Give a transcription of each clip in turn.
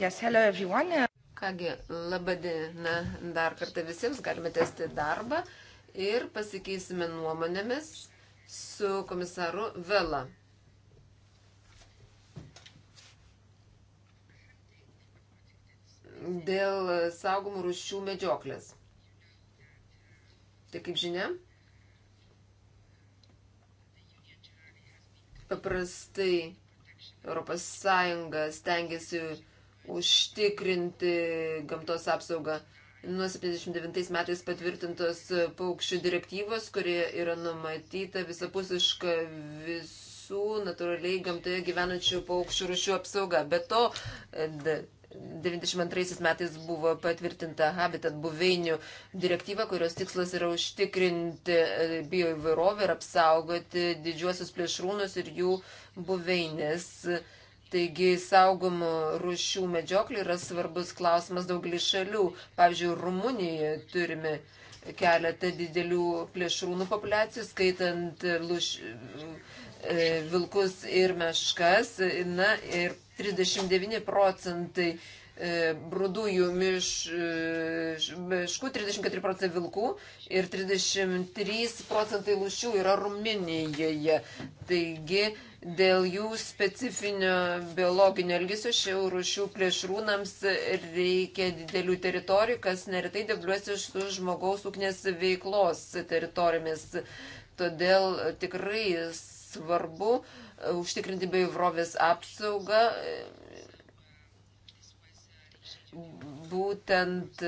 Yes, hello everyone. Kągi, laba diena dar kartą visiems, galime tęsti darbą ir pasikeisime nuomonėmis su komisaru Vela. Dėl saugomų rušių medžioklės. Tai kaip žinia, paprastai ES stengiasi užtikrinti gamtos apsaugą. Nuo 79 metais patvirtintos paukščių direktyvos, kurie yra numatyta visapusiška visų natūraliai gamtoje gyvenančių paukščių rušių apsauga. Be to, 92 metais buvo patvirtinta Habitat buveinių direktyva, kurios tikslas yra užtikrinti e, bioįvairovę ir apsaugoti didžiuosius plėšrūnus ir jų buveinės. Taigi saugomų rušių medžioklė yra svarbus klausimas daugelį šalių. Pavyzdžiui, Rumunijoje turime keletą didelių plėšrūnų populiacijų, skaitant luš, e, vilkus ir meškas. Na ir 39 procentai E, brudųjų miš, e, miškų, 34 procentai vilkų ir 33 procentai lūšių yra Ruminijoje. Taigi dėl jų specifinio biologinio elgesio šių rūšių plėšrūnams reikia didelių teritorijų, kas neretai debliuosi su žmogaus ūkinės veiklos teritorijomis. Todėl tikrai svarbu e, užtikrinti bevrovės apsaugą būtent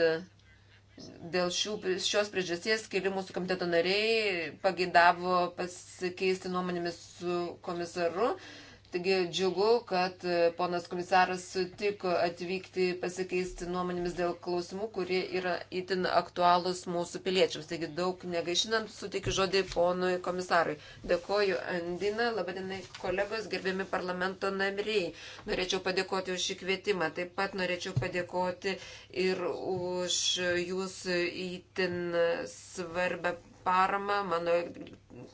dėl šių, šios priežasties keli mūsų komiteto nariai pagaidavo pasikeisti nuomonėmis su komisaru Taigi džiugu, kad e, ponas komisaras sutiko atvykti pasikeisti nuomonėmis dėl klausimų, kurie yra itin aktualūs mūsų piliečiams. Taigi daug negaišinant sutikiu žodį ponui komisarui. Dėkoju, Andina, labadienai kolegos, gerbiami parlamento nariai. Norėčiau padėkoti už šį kvietimą. Taip pat norėčiau padėkoti ir už jūsų itin svarbę paramą mano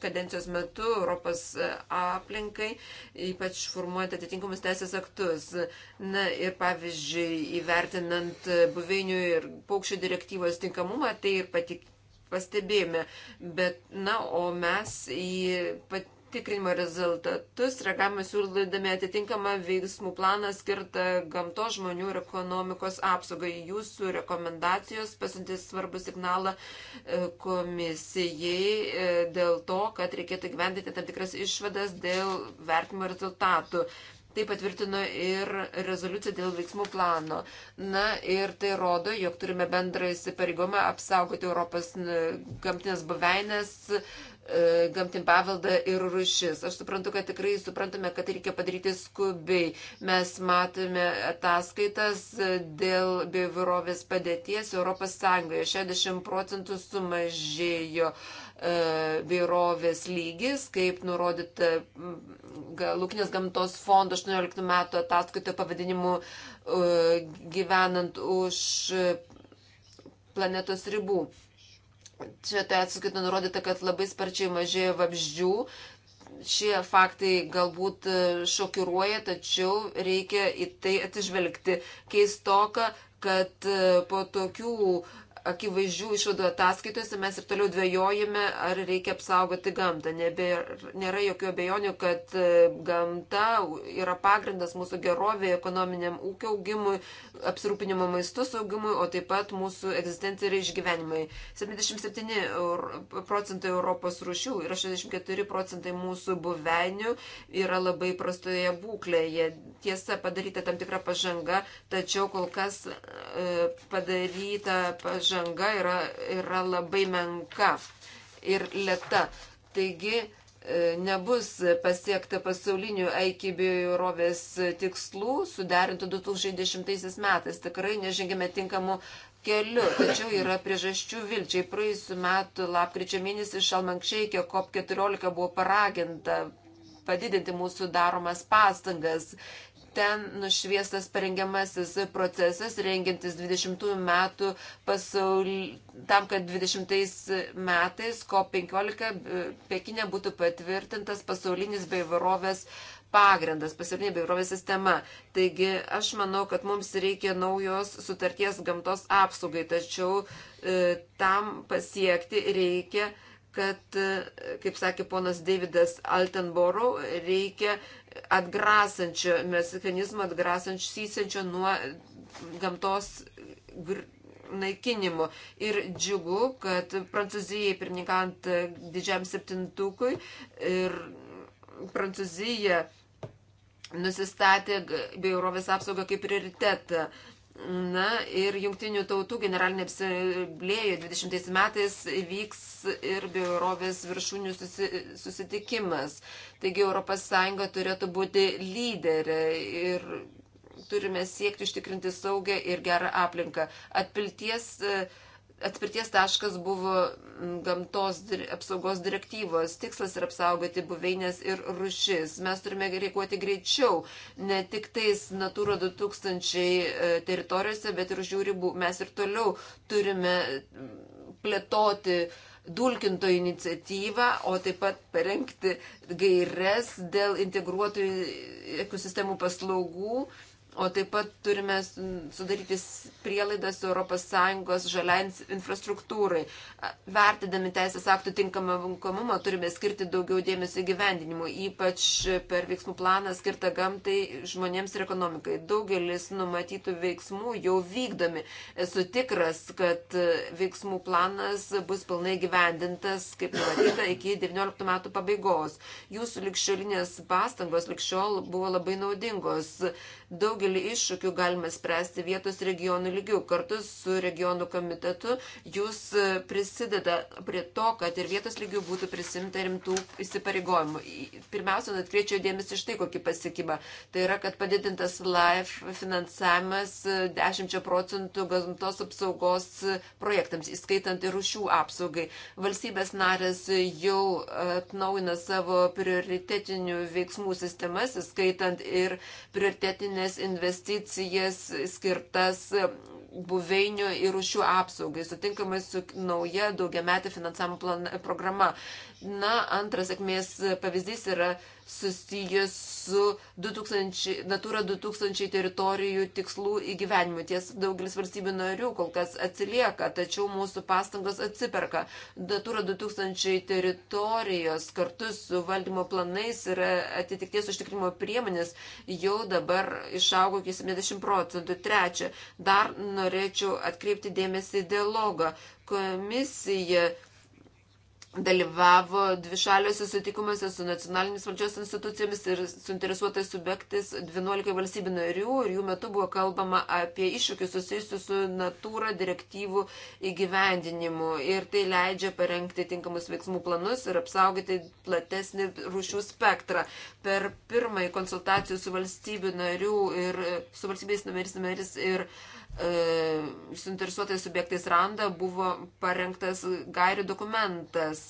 kadencijos metu Europos e, aplinkai, ypač formuojant atitinkamus teisės aktus. Na ir pavyzdžiui, įvertinant buveinių ir paukščių direktyvos tinkamumą, tai ir patik, pastebėjome. Bet, na, o mes į pat tikrinimo rezultatus, reagavome siūlydami atitinkamą veiksmų planą skirtą gamto žmonių ir ekonomikos apsaugai. Jūsų rekomendacijos pasintys svarbų signalą e, komisijai e, dėl to, kad reikėtų gyvendyti tam tikras išvadas dėl vertimo rezultatų. Tai patvirtino ir rezoliucija dėl veiksmų plano. Na ir tai rodo, jog turime bendrą įsipareigomą apsaugoti Europos gamtinės buveinės, E, gamtim paveldą ir rušis. Aš suprantu, kad tikrai suprantame, kad reikia padaryti skubiai. Mes matome ataskaitas dėl biovirovės padėties Europos Sąjungoje. 60 procentų sumažėjo e, biovirovės lygis, kaip nurodyta Lūkinės gamtos fondo 18 metų ataskaitoje pavadinimu e, gyvenant už planetos ribų. Čia tai atskaitą nurodyta, kad labai sparčiai mažėja vabzdžių. Šie faktai galbūt e, šokiruoja, tačiau reikia į tai atsižvelgti. Keistoka, kad e, po tokių uh, akivaizdžių išvadų ataskaitose mes ir toliau dvėjojame, ar reikia apsaugoti gamtą. Nebėr, nėra jokių abejonių, kad e, gamta yra pagrindas mūsų gerovėje, ekonominiam ūkio augimui, apsirūpinimo maistu saugimui, o taip pat mūsų egzistencija ir išgyvenimai. 77 procentai Europos rūšių ir 64 procentai mūsų buveinių yra labai prastoje būklėje. Tiesa, padaryta tam tikra pažanga, tačiau kol kas e, padaryta pažanga pažanga yra, yra labai menka ir lėta. Taigi e, nebus pasiekta pasaulinių aikybėrovės tikslų suderintų 2010 metais. Tikrai nežengėme tinkamų keliu, tačiau yra priežasčių vilčiai. Praėjusiu metu lapkričio mėnesį Šalmankšeikė COP14 buvo paraginta padidinti mūsų daromas pastangas ten nušviestas parengiamasis procesas, rengiantis 20 metų pasaulį, tam, kad 20 metais COP15 e, Pekinė būtų patvirtintas pasaulinis beivarovės pagrindas, pasaulinė beivarovės sistema. Taigi aš manau, kad mums reikia naujos sutarties gamtos apsaugai, tačiau e, tam pasiekti reikia kad, e, kaip sakė ponas Davidas Altenborough, reikia atgrasančio mechanizmo, atgrasančio nuo gamtos naikinimu. Ir džiugu, kad Prancūzijai pirmininkant didžiam septintukui ir Prancūzija nusistatė biorovės apsaugą kaip prioritetą. Na ir jungtinių tautų generalinė apsiblėja 20 metais vyks ir biurovės viršūnių susi, susitikimas. Taigi ES turėtų būti lyderė ir turime siekti užtikrinti saugę ir gerą aplinką. Atpilties uh, atspirties taškas buvo mm, gamtos apsaugos direktyvos. Tikslas yra apsaugoti buveinės ir rušis. Mes turime reikuoti greičiau, ne tik tais Natūro 2000 e, teritorijose, bet ir už jų ribų. Mes ir toliau turime mm, plėtoti dulkinto iniciatyvą, o taip pat parengti gairias dėl integruotų ekosistemų paslaugų O taip pat turime sudaryti prielaidas ES žaliai infrastruktūrai. Vertidami teisės aktų tinkamą vankomumą turime skirti daugiau dėmesio gyvendinimu, ypač per veiksmų planą skirtą gamtai, žmonėms ir ekonomikai. Daugelis numatytų veiksmų jau vykdomi. Esu tikras, kad e, veiksmų planas bus pilnai gyvendintas, kaip numatyta, iki 19 metų pabaigos. Jūsų likščiolinės pastangos likščiol buvo labai naudingos. Daugelis daugelį iššūkių galime spręsti vietos regionų lygių. Kartu su regionų komitetu jūs e, prisideda prie to, kad ir vietos lygių būtų prisimta rimtų įsipareigojimų. Pirmiausia, atkreičiau dėmesį iš tai, kokį pasikybą. Tai yra, kad padidintas LIFE finansavimas 10 e, procentų gamtos apsaugos e, projektams, įskaitant ir rušių apsaugai. Valstybės narės jau atnaujina savo prioritetinių veiksmų sistemas, įskaitant ir prioritetinės investicijos investicijas skirtas buveinių ir rušių apsaugai, sutinkamai su nauja daugiametė finansavimo programa. Na, antras sėkmės pavyzdys yra susijęs su 2000, Natura 2000 teritorijų tikslų įgyvenimu. Ties daugelis valstybių narių kol kas atsilieka, tačiau mūsų pastangos atsiperka. Natura 2000 teritorijos kartu su valdymo planais ir atitikties užtikrimo priemonės jau dabar išaugo iki 70 procentų. Trečia, dar norėčiau atkreipti dėmesį į dialogą. Komisija dalyvavo dvišaliuose sutikimuose su nacionalinėmis valdžios institucijomis ir suinteresuotais subjektais 12 valstybių narių ir jų metu buvo kalbama apie iššūkius susijusius su natūra direktyvų įgyvendinimu ir tai leidžia parengti tinkamus veiksmų planus ir apsaugoti platesnį rūšių spektrą. Per pirmąjį konsultacijų su valstybių narių ir su valstybės numeris numeris ir uh, E, suinteresuotais subjektais randą buvo parengtas gairių dokumentas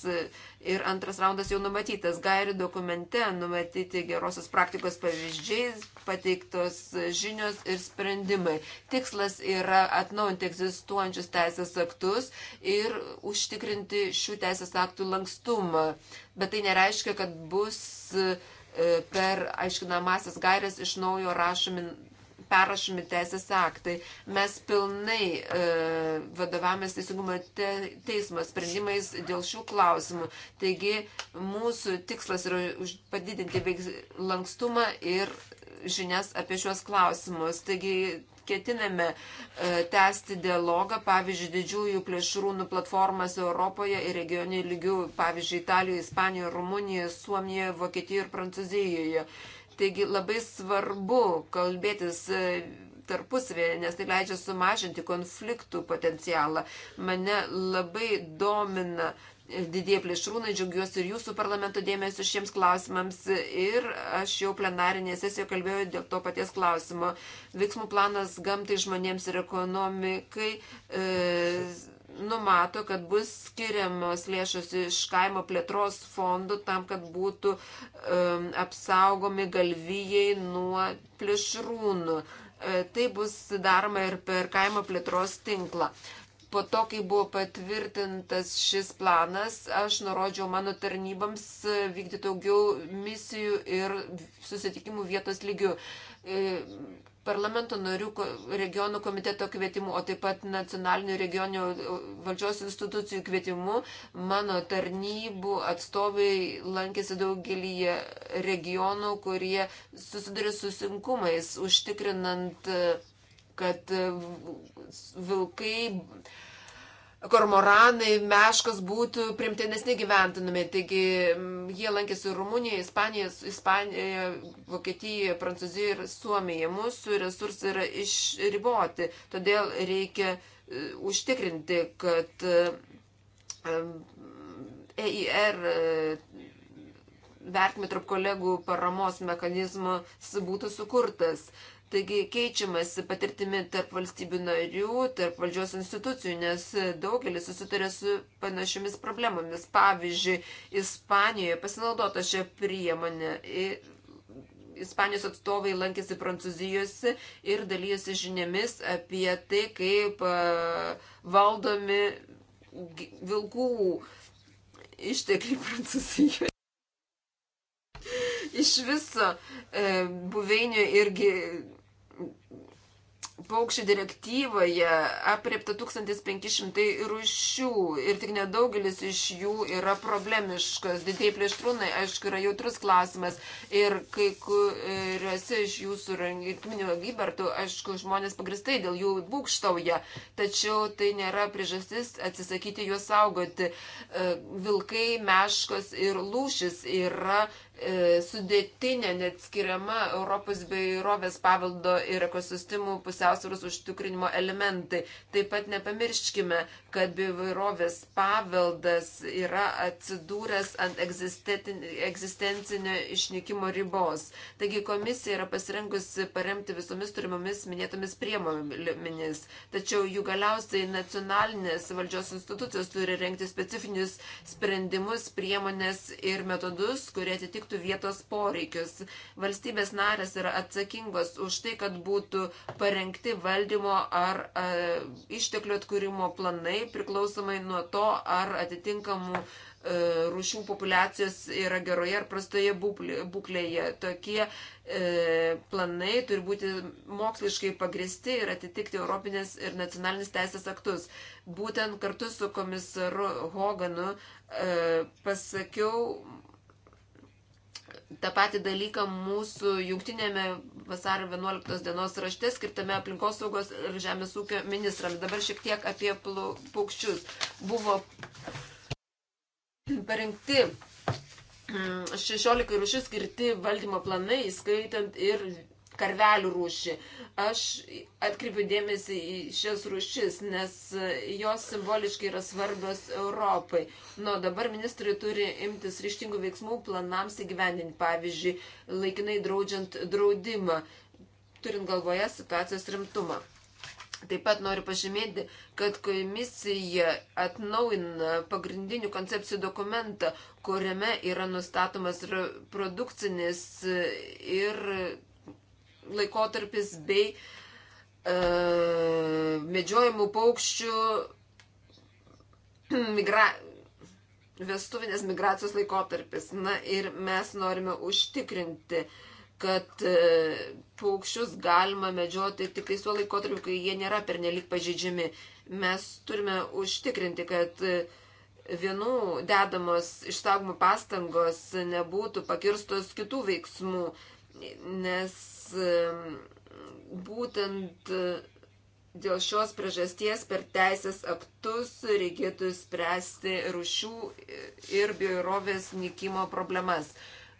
ir antras raundas jau numatytas. Gairių dokumente numatyti gerosios praktikos pavyzdžiai, pateiktos žinios ir sprendimai. Tikslas yra atnaujinti egzistuojančius teisės aktus ir užtikrinti šių teisės aktų lankstumą. Bet tai nereiškia, kad bus e, per aiškinamasias gairias iš naujo rašomi perrašomi teisės aktai. Mes pilnai e, vadovavomės teisingumo te, teismo sprendimais dėl šių klausimų. Taigi mūsų tikslas yra padidinti lankstumą ir žinias apie šios klausimus. Taigi ketiname e, tęsti dialogą, pavyzdžiui, didžiųjų plėšrūnų platformas Europoje ir regioninių lygių, pavyzdžiui, Italijoje, Ispanijoje, Rumunijoje, Suomijoje, Vokietijoje ir Prancūzijoje. E, Taigi labai svarbu kalbėtis e, tarpusavėje, nes tai leidžia sumažinti konfliktų potencialą. Mane labai domina e, didie plėšrūnai, džiaugiuosi ir jūsų parlamento dėmesio šiems klausimams ir aš jau plenarinėje sesijoje kalbėjau dėl to paties klausimo. Veiksmų planas gamtai žmonėms ir ekonomikai. E, numato, kad bus skiriamos lėšos iš kaimo plėtros fondų tam, kad būtų um, apsaugomi galvijai nuo plėšrūnų. E, tai bus daroma ir per kaimo plėtros tinklą. E, po to, kai buvo patvirtintas šis planas, aš nurodžiau mano tarnybams vykdyti daugiau misijų ir susitikimų vietos lygių e, parlamento narių regionų komiteto kvietimu, o taip pat nacionalinių regionių valdžios institucijų kvietimu mano tarnybų atstovai lankėsi daugelį regionų, kurie susiduria su sunkumais, užtikrinant uh, kad e, vilkai, kormoranai, meškos būtų primtinesni gyventinami. Taigi jie lankėsi Rumunijoje, Ispanijoje, Ispanijoje, Vokietijoje, Prancūzijoje ir Suomijoje. Mūsų resursai yra išriboti, todėl reikia e, užtikrinti, kad EIR e vertinimai tarp kolegų paramos mechanizmas būtų sukurtas. Taigi keičiamas patirtimi tarp valstybių narių, tarp valdžios institucijų, nes daugelis susituria su panašiomis problemomis. Pavyzdžiui, Ispanijoje pasinaudota šią priemonę. Ispanijos atstovai lankėsi Prancūzijos ir dalyjosi žiniomis apie tai, kaip valdomi vilkų ištekliai Prancūzijoje. Iš viso e, buveinių irgi paukščių direktyvoje apriepta 1500 rūšių ir tik nedaugelis iš jų yra problemiškas. Didieji plėštrūnai, aišku, yra jautrus klausimas ir kai kuriuose iš jūsų rankytinių gybertų, aišku, žmonės pagristai dėl jų būkštauja, tačiau tai nėra priežastis atsisakyti juos saugoti. E, vilkai, meškos ir lūšis yra E, sudėtinė, neatskiriama Europos bairovės pavaldo ir ekosistemų pusiausvėros užtikrinimo elementai. Taip pat nepamirškime, kad bivairovės paveldas yra atsidūręs ant egzistencinio išnykimo ribos. Taigi komisija yra pasirengusi paremti visomis turimomis minėtomis priemonėmis. Tačiau jų galiausiai nacionalinės valdžios institucijos turi renkti specifinius sprendimus, priemonės ir metodus, kurie atitiktų vietos poreikius. Valstybės narės yra atsakingos už tai, kad būtų parengti valdymo ar a, e, išteklių atkūrimo planai įvairiai priklausomai nuo to, ar atitinkamų e, rūšių populiacijos yra geroje ar prastoje būklėje. Tokie e, planai turi būti moksliškai pagristi ir atitikti Europinės ir nacionalinis teisės aktus. Būtent kartu su komisaru Hoganu e, pasakiau tą patį dalyką mūsų jungtinėme vasario 11 dienos rašte skirtame aplinkosaugos ir žemės ūkio ministrams. Dabar šiek tiek apie paukščius. Buvo parengti 16 mm, rušių skirti valdymo planai, skaitant ir karvelių rūšį. Aš atkreipiu dėmesį į šias rūšis, nes jos simboliškai yra svarbios Europai. Nuo dabar ministrai turi imtis ryštingų veiksmų planams įgyvendinti, pavyzdžiui, laikinai draudžiant draudimą, turint galvoje situacijos rimtumą. Taip pat noriu pažymėti, kad komisija atnaujina pagrindinių koncepcijų dokumentą, kuriame yra nustatomas reprodukcinis ir laikotarpis bei e, medžiojimų paukščių migra... vestuvinės migracijos laikotarpis. Na ir mes norime užtikrinti, kad e, paukščius galima medžioti tik tai tuo laikotarpiu, kai jie nėra pernelik pažydžiami. Mes turime užtikrinti, kad e, vienų dedamos išsaugomų pastangos nebūtų pakirstos kitų veiksmų, nes būtent dėl šios priežasties per teisės aktus reikėtų spręsti rušių ir biorovės nikimo problemas.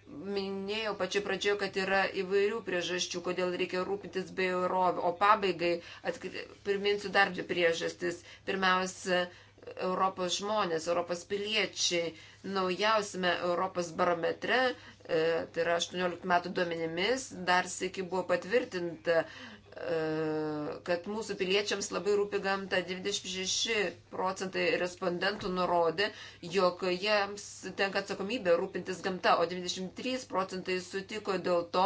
Minėjau pačioje pradžioje, kad yra įvairių priežasčių, kodėl reikia rūpintis biorovę, o pabaigai atk... priminsiu dar dvi priežastis. Pirmiausia, Europos žmonės, Europos piliečiai. Naujausime Europos barometre, e, tai yra 18 metų duomenimis, dar sėki buvo patvirtinta, kad mūsų piliečiams labai rūpi gamta. 26 procentai respondentų nurodė, jog jiems tenka atsakomybė rūpintis gamta, o 93 procentai sutiko dėl to,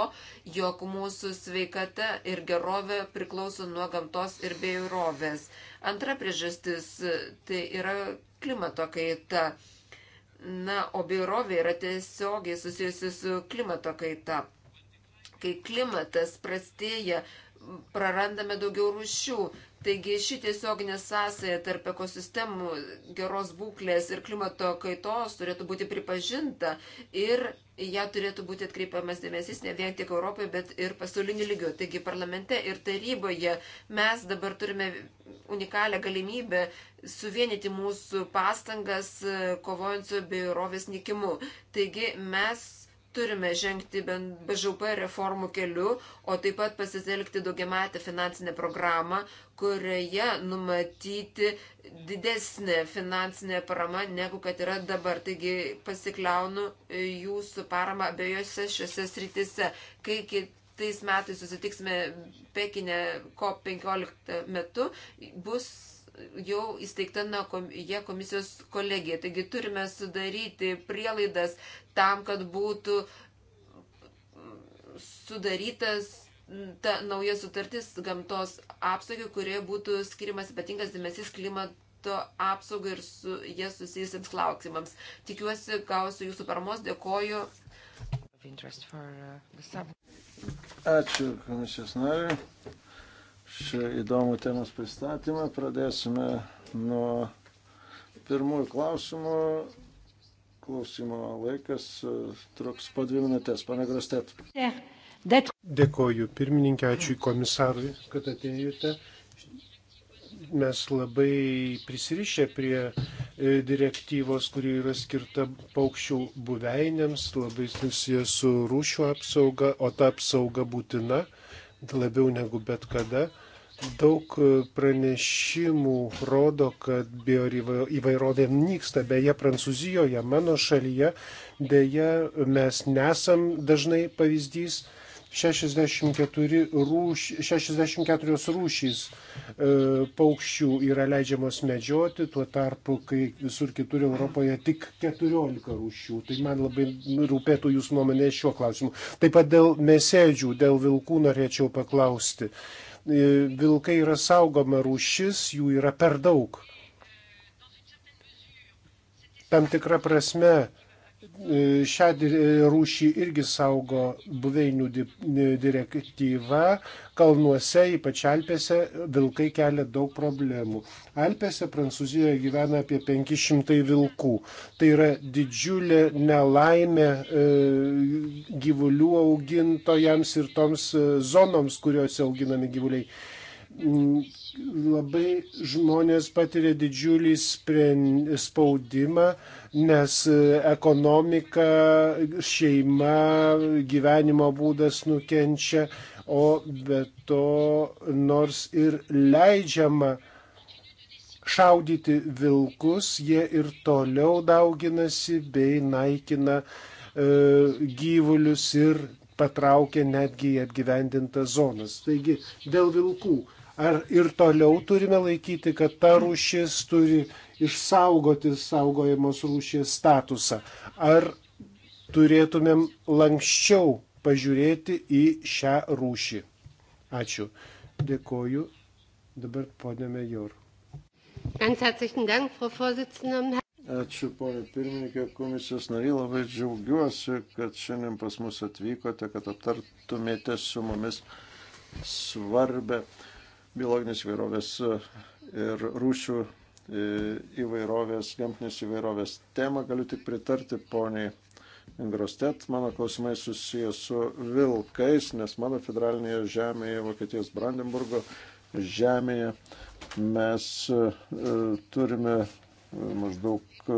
jog mūsų sveikata ir gerovė priklauso nuo gamtos ir bejūrovės. Antra priežastis tai yra klimato kaita. Na, o bejūrovė yra tiesiogiai susijusi su klimato kaita kai klimatas prastėja, prarandame daugiau rušių. Taigi ši tiesioginė sąsaja tarp ekosistemų geros būklės ir klimato kaitos turėtų būti pripažinta ir ją turėtų būti atkreipiamas dėmesys ne vien tik Europoje, bet ir pasauliniu lygiu. Taigi parlamente ir taryboje mes dabar turime unikalią galimybę suvienyti mūsų pastangas kovojant su biurovės nikimu. Taigi mes turime žengti BŽP reformų keliu, o taip pat pasitelkti daugiamatę finansinę programą, kurioje numatyti didesnė finansinė parama negu kad yra dabar. Taigi pasikliaunu e, jūsų parama abiejose šiuose srityse. Kai kitais metais susitiksime Pekinė COP15 metu, bus jau įsteigta nauja komisijos kolegija. Taigi turime sudaryti prielaidas tam, kad būtų sudarytas ta nauja sutartis gamtos apsaugai, kurioje būtų skirimas ypatingas dėmesys klimato apsaugai ir su jie susijusiams klausimams. Tikiuosi, gausiu jūsų paramos, dėkoju. Uh, Ačiū komisijos nariui. Šią įdomų temos pristatymą pradėsime nuo pirmųjų klausimų klausimo laikas e, truks po dvi minutės. Pane Grostet. Dėkoju pirmininkė, ačiū komisarui, kad atėjote. Mes labai prisirišę prie e, direktyvos, kuri yra skirta paukščių buveinėms, labai susijęs su rūšių apsauga, o ta apsauga būtina labiau negu bet kada Daug e, pranešimų rodo, kad bioįvairovė nyksta. Beje, Prancūzijoje, mano šalyje, beje, mes nesam dažnai pavyzdys. 64, rūš, 64 rūšys e, paukščių yra leidžiamos medžioti, tuo tarpu, kai visur kitur Europoje tik 14 rūšių. Tai man labai rūpėtų jūsų nuomonė šiuo klausimu. Taip pat dėl mesėdžių, dėl vilkų norėčiau paklausti. E, E, vilkai yra saugoma rūšis, jų yra per daug. Tam tikra prasme E, šią e, rūšį irgi saugo buveinių e, direktyva. Kalnuose, ypač Alpėse, vilkai kelia daug problemų. Alpėse Prancūzijoje gyvena apie 500 vilkų. Tai yra didžiulė nelaimė gyvulių augintojams ir toms zonoms, kuriuose auginami gyvuliai. Mm, labai žmonės patiria didžiulį spaudimą, nes e, ekonomika, šeima, gyvenimo būdas nukenčia, o be to nors ir leidžiama šaudyti vilkus, jie ir toliau dauginasi bei naikina e, gyvulius ir patraukia netgi į apgyvendintas zonas. Taigi dėl vilkų Ar ir toliau turime laikyti, kad ta rūšis turi išsaugoti saugojamos rūšies statusą? Ar turėtumėm lankščiau pažiūrėti į šią rūšį? Ačiū. Dėkoju. Dabar ponė Mejor. Ačiū, ponė pirmininkė, komisijos nariai, labai džiaugiuosi, kad šiandien pas mus atvykote, kad aptartumėte su mumis svarbę biologinės įvairovės e, ir rūšių e, įvairovės, gamtinės įvairovės temą. Galiu tik pritarti poniai Ingrostet. Mano klausimai susijęs su vilkais, nes mano federalinėje žemėje, Vokietijos Brandenburgo žemėje, mes e, turime maždaug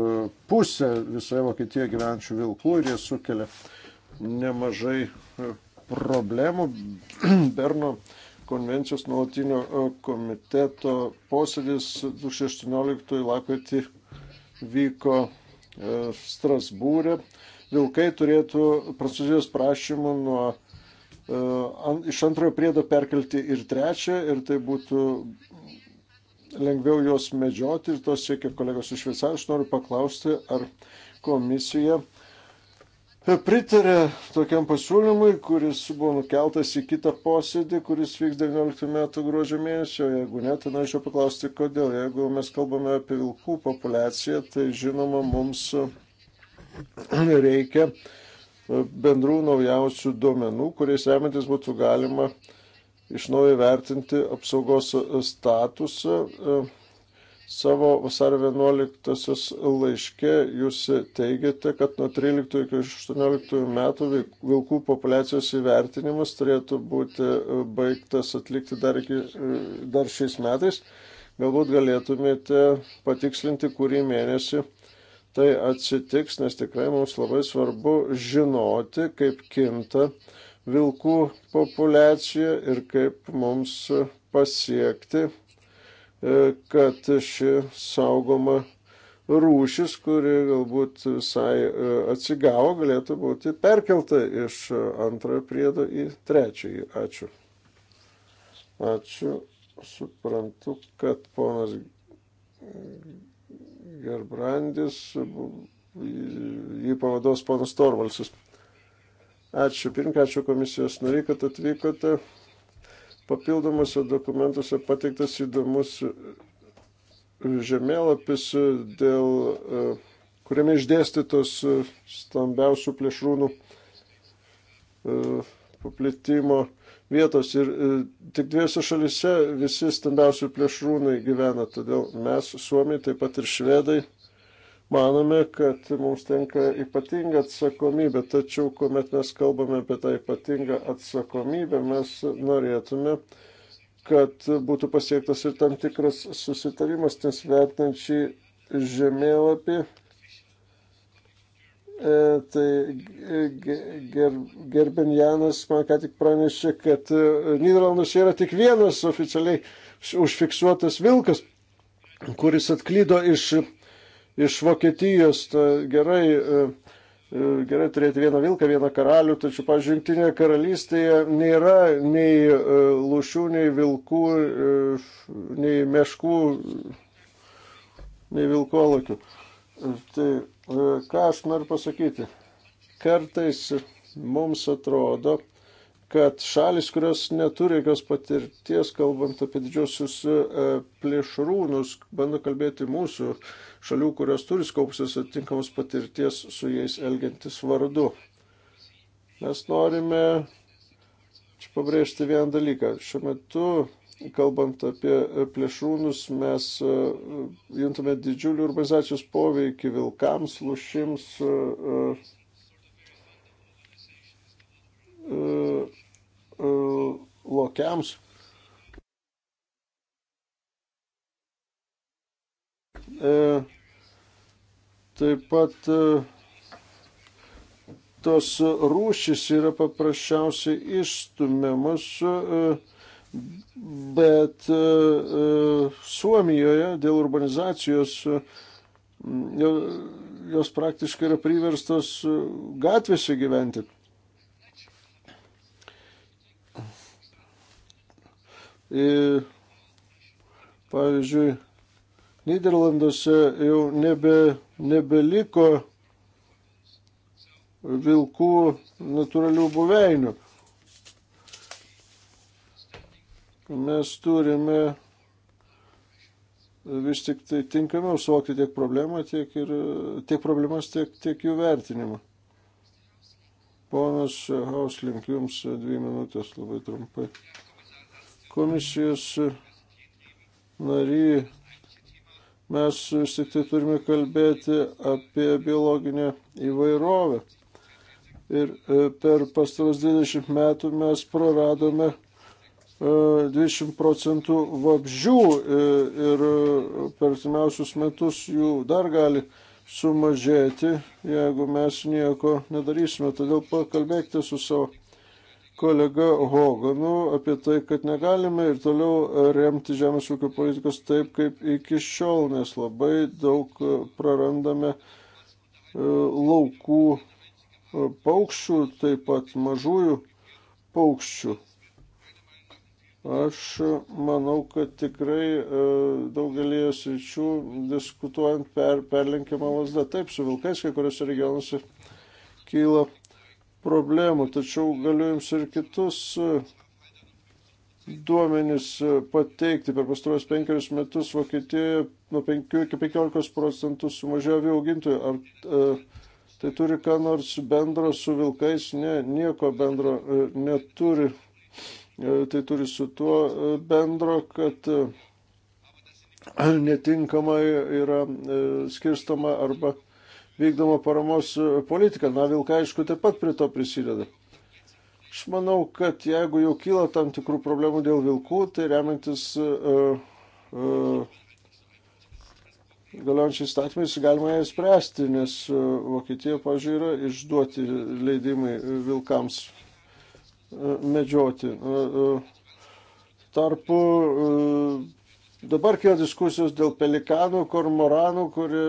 pusę visoje Vokietijoje gyvenčių vilkų ir jie sukelia nemažai problemų. Berno konvencijos nuolatinio e, komiteto posėdis 2018 lapkritį vyko e, Strasbūrė. Vilkai turėtų prancūzijos prašymų nuo e, iš antrojo priedo perkelti ir trečią ir tai būtų lengviau juos medžioti ir to siekia kolegos iš Šveicarijos. Noriu paklausti, ar komisija pritarė tokiam pasiūlymui, kuris buvo nukeltas į kitą posėdį, kuris vyks 19 metų gruodžio mėnesio. Jeigu ne, tai norėčiau paklausti, kodėl. Jeigu mes kalbame apie vilkų populaciją, tai žinoma, mums reikia bendrų naujausių duomenų, kuriais remiantis būtų galima iš naujo vertinti apsaugos statusą Savo vasario 11 laiške jūs teigiate, kad nuo 13 iki 18 metų vilkų populiacijos įvertinimas turėtų būti e, baigtas atlikti dar, iki, e, dar šiais metais. Galbūt galėtumėte patikslinti, kurį mėnesį tai atsitiks, nes tikrai mums labai svarbu žinoti, kaip kinta vilkų populiacija ir kaip mums pasiekti E, kad ši saugoma rūšis, kuri galbūt visai e, atsigavo, galėtų būti perkelta iš antrojo priedo į trečiąjį. Ačiū. Ačiū. Suprantu, kad ponas Gerbrandis, jį pavados ponas Torvalsis. Ačiū, pirmkačiu komisijos nariai, kad atvykote. Papildomuose dokumentuose pateiktas įdomus e, žemėlapis, e, dėl, e, kuriame išdėstytos stambiausių plėšrūnų paplitimo vietos. Ir tik dviejose šalise visi stambiausių plėšrūnai gyvena. Todėl mes, Suomiai, taip pat ir švedai, manome, kad mums tenka ypatinga atsakomybė, tačiau kuomet mes kalbame apie tą ypatingą atsakomybę, mes norėtume, kad būtų pasiektas ir tam tikras susitarimas, nes vertinant šį žemėlapį, e, tai ger, Gerbenjanas man ką tik pranešė, kad e, Niderlanduose yra tik vienas oficialiai užfiksuotas vilkas, kuris atklydo iš iš Vokietijos. Ta, gerai, e, e, gerai turėti vieną vilką, vieną karalių, tačiau, pažiūrėjau, Junktinėje karalystėje nėra nei e, lūšių, nei vilkų, nei meškų, nei vilkolakių. Tai ką aš noriu pasakyti? Kartais mums atrodo, kad šalis, kurios neturi jokios patirties, kalbant apie didžiosius e, plėšrūnus, bando kalbėti mūsų šalių, kurios turi skaupusios atitinkamos patirties su jais elgiantis vardu. Mes norime čia pabrėžti vieną dalyką. Šiuo metu, kalbant apie plėšrūnus, mes e, juntame didžiulį urbanizacijos poveikį vilkams, lušims, uh, e, E, lokiams. E, taip pat e, tos rūšys yra paprasčiausiai išstumiamas, bet Suomijoje dėl urbanizacijos jos praktiškai yra priverstos gatvėse gyventi. Pavyzdžiui, Niderlanduose jau nebe, nebeliko vilkų natūralių buveinių. Mes turime vis tik tai tinkamiau suvokti tiek problemą, tiek, ir, tiek problemas, tiek, tiek jų vertinimą. Ponas Hauslink, jums dvi minutės labai trumpai komisijos nary mes vis tik tai turime kalbėti apie biologinę įvairovę. Ir e, per pastaros 20 metų mes praradome 20 e, procentų vabžių e, ir per artimiausius metus jų dar gali sumažėti, jeigu mes nieko nedarysime. Todėl pakalbėkite su savo kolega Hoganu apie tai, kad negalime ir toliau remti žemės ūkio politikos taip, kaip iki šiol, nes labai daug e, prarandame e, laukų e, paukščių, taip pat mažųjų paukščių. Aš manau, kad tikrai daugelį sričių diskutuojant per, perlenkiamą lasdą. Taip, su vilkais kai kuriuose regionuose kyla problemų, tačiau galiu jums ir kitus e, duomenys e, pateikti. Per pastaros penkerius metus Vokietijoje nuo 5 iki 15 procentų sumažėjo avių augintojų. Ar e, tai turi ką nors bendro su vilkais? Ne, nieko bendro e, neturi. E, tai turi su tuo e, bendro, kad e, netinkamai yra e, skirstama arba vykdoma paramos e, politika. Na, Vilka, aišku, taip pat prie to prisideda. Aš manau, kad jeigu jau kyla tam tikrų problemų dėl vilkų, tai remiantis uh, uh, galiojančiais statymais galima ją spręsti, nes uh, Vokietija, pažiūrėjau, yra išduoti leidimai vilkams uh, medžioti. Uh, uh, tarpu uh, Dabar kilo diskusijos dėl pelikanų, kormoranų, kurie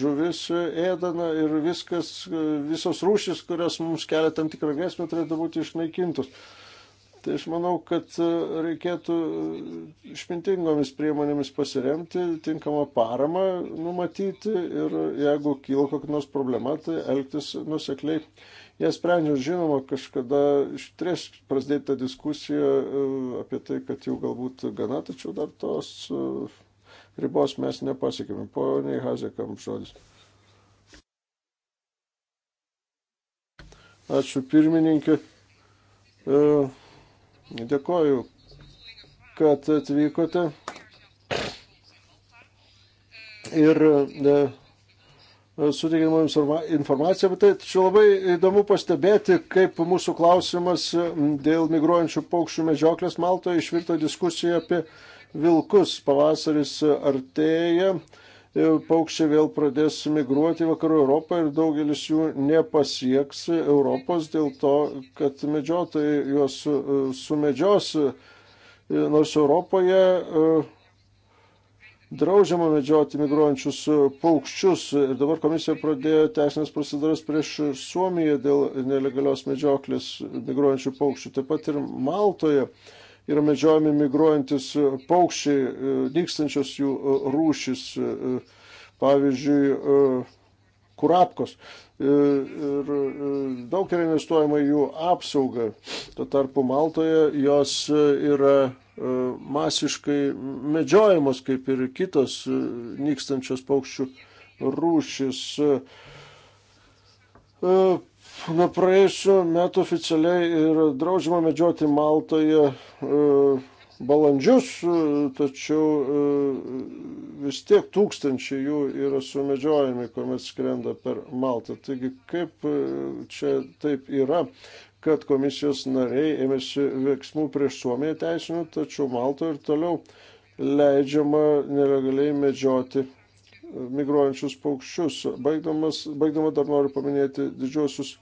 žuvis ėdana ir viskas, e, visos rūšis, kurios mums kelia tam tikrą grėsmę, turėtų būti išnaikintos. Tai aš manau, kad e, reikėtų e, išmintingomis priemonėmis pasiremti, tinkamą paramą numatyti ir jeigu kyla kokia nors problema, tai elgtis nusekliai Nesprendžiant, žinoma, kažkada ištrės prasidėta diskusija e, apie tai, kad jau galbūt gana, tačiau dar tos e, ribos mes nepasiekėme. Poniai Hazekam žodis. Ačiū pirmininkė. E, dėkoju, kad atvykote. Ir E, suteikiamą informaciją, bet tai tačiau labai įdomu pastebėti, kaip mūsų klausimas e, dėl migruojančių paukščių medžioklės Maltoje išvirto diskusiją apie vilkus. Pavasaris artėja, e, paukščiai vėl pradės migruoti į vakarų Europą ir daugelis jų nepasieks Europos dėl to, kad medžiotojai juos sumedžios. Nors Europoje uh, Draužiama medžioti migruojančius paukščius ir dabar komisija pradėjo teisinės procedūras prieš Suomiją dėl nelegalios medžioklės migruojančių paukščių. Taip pat ir Maltoje yra medžiojami migruojantis paukščiai, nykstančios jų rūšis, pavyzdžiui, kurapkos ir daug yra investuojama į jų apsaugą. Tuo tarpu Maltoje jos yra E, masiškai medžiojamos, kaip ir kitos e, nykstančios paukščių rūšis. E, Nuo praėjusiu metu oficialiai yra draudžiama medžioti Maltoje balandžius, tačiau vis tiek tūkstančiai jų yra sumedžiojami, kuomet skrenda per Maltą. Taigi kaip čia taip yra, kad komisijos nariai ėmėsi veiksmų prieš Suomiją teisinių, tačiau Malto ir toliau leidžiama nelegaliai medžioti e, migruojančius paukščius. Baigdamas, baigdama dar noriu paminėti didžiosius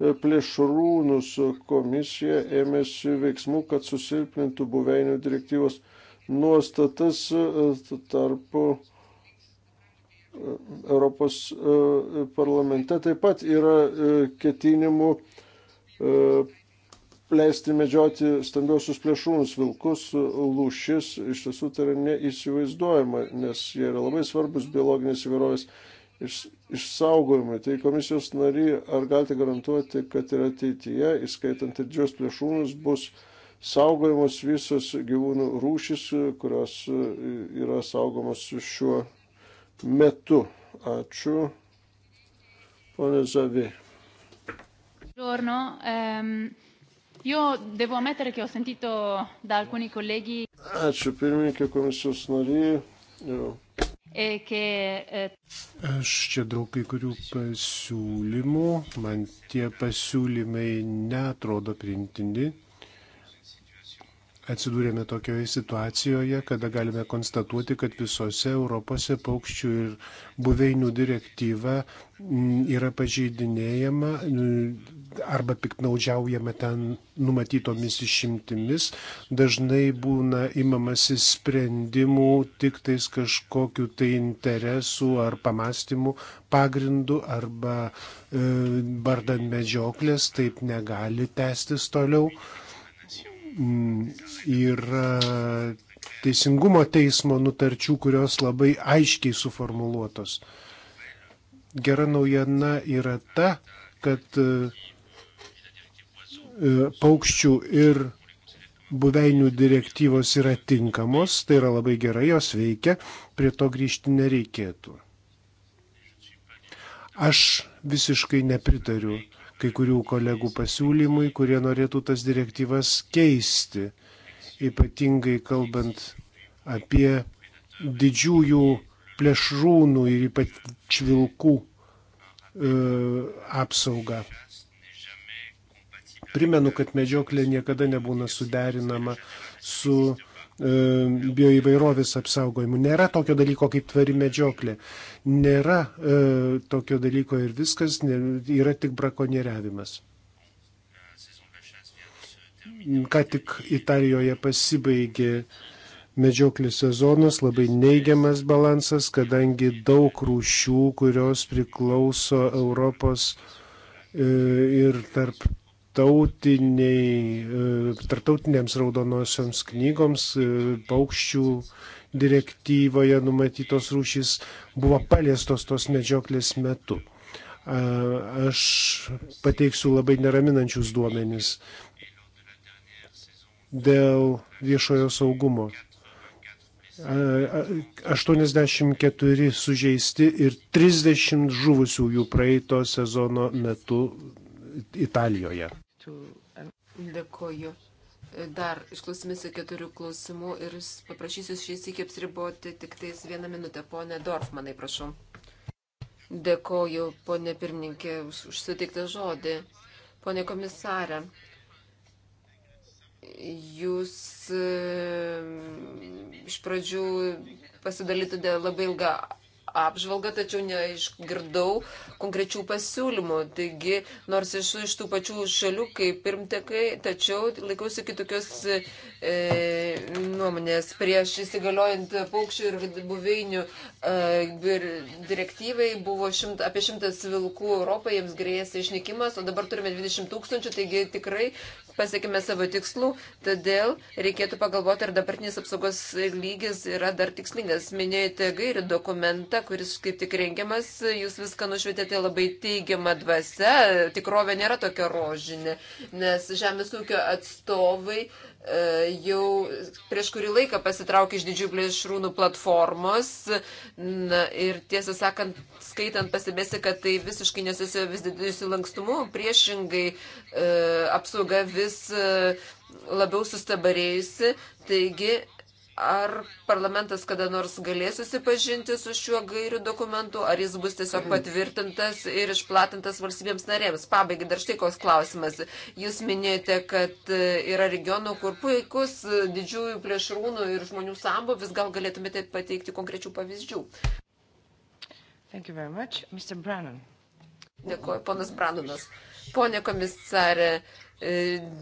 e, plėšrūnus. Komisija ėmėsi veiksmų, kad susilpnintų buveinių direktyvos nuostatas e, tarpu. Europos parlamente taip pat yra ketinimų E, leisti medžioti stambiosius plėšrūnus, vilkus, lūšis, iš tiesų tai yra neįsivaizduojama, nes jie yra labai svarbus biologinės įvairovės iš, išsaugojimui. Tai komisijos nariai, ar galite garantuoti, kad ir ateityje, įskaitant ir didžios plėšrūnus, bus saugojamos visos gyvūnų rūšis, kurios e, yra saugomos šiuo metu. Ačiū. Pone Zavi. Buongiorno. Um, io devo ammettere che ho sentito da alcuni colleghi. Ačiū pirmininkė komisijos nariai. E che, eh... Aš čia daug kai kurių pasiūlymų, man tie pasiūlymai netrodo printini atsidūrėme tokioje situacijoje, kada galime konstatuoti, kad visose Europose paukščių ir buveinių direktyva mm, yra pažeidinėjama mm, arba piknaudžiaujama ten numatytomis išimtimis. Dažnai būna imamasi sprendimų tik tais kažkokiu tai interesu ar pamastymu pagrindu arba e, bardan medžioklės, taip negali tęstis toliau. E, Mm, yra teisingumo teismo nutarčių, kurios labai aiškiai suformuluotos. Gera naujiena yra ta, kad e, paukščių ir buveinių direktyvos yra tinkamos, tai yra labai gerai, jos veikia, prie to grįžti nereikėtų. Aš visiškai nepritariu kai kurių kolegų pasiūlymui, kurie norėtų tas direktyvas keisti, ypatingai kalbant apie didžiųjų plėšrūnų ir ypač vilkų e, apsaugą. Primenu, kad medžioklė niekada nebūna suderinama su E, bioįvairovės apsaugojimu. Nėra tokio dalyko kaip tvari medžioklė. Nėra e, tokio dalyko ir viskas, nė, yra tik brakonieriavimas. Ką tik Italijoje pasibaigė medžioklės sezonas, labai neigiamas balansas, kadangi daug rūšių, kurios priklauso Europos e, ir tarp E, tarptautinėms raudonosioms knygoms, e, paukščių direktyvoje numatytos rūšys buvo paliestos tos medžioklės metu. Aš pateiksiu labai neraminančius duomenis dėl viešojo saugumo. 84 sužeisti ir 30 žuvusiųjų praeito sezono metu Italijoje to. Um, dėkoju. Dar išklausymėsiu keturių klausimų ir paprašysiu šiais iki apsiriboti tik tais vieną minutę. Pone Dorfmanai, prašau. Dėkoju, ponė pirmininkė, už, už suteiktą žodį. Pone komisarė, jūs um, iš pradžių pasidalytumėte labai ilgą apžvalgą, tačiau neišgirdau konkrečių pasiūlymų. Taigi, nors esu iš tų pačių šalių kaip pirmtekai, tačiau laikausi kitokios e, nuomonės prieš įsigaliojant paukščių ir buveinių e, direktyvai buvo šimt, apie šimtas vilkų Europoje, jiems grėsė išnykimas, o dabar turime 20 tūkstančių, taigi tikrai pasiekime savo tikslų, todėl reikėtų pagalvoti, ar dabartinis apsaugos lygis yra dar tikslingas. Minėjote gairių dokumentą, kuris kaip tik rengiamas, jūs viską nušvietėte labai teigiamą dvasę, tikrovė nėra tokia rožinė, nes žemės ūkio atstovai e, jau prieš kurį laiką pasitraukė iš didžiųjų plėšrūnų platformos na, ir tiesą sakant, skaitant pasibėsi, kad tai visiškai nesusijęs vis didėjusiu lankstumu, priešingai e, apsauga vis e, labiau sustabarėjusi, taigi Ar parlamentas kada nors galės susipažinti su šiuo gairių dokumentu, ar jis bus tiesiog mhm. patvirtintas ir išplatintas valstybėms narėms? Pabaigai dar štai koks klausimas. Jūs minėjote, kad e, yra regionų, kur puikus e, didžiųjų plėšrūnų ir žmonių sambuvis. Gal galėtumėte pateikti konkrečių pavyzdžių? Dėkuoju, ponas Branunas. Pone komisarė, e,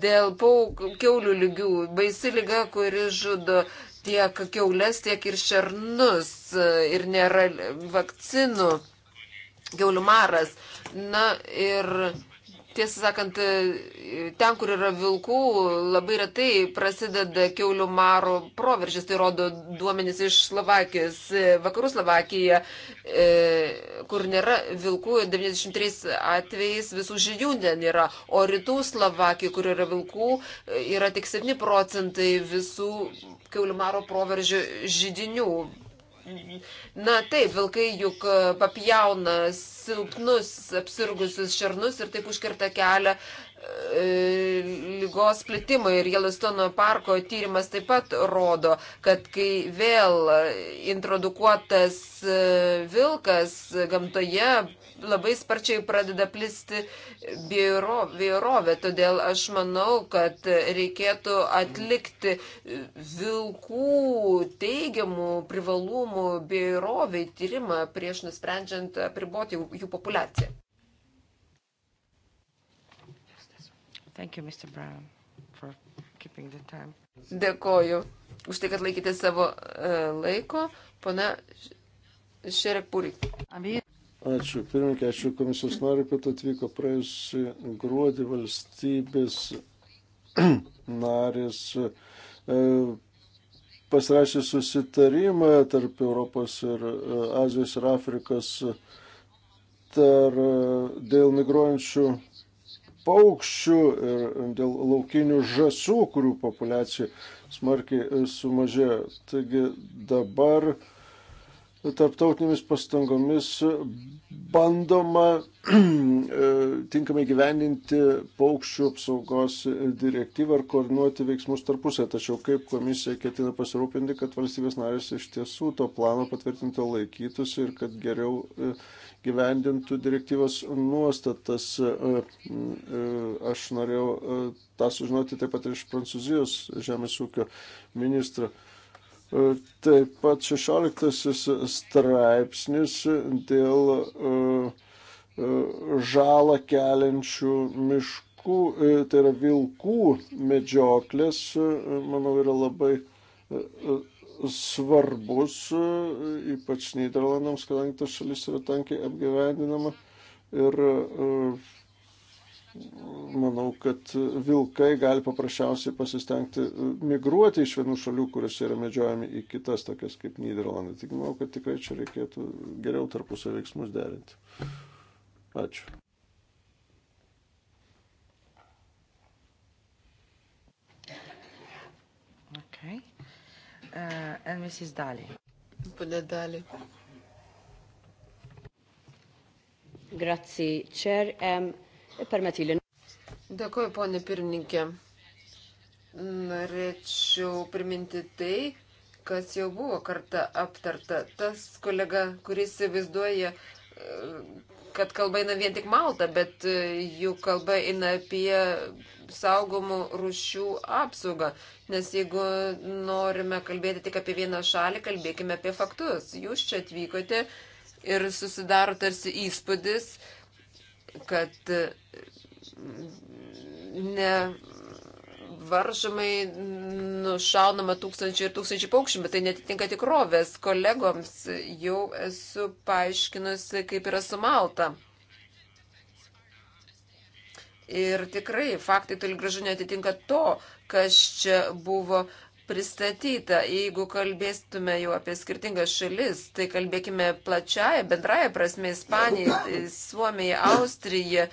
dėl paukiaulių lygių, baisi lyga, kuri žudo tiek keulės, tiek ir šernus ir nėra vakcinų. Keulių maras. Na ir Tiesą sakant, ten, kur yra vilkų, labai retai prasideda keulių maro proveržis, tai rodo duomenys iš Slovakijos, vakarų Slovakija, e, kur nėra vilkų, 93 atvejais visų žinių nėra, o rytų Slovakija, kur yra vilkų, e, yra tik 7 procentai visų keulių maro proveržių žydinių Na taip, vilkai juk e, papjauna silpnus, apsirgusius šernus ir taip užkirta kelią E, lygos plitimui ir Jelistono parko tyrimas taip pat rodo, kad kai vėl introdukuotas e, vilkas gamtoje labai sparčiai pradeda plisti vėrovė, todėl aš manau, kad reikėtų atlikti vilkų teigiamų privalumų vėroviai tyrimą prieš nusprendžiant apriboti jų populaciją. Thank you, Mr. Brown, for keeping the time. Dėkoju už tai, kad laikėte savo uh, laiko. Pana Šerepūrik. Ačiū, pirmininkai, ačiū komisijos nariu, kad atvyko praėjusį gruodį valstybės narės e, pasirašė susitarimą tarp Europos ir e, Azijos ir Afrikos tar, dėl migruojančių paukščių ir dėl laukinių žasų, kurių populiacija smarkiai sumažėjo. Taigi dabar tarptautinėmis pastangomis bandoma e, tinkamai gyveninti paukščių apsaugos direktyvą ir koordinuoti veiksmus tarpusę. Tačiau kaip komisija ketina pasirūpinti, kad valstybės narės iš tiesų to plano patvirtinto laikytųsi ir kad geriau e, gyvendintų direktyvos nuostatas. E, aš norėjau tą sužinoti taip pat ir iš Prancūzijos žemės ūkio ministro. E, taip pat 16 straipsnis dėl e, e, žalą keliančių miškų, tai yra vilkų medžioklės, manau, yra labai svarbus, ypač Niderlandams, kadangi ta šalis yra tankiai apgyvendinama. Ir manau, kad vilkai gali paprasčiausiai pasistengti migruoti iš vienų šalių, kuriuose yra medžiojami, į kitas, tokias kaip Niderlandai. Tik manau, kad tikrai čia reikėtų geriau tarpusio veiksmus derinti. Ačiū. Okay. Uh, and Mrs. Dali. Pane Dali. Grazie, Chair. Um, permetili. Dėkuoju, ponė pirmininkė. Norėčiau priminti tai, kas jau buvo kartą aptarta. Tas kolega, kuris įsivaizduoja, kad kalba eina vien tik Malta, bet jų kalba eina apie saugomų rušių apsaugą. Nes jeigu norime kalbėti tik apie vieną šalį, kalbėkime apie faktus. Jūs čia atvykote ir susidaro tarsi įspūdis, kad e, ne varžomai nušaunama tūkstančiai ir tūkstančiai paukščių, bet tai netitinka tikrovės. Kolegoms jau esu paaiškinusi, kaip yra sumalta. Ir tikrai faktai toli gražu netitinka to, kas čia buvo pristatyta. Jeigu kalbėstume jau apie skirtingas šalis, tai kalbėkime plačiaja, bendraja prasme - Ispanija, Suomija, Austrija,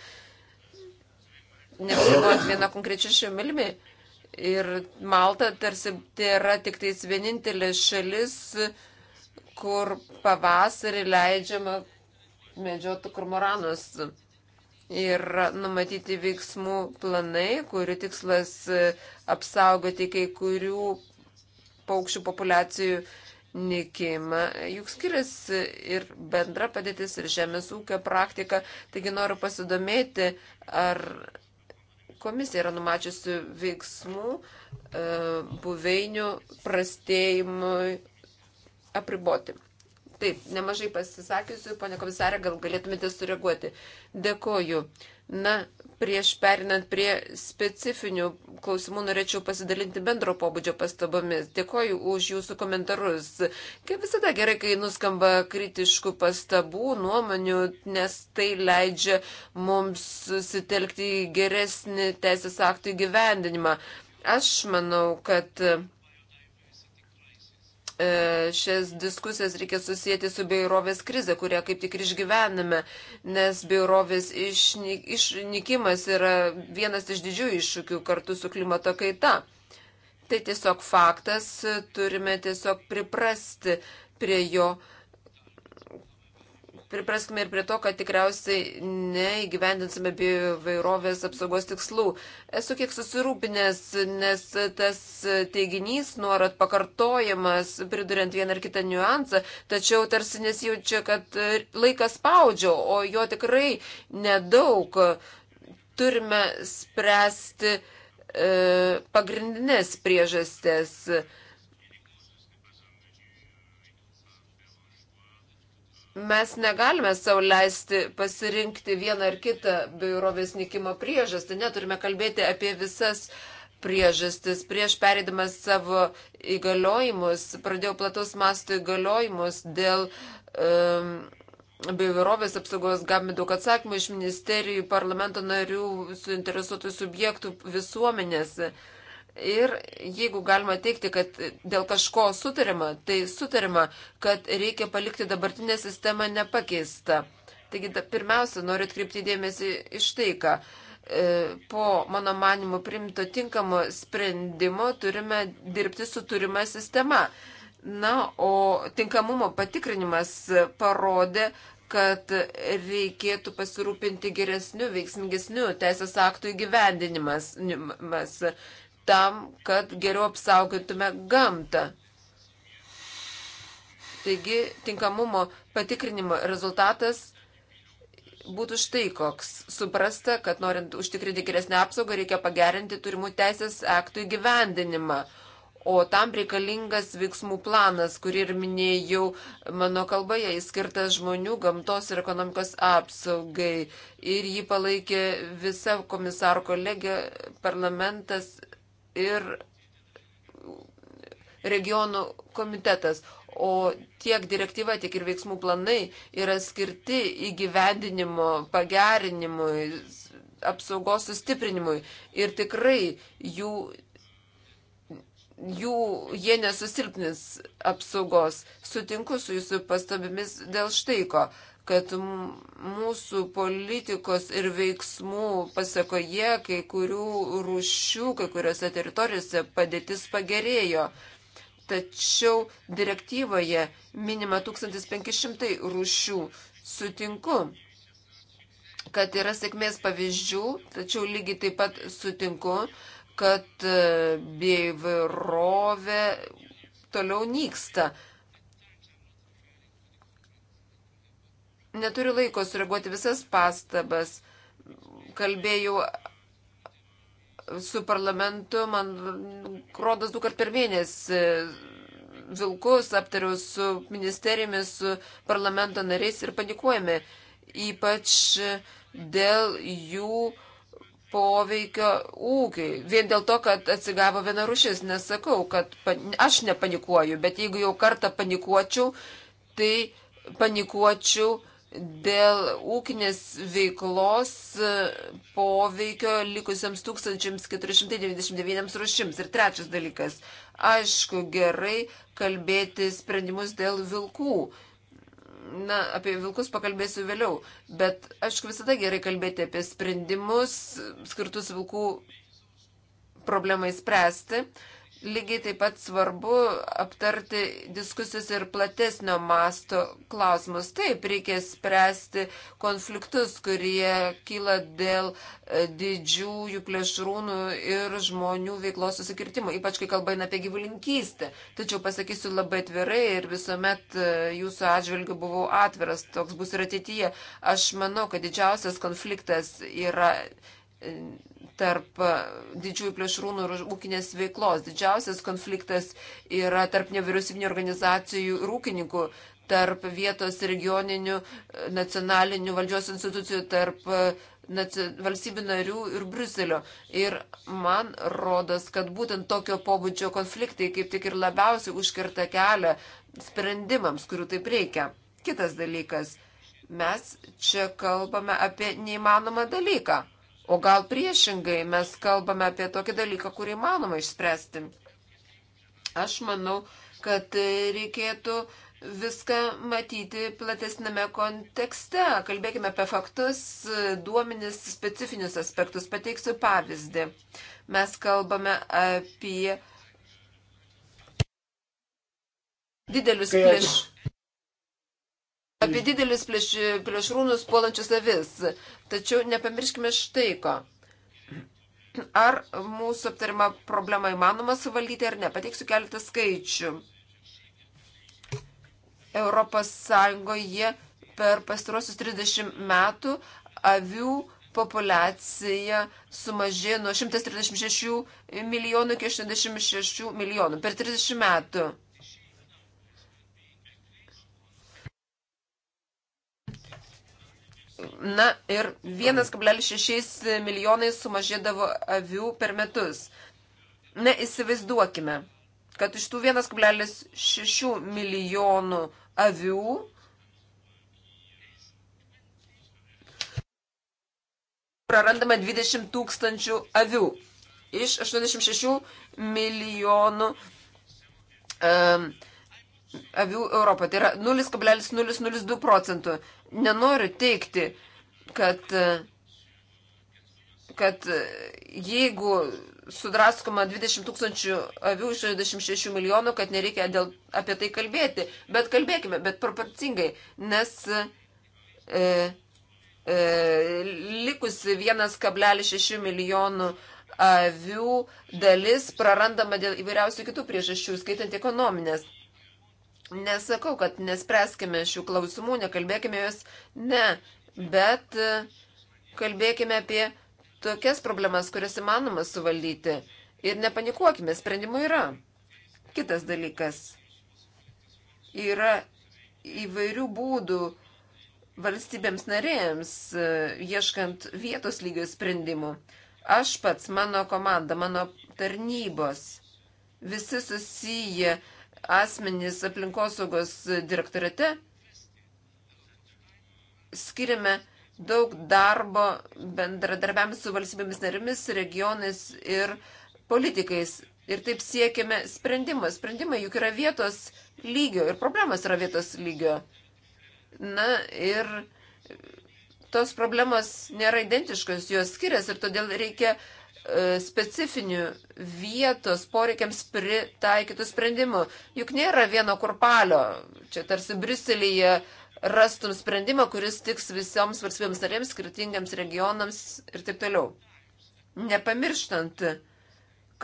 neapsiribojant viena konkrečia šalimi. Ir Malta tarsi tai yra tik tais vienintelė šalis, kur pavasarį leidžiama medžioti kormoranus yra numatyti veiksmų planai, kurių tikslas e, apsaugoti kai kurių paukščių populiacijų nikimą. Juk skiriasi ir bendra padėtis, ir žemės ūkio praktika. Taigi noriu pasidomėti, ar komisija yra numačiusi veiksmų e, buveinių prastėjimui apriboti. Taip, nemažai pasisakysiu, ponė komisarė, gal galėtumėte sureaguoti. Dėkoju. Na, prieš perinant prie specifinių klausimų, norėčiau pasidalinti bendro pobūdžio pastabomis. Dėkoju už jūsų komentarus. Kaip visada gerai, kai nuskamba kritiškų pastabų, nuomonių, nes tai leidžia mums susitelkti į geresnį teisės aktų įgyvendinimą. Aš manau, kad E, šias diskusijas reikia susijęti su beirovės krize, kurią kaip tik ir išgyvename, nes beirovės išnykimas yra vienas iš didžiųjų iššūkių kartu su klimato kaita. Tai tiesiog faktas, turime tiesiog priprasti prie jo. Uh, pripraskime ir prie to, kad tikriausiai neįgyvendinsime biovairovės apsaugos tikslų. Esu kiek susirūpinęs, nes tas teiginys nuorat pakartojamas, priduriant vieną ar kitą niuansą, tačiau tarsi nesijaučia, kad laikas spaudžia, o jo tikrai nedaug. Turime spręsti e, pagrindinės priežastės. E, Mes negalime savo leisti pasirinkti vieną ar kitą biurovės nikimo priežastį. Neturime kalbėti apie visas priežastis. Prieš perėdamas savo įgaliojimus, pradėjau plataus masto įgaliojimus dėl um, bioverovės apsaugos, gavome daug atsakymų iš ministerijų, parlamento narių, suinteresuotų subjektų visuomenės. Uh, Ir jeigu galima teikti, kad dėl kažko sutarima, tai sutarima, kad reikia palikti dabartinę sistemą nepakeistą. Taigi, da, pirmiausia, noriu atkreipti dėmesį iš tai, ką e, po mano manimu primto tinkamo sprendimo turime dirbti su turima sistema. Na, o tinkamumo patikrinimas parodė, kad reikėtų pasirūpinti geresniu, veiksmingesniu teisės aktų įgyvendinimas tam, kad geriau apsaugotume gamtą. Taigi tinkamumo patikrinimo rezultatas būtų štai koks. Suprasta, kad norint užtikrinti geresnę apsaugą, reikia pagerinti turimų teisės aktų įgyvendinimą. O tam reikalingas veiksmų planas, kurį ir minėjau mano kalboje, jis skirtas žmonių, gamtos ir ekonomikos apsaugai. Ir jį palaikė visa komisaro kolegė, parlamentas ir regionų komitetas. O tiek direktyva, tiek ir veiksmų planai yra skirti įgyvendinimo, pagerinimui, apsaugos sustiprinimui. Ir tikrai jų, jų jie nesusilpnis apsaugos. Sutinku su jūsų pastabimis dėl štaiko. ko kad mūsų politikos ir veiksmų pasakoje kai kurių rūšių, kai kuriuose teritorijose padėtis pagerėjo. Tačiau direktyvoje minima 1500 rūšių. Sutinku, kad yra sėkmės pavyzdžių, tačiau lygiai taip pat sutinku, kad e, bėvairovė toliau nyksta. neturiu laiko sureaguoti visas pastabas. Kalbėjau su parlamentu, man rodas du kart per mėnesį vilkus, aptariau su ministerijomis, su parlamento nariais ir panikuojame, ypač dėl jų poveikio ūkiai. Vien dėl to, kad atsigavo viena rušis, nesakau, kad pan... aš nepanikuoju, bet jeigu jau kartą panikuočiau, tai panikuočiau dėl ūkinės veiklos poveikio likusiems 1499 rušims. Ir trečias dalykas, aišku, gerai kalbėti sprendimus dėl vilkų. Na, apie vilkus pakalbėsiu vėliau, bet aišku, visada gerai kalbėti apie sprendimus skirtus vilkų problemai spręsti. Uh, Lygiai taip pat svarbu aptarti diskusijos ir platesnio masto klausimus. Taip, reikia spręsti konfliktus, kurie kyla dėl e, didžiųjų plėšrūnų ir žmonių veiklos susikirtimų, ypač kai kalba eina apie gyvulinkystę. Tačiau pasakysiu labai atvirai ir visuomet e, jūsų atžvilgiu buvau atviras, toks bus ir ateityje. Aš manau, kad didžiausias konfliktas yra e, tarp e, didžiųjų plėšrūnų ir ūkinės veiklos. Didžiausias konfliktas yra tarp nevyriausybinio organizacijų ir ūkininkų, tarp vietos regioninių, e, nacionalinių valdžios institucijų, tarp e, valstybių narių ir Bruselio. Ir man rodos, kad būtent tokio pobūdžio konfliktai kaip tik ir labiausiai užkerta kelią sprendimams, kurių taip reikia. Kitas dalykas. Mes čia kalbame apie neįmanomą dalyką O gal priešingai mes kalbame apie tokį dalyką, kurį manoma išspręsti. Aš manau, kad reikėtų viską matyti platesnėme kontekste. Kalbėkime apie faktus, duomenis, specifinius aspektus. Pateiksiu pavyzdį. Mes kalbame apie didelius plėš, apie didelius plėš, plėšrūnus puolančius avis. Tačiau nepamirškime štai ko. Ar mūsų aptarima problema įmanoma suvaldyti ar ne? Pateiksiu keletą skaičių. Europos Sąjungoje per pastarosius 30 metų avių populiacija sumažėjo nuo 136 milijonų iki 86 milijonų per 30 metų. Na ir 1,6 milijonai sumažėdavo avių per metus. Na įsivaizduokime, kad iš tų 1,6 milijonų avių prarandama 20 tūkstančių avių iš 86 milijonų um, e, avių Europą. Tai yra 0,002 procentų. Nenoriu teikti, kad, kad jeigu sudraskoma 20 tūkstančių avių iš 66 milijonų, kad nereikia dėl, apie tai kalbėti. Bet kalbėkime, bet proporcingai, nes e, e, likus 1,6 milijonų avių dalis prarandama dėl įvairiausių kitų priežasčių, skaitant ekonominės. Nesakau, kad nespręskime šių klausimų, nekalbėkime jos, ne, bet e, kalbėkime apie tokias problemas, kurias įmanoma suvaldyti. Ir nepanikuokime, sprendimų yra. Kitas dalykas. Yra įvairių būdų valstybėms narėjams, e, ieškant vietos lygio sprendimų. Aš pats, mano komanda, mano tarnybos, visi susiję uh, asmenys aplinkosaugos direktorate skiriame daug darbo bendradarbiam su valstybėmis narimis, regionais ir politikais. Ir taip siekiame sprendimą. Sprendimai juk yra vietos lygio ir problemas yra vietos lygio. Na ir tos problemos nėra identiškos, jos skiriasi ir todėl reikia uh, E, specifinių vietos poreikiams pritaikytų sprendimų. Juk nėra vieno kurpalio. Čia tarsi Briselėje rastum sprendimą, kuris tiks visoms valstybėms narėms, skirtingiams regionams ir taip toliau. Nepamirštant,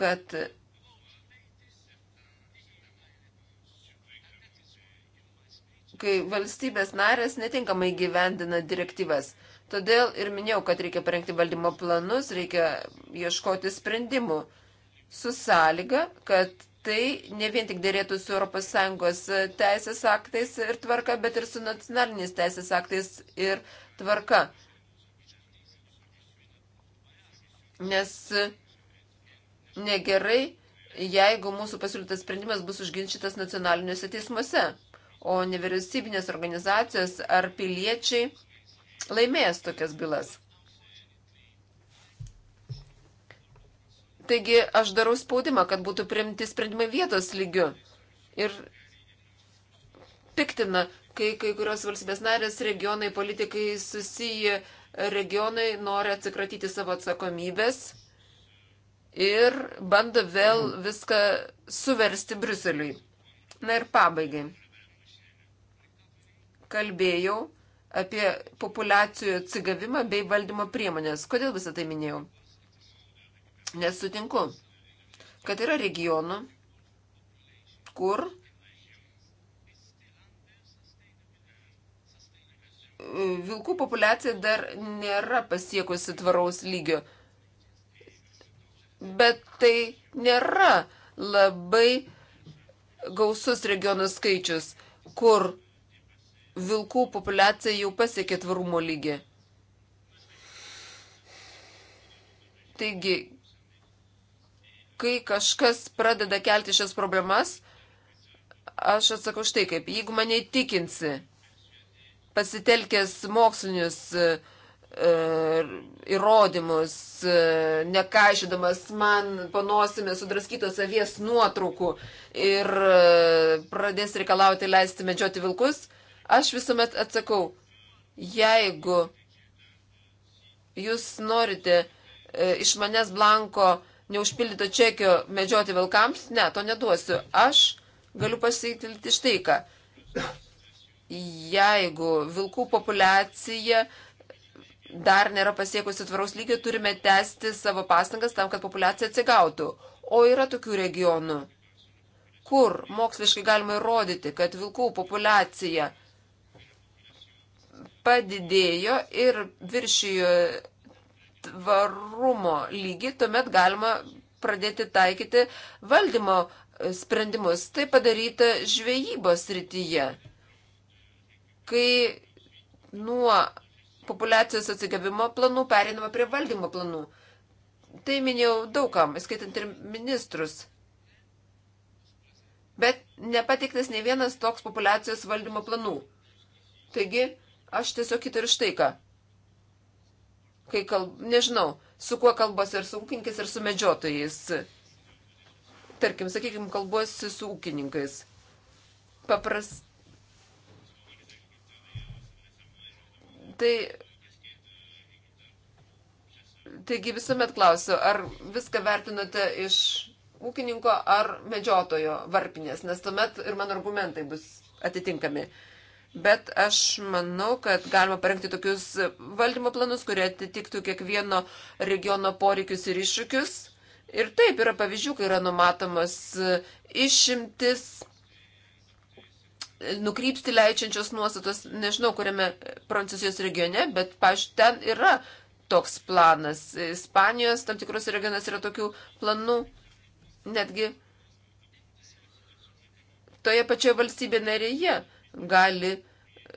kad kai valstybės narės netinkamai gyvendina direktyvas. Todėl ir minėjau, kad reikia parengti valdymo planus, reikia ieškoti sprendimų su sąlyga, kad tai ne vien tik dėrėtų su ES teisės aktais ir tvarka, bet ir su nacionaliniais teisės aktais ir tvarka. Nes negerai, jeigu mūsų pasiūlytas sprendimas bus užginčytas nacionaliniuose teismuose, o nevyriausybinės organizacijos ar piliečiai laimėjęs tokias bylas. Taigi aš darau spaudimą, kad būtų primti sprendimai vietos lygiu. Ir piktina, kai kai kurios valstybės narės, regionai, politikai susiję regionai nori atsikratyti savo atsakomybės ir bando vėl mhm. viską suversti Bruseliui. Na ir pabaigai. Kalbėjau apie populiacijų atsigavimą bei valdymo priemonės. Kodėl visą tai minėjau? Nes sutinku, kad yra regionų, kur e, vilkų populiacija dar nėra pasiekusi tvaraus lygio. Bet tai nėra labai gausus regionų skaičius, kur vilkų populiacija jau pasiekė tvarumo lygį. Taigi, kai kažkas pradeda kelti šias problemas, aš atsakau štai kaip, jeigu mane įtikinsi, pasitelkęs mokslinius e, e įrodymus, e, nekaišydamas man panosime sudraskytos avies nuotraukų ir e, pradės reikalauti leisti medžioti vilkus, Aš visuomet atsakau, jeigu jūs norite e, iš manęs blanko neužpildyto čekio medžioti vilkams, ne, to neduosiu. Aš galiu pasitilti štai ką. Jeigu vilkų populiacija dar nėra pasiekusi tvaraus lygio, turime tęsti savo pastangas tam, kad populiacija atsigautų. O yra tokių regionų, kur moksliškai galima įrodyti, kad vilkų populiacija padidėjo ir viršijo tvarumo lygį, tuomet galima pradėti taikyti valdymo sprendimus. Tai padaryta žvejybos rytyje, kai nuo populiacijos atsigavimo planų perinama prie valdymo planų. Tai minėjau daugam, skaitant ir ministrus. Bet nepatiktas ne vienas toks populiacijos valdymo planų. Taigi, Aš tiesiog įtariu štai ką. Kai kalb... Nežinau, su kuo kalbas ir su ūkininkais, ir su medžiotojais. Tarkim, sakykime, kalbuosi su ūkininkais. Papras. Tai Taigi visuomet klausiu, ar viską vertinate iš ūkininko ar medžiotojo varpinės, nes tuomet ir mano argumentai bus atitinkami bet aš manau, kad galima parengti tokius valdymo planus, kurie atitiktų kiekvieno regiono poreikius ir iššūkius. Ir taip yra pavyzdžių, kai yra numatomas e, išimtis, nukrypti leidžiančios nuostatos, nežinau, kuriame Prancūzijos regione, bet, pažiūrėjau, ten yra toks planas. Ispanijos tam tikros regionas yra tokių planų, netgi toje pačioje valstybė narėje gali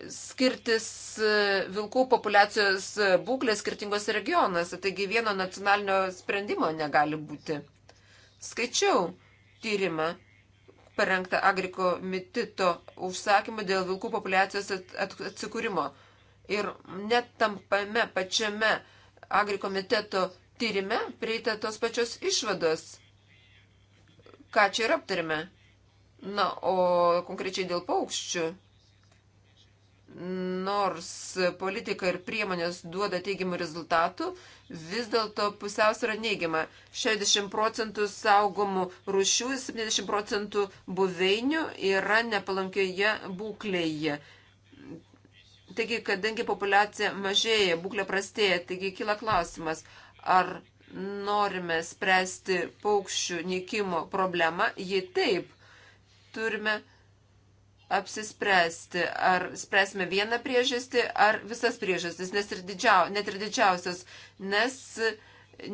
skirtis e, vilkų populiacijos būklė skirtingose regionuose, taigi vieno nacionalinio sprendimo negali būti. Skaičiau tyrimą parengtą Agriko mitito užsakymą dėl vilkų populiacijos atsikūrimo. Ir net tampame pačiame Agriko miteto tyrime prieita tos pačios išvados. Ką čia ir aptarime? Na, o konkrečiai dėl paukščių nors politika ir priemonės duoda teigiamų rezultatų, vis dėlto pusiausvėra neigiama. 60 procentų saugomų rušių, 70 procentų buveinių yra nepalankioje būklėje. Taigi, kadangi populiacija mažėja, būklė prastėja, taigi kyla klausimas, ar norime spręsti paukščių nykimo problemą, jei taip, turime apsispręsti, ar spręsime vieną priežastį, ar visas priežastis, nes ir didžiau, net ir didžiausios, nes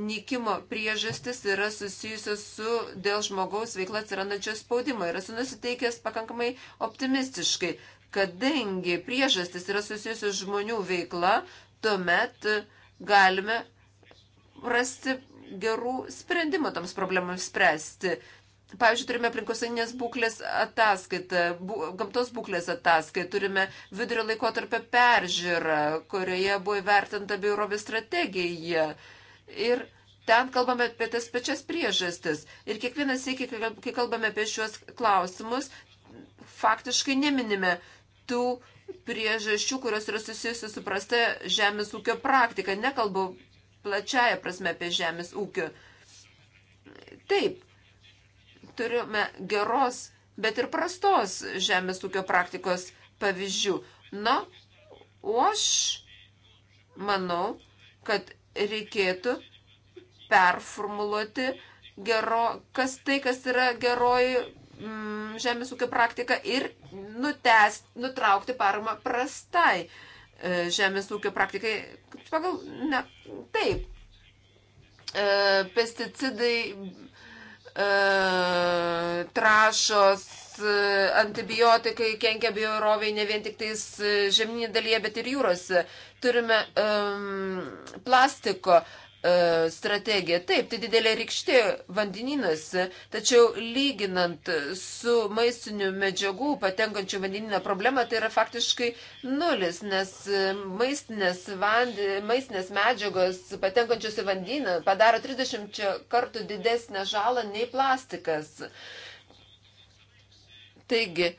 nykimo priežastis yra susijusios su dėl žmogaus veikla atsirandančio spaudimo. Ir esu nusiteikęs pakankamai optimistiškai, kadangi priežastis yra susijusios žmonių veikla, tuomet galime rasti gerų sprendimų toms problemams spręsti. Pavyzdžiui, turime aplinkosainės būklės ataskaitą, bu, gamtos būklės ataskaitą, turime vidurio laikotarpio peržiūrą, kurioje buvo įvertinta biurovės strategija. Ir ten kalbame apie tas pačias priežastis. Ir kiekvienas sėki, kai kalbame apie šiuos klausimus, faktiškai neminime tų priežasčių, kurios yra susijusi su prasta žemės ūkio praktika. Nekalbu plačiaja prasme apie žemės ūkio. Taip, turime geros, bet ir prastos žemės ūkio praktikos pavyzdžių. Na, o aš manau, kad reikėtų performuluoti gero, kas tai, kas yra geroji mm, žemės ūkio praktika ir nutest, nutraukti paramą prastai e, žemės ūkio praktikai. Pagal, ne, taip, e, pesticidai, E, trašos, e, antibiotikai kenkia bioroviai ne vien tik tais e, žemynė dalyje, bet ir jūrose. Turime um, plastiko E, strategija. Taip, tai didelė rykštė vandeninuose, tačiau lyginant su maistiniu medžiagų patenkančių vandenino problema, tai yra faktiškai nulis, nes maistinės, vandi, maistinės medžiagos patenkančios į vandeną padaro 30 kartų didesnę žalą nei plastikas. Taigi,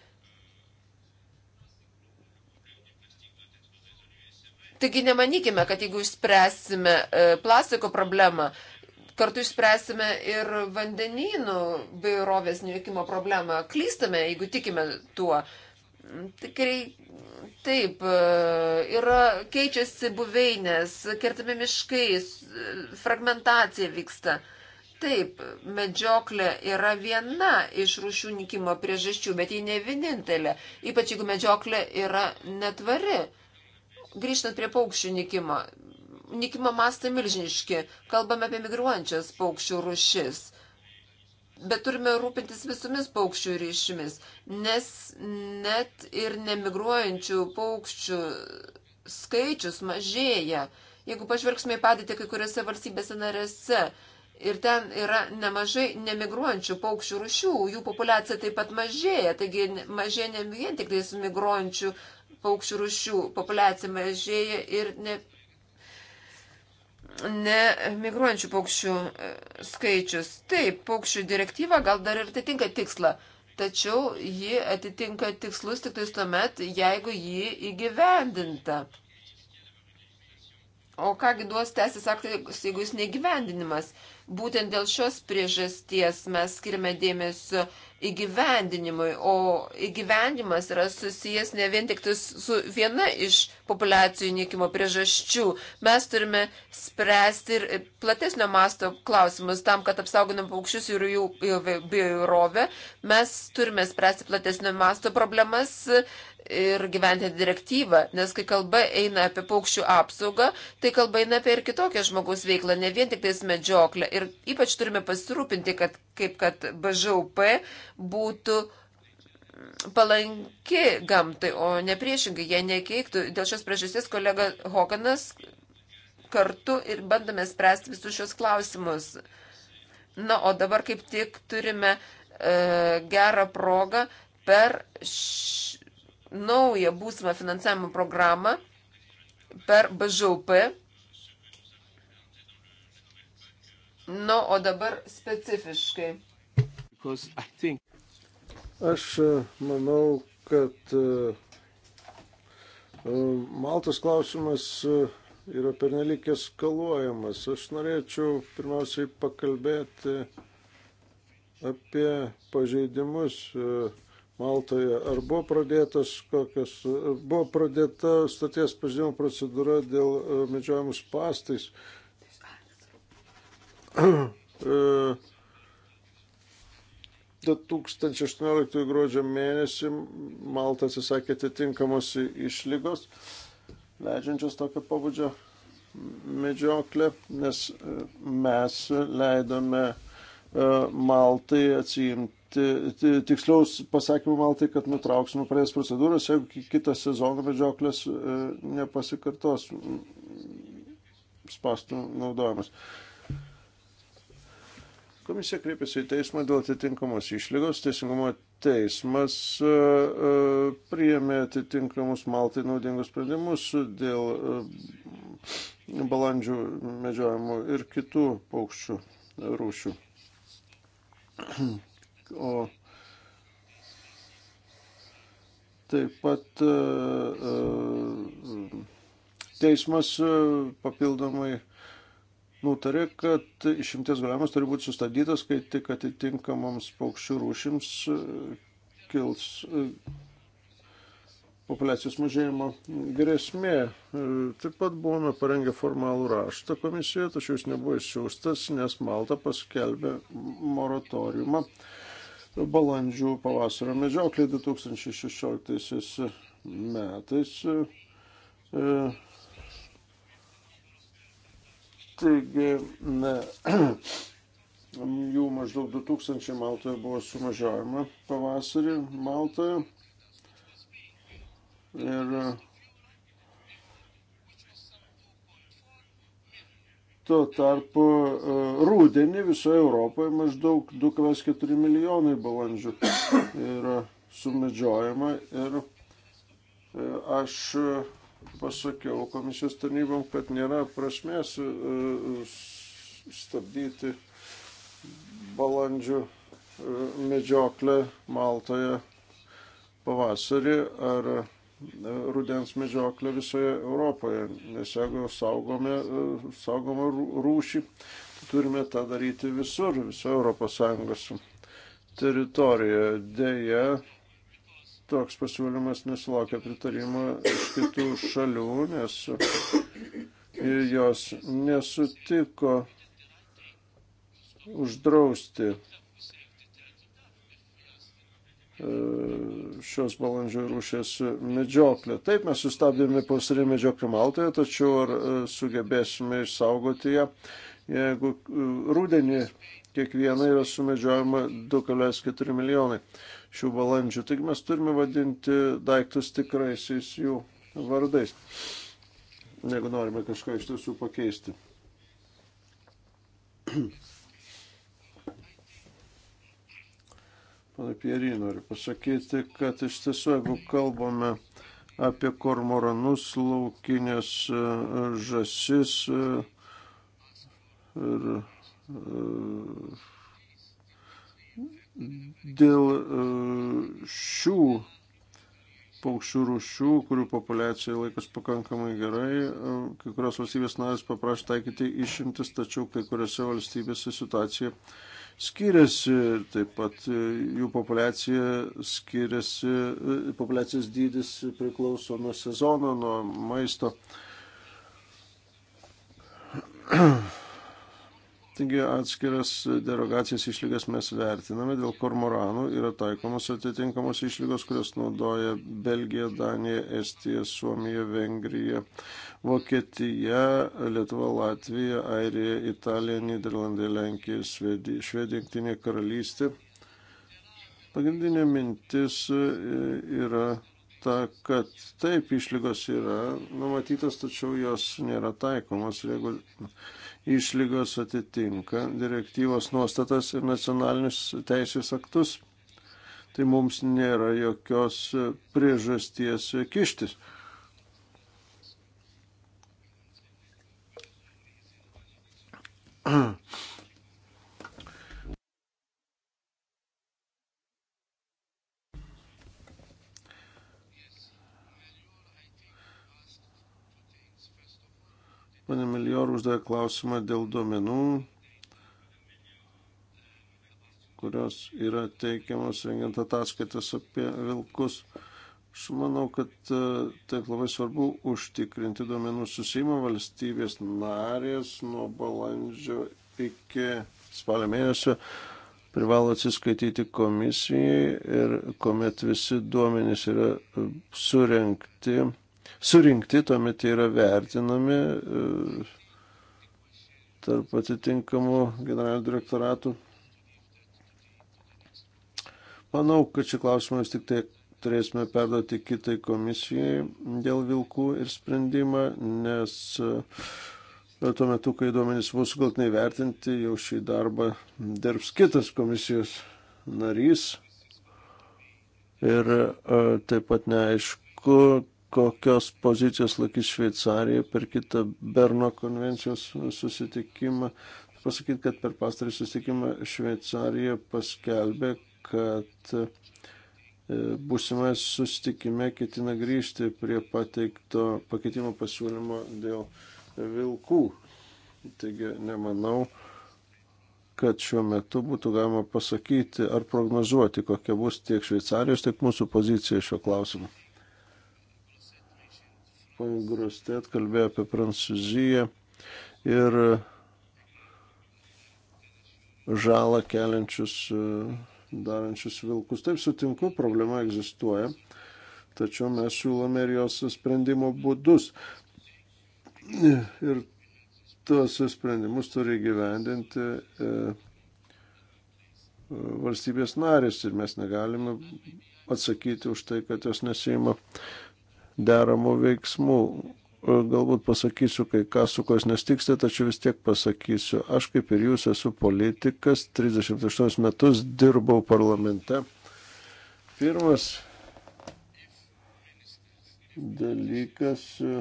Taigi nemanykime, kad jeigu išspręsime e, plastiko problemą, kartu išspręsime ir vandenynų bairovės nuvykimo problemą. Klystame, jeigu tikime tuo. Tikrai taip, e, yra keičiasi buveinės, kertami miškai, fragmentacija vyksta. Taip, medžioklė yra viena iš rūšių nikimo priežasčių, bet ji ne vienintelė, ypač jeigu medžioklė yra netvari grįžtant prie paukščių nikimo, nikimo mastai milžiniški, kalbame apie migruojančias paukščių rušis. Bet turime rūpintis visomis paukščių ryšimis, nes net ir nemigruojančių paukščių skaičius mažėja. Jeigu pažvelgsime į padėtį kai kuriuose valstybėse narėse, Ir ten yra nemažai nemigruojančių paukščių rušių, jų populiacija taip pat mažėja, taigi mažėja ne vien tik tais migruojančių paukščių rušių populiacija mažėja ir ne, ne migruojančių paukščių e, skaičius. Taip, paukščių direktyva gal dar ir atitinka tikslą, tačiau ji atitinka tikslus tik tais tuomet, jeigu ji įgyvendinta. O kągi duos teisės aktai, jeigu jis negyvendinimas. Būtent dėl šios priežasties mes skirime dėmesio įgyvendinimui, o įgyvendimas yra susijęs ne vien tik su viena iš populiacijų nykimo priežasčių. Mes turime spręsti ir platesnio masto klausimus tam, kad apsauginam paukščius ir jų bioįrovę. Mes turime spręsti platesnio masto problemas ir gyventi direktyvą, nes kai kalba eina apie paukščių apsaugą, tai kalba eina apie ir kitokią žmogaus veiklą, ne vien tik tais medžioklę. Ir ypač turime pasirūpinti, kad kaip kad BŽUP būtų palanki gamtai, o ne priešingai, jie nekeiktų. Dėl šios priežasties kolega Hoganas kartu ir bandome spręsti visus šios klausimus. Na, o dabar kaip tik turime e, gerą progą per š, naują būsimą finansavimo programą per BŽUP. Nu, o dabar specifiškai. Aš e, manau, kad e, e, Maltos klausimas yra pernelik eskaluojamas. Aš norėčiau pirmiausiai pakalbėti apie pažeidimus Maltoje. Ar buvo pradėtas kokios, buvo pradėta stoties pažymimo procedūra dėl medžiojimus pastais? e, 2018 e, gruodžio mėnesį Malta atsisakė atitinkamos išlygos, leidžiančios tokio pabudžio medžioklę, nes e, mes leidome e, Maltai atsijimti tiksliau pasakymų maltai, kad nutrauksime pradės procedūras, jeigu kitą sezoną medžioklės e, nepasikartos spastų naudojimas. Komisija kreipėsi į teismą dėl atitinkamos išlygos. Teisingumo teismas e, e, priėmė atitinkamus Maltai naudingus sprendimus dėl balandžių medžiojimų ir kitų paukščių rūšių o taip pat e, e, teismas e, papildomai nutarė, kad išimties galiojimas turi būti sustabdytas, kai tik atitinkamoms paukščių rūšims kils populiacijos mažėjimo grėsmė. Taip pat buvome parengę formalų raštą komisijoje, tačiau jis nebuvo išsiųstas, nes Malta paskelbė moratoriumą balandžių pavasario medžioklė 2016 metais. E, Taigi, ne, jų maždaug 2000 Maltoje buvo sumažiojama pavasarį Maltoje. Ir Tuo tarpu e, rūdienį visoje Europoje maždaug 2,4 milijonai balandžių yra sumedžiojama ir e, aš pasakiau komisijos tarnybom, kad nėra prasmės e, stabdyti balandžių medžioklę Maltoje pavasarį ar rudens medžioklę visoje Europoje. Nes jeigu saugome, saugome rūšį, tai turime tą daryti visur, visoje ES teritorijoje. Deja, toks pasiūlymas nesulaukia pritarimo iš kitų šalių, nes jos nesutiko uždrausti E, šios balandžių rūšės medžioklę. Taip, mes sustabdėme pavasarinę medžioklę Maltoje, tačiau ar e, sugebėsime išsaugoti ją, jeigu e, rūdienį kiekvieną yra sumedžiojama 2,4 milijonai šių balandžių. Taigi mes turime vadinti daiktus tikraisiais jų vardais, jeigu norime kažką iš tiesų pakeisti. Pana Pierį noriu pasakyti, kad iš tiesų, jeigu kalbame apie kormoranus, laukinės e, žasis e, ir e, dėl šių paukščių rūšių, kurių populiacija laikas pakankamai gerai. Kai kurios valstybės narės paprašė taikyti išimtis, tačiau kai kuriuose valstybėse situacija skiriasi, taip pat e, jų populiacija skiriasi, e, populiacijos dydis priklauso nuo sezono, nuo maisto. Taigi atskiras derogacijas išlygas mes vertiname, dėl kormoranų yra taikomos atitinkamos išlygos, kurias naudoja Belgija, Danija, Estija, Suomija, Vengrija, Vokietija, Lietuva, Latvija, Airija, Italija, Niderlandai, Lenkija, Švedija, Jungtinė karalystė. Pagrindinė mintis e, yra ta, kad taip išlygos yra numatytos, tačiau jos nėra taikomos. Jeigu išlygos atitinka direktyvos nuostatas ir nacionalinius teisės aktus, tai mums nėra jokios priežasties kištis. Pane Milijor uždavė klausimą dėl duomenų, kurios yra teikiamos rengiant ataskaitas apie vilkus. Aš manau, kad e, taip labai svarbu užtikrinti duomenų susimo valstybės narės nuo balandžio iki spalio mėnesio privalo atsiskaityti komisijai ir kuomet visi duomenys yra e, surenkti surinkti, tuomet jie yra vertinami e, tarp atitinkamų generalinių direktoratų. Manau, kad šį klausimą vis tik tai turėsime perduoti kitai komisijai dėl vilkų ir sprendimą, nes e, tuo metu, kai duomenys bus galtinai vertinti, jau šį darbą dirbs kitas komisijos narys. Ir e, taip pat neaišku, kokios pozicijos laikys Šveicarija per kitą Berno konvencijos susitikimą. Pasakyti, kad per pastarį susitikimą Šveicarija paskelbė, kad e, būsimai susitikime ketina grįžti prie pateikto pakeitimo pasiūlymo dėl vilkų. Taigi nemanau, kad šiuo metu būtų galima pasakyti ar prognozuoti, kokia bus tiek Šveicarijos, tiek mūsų pozicija šiuo klausimu ponė Grostet kalbėjo apie Prancūziją ir žalą keliančius, darančius vilkus. Taip sutinku, problema egzistuoja, tačiau mes siūlome ir jos sprendimo būdus. Ir tuos sprendimus turi gyvendinti e, valstybės narės ir mes negalime atsakyti už tai, kad jos nesima deramų veiksmų. E, galbūt pasakysiu kai ką, su kuo jūs nestiksite, tačiau vis tiek pasakysiu. Aš kaip ir jūs esu politikas, 38 metus dirbau parlamente. Pirmas dalykas, e,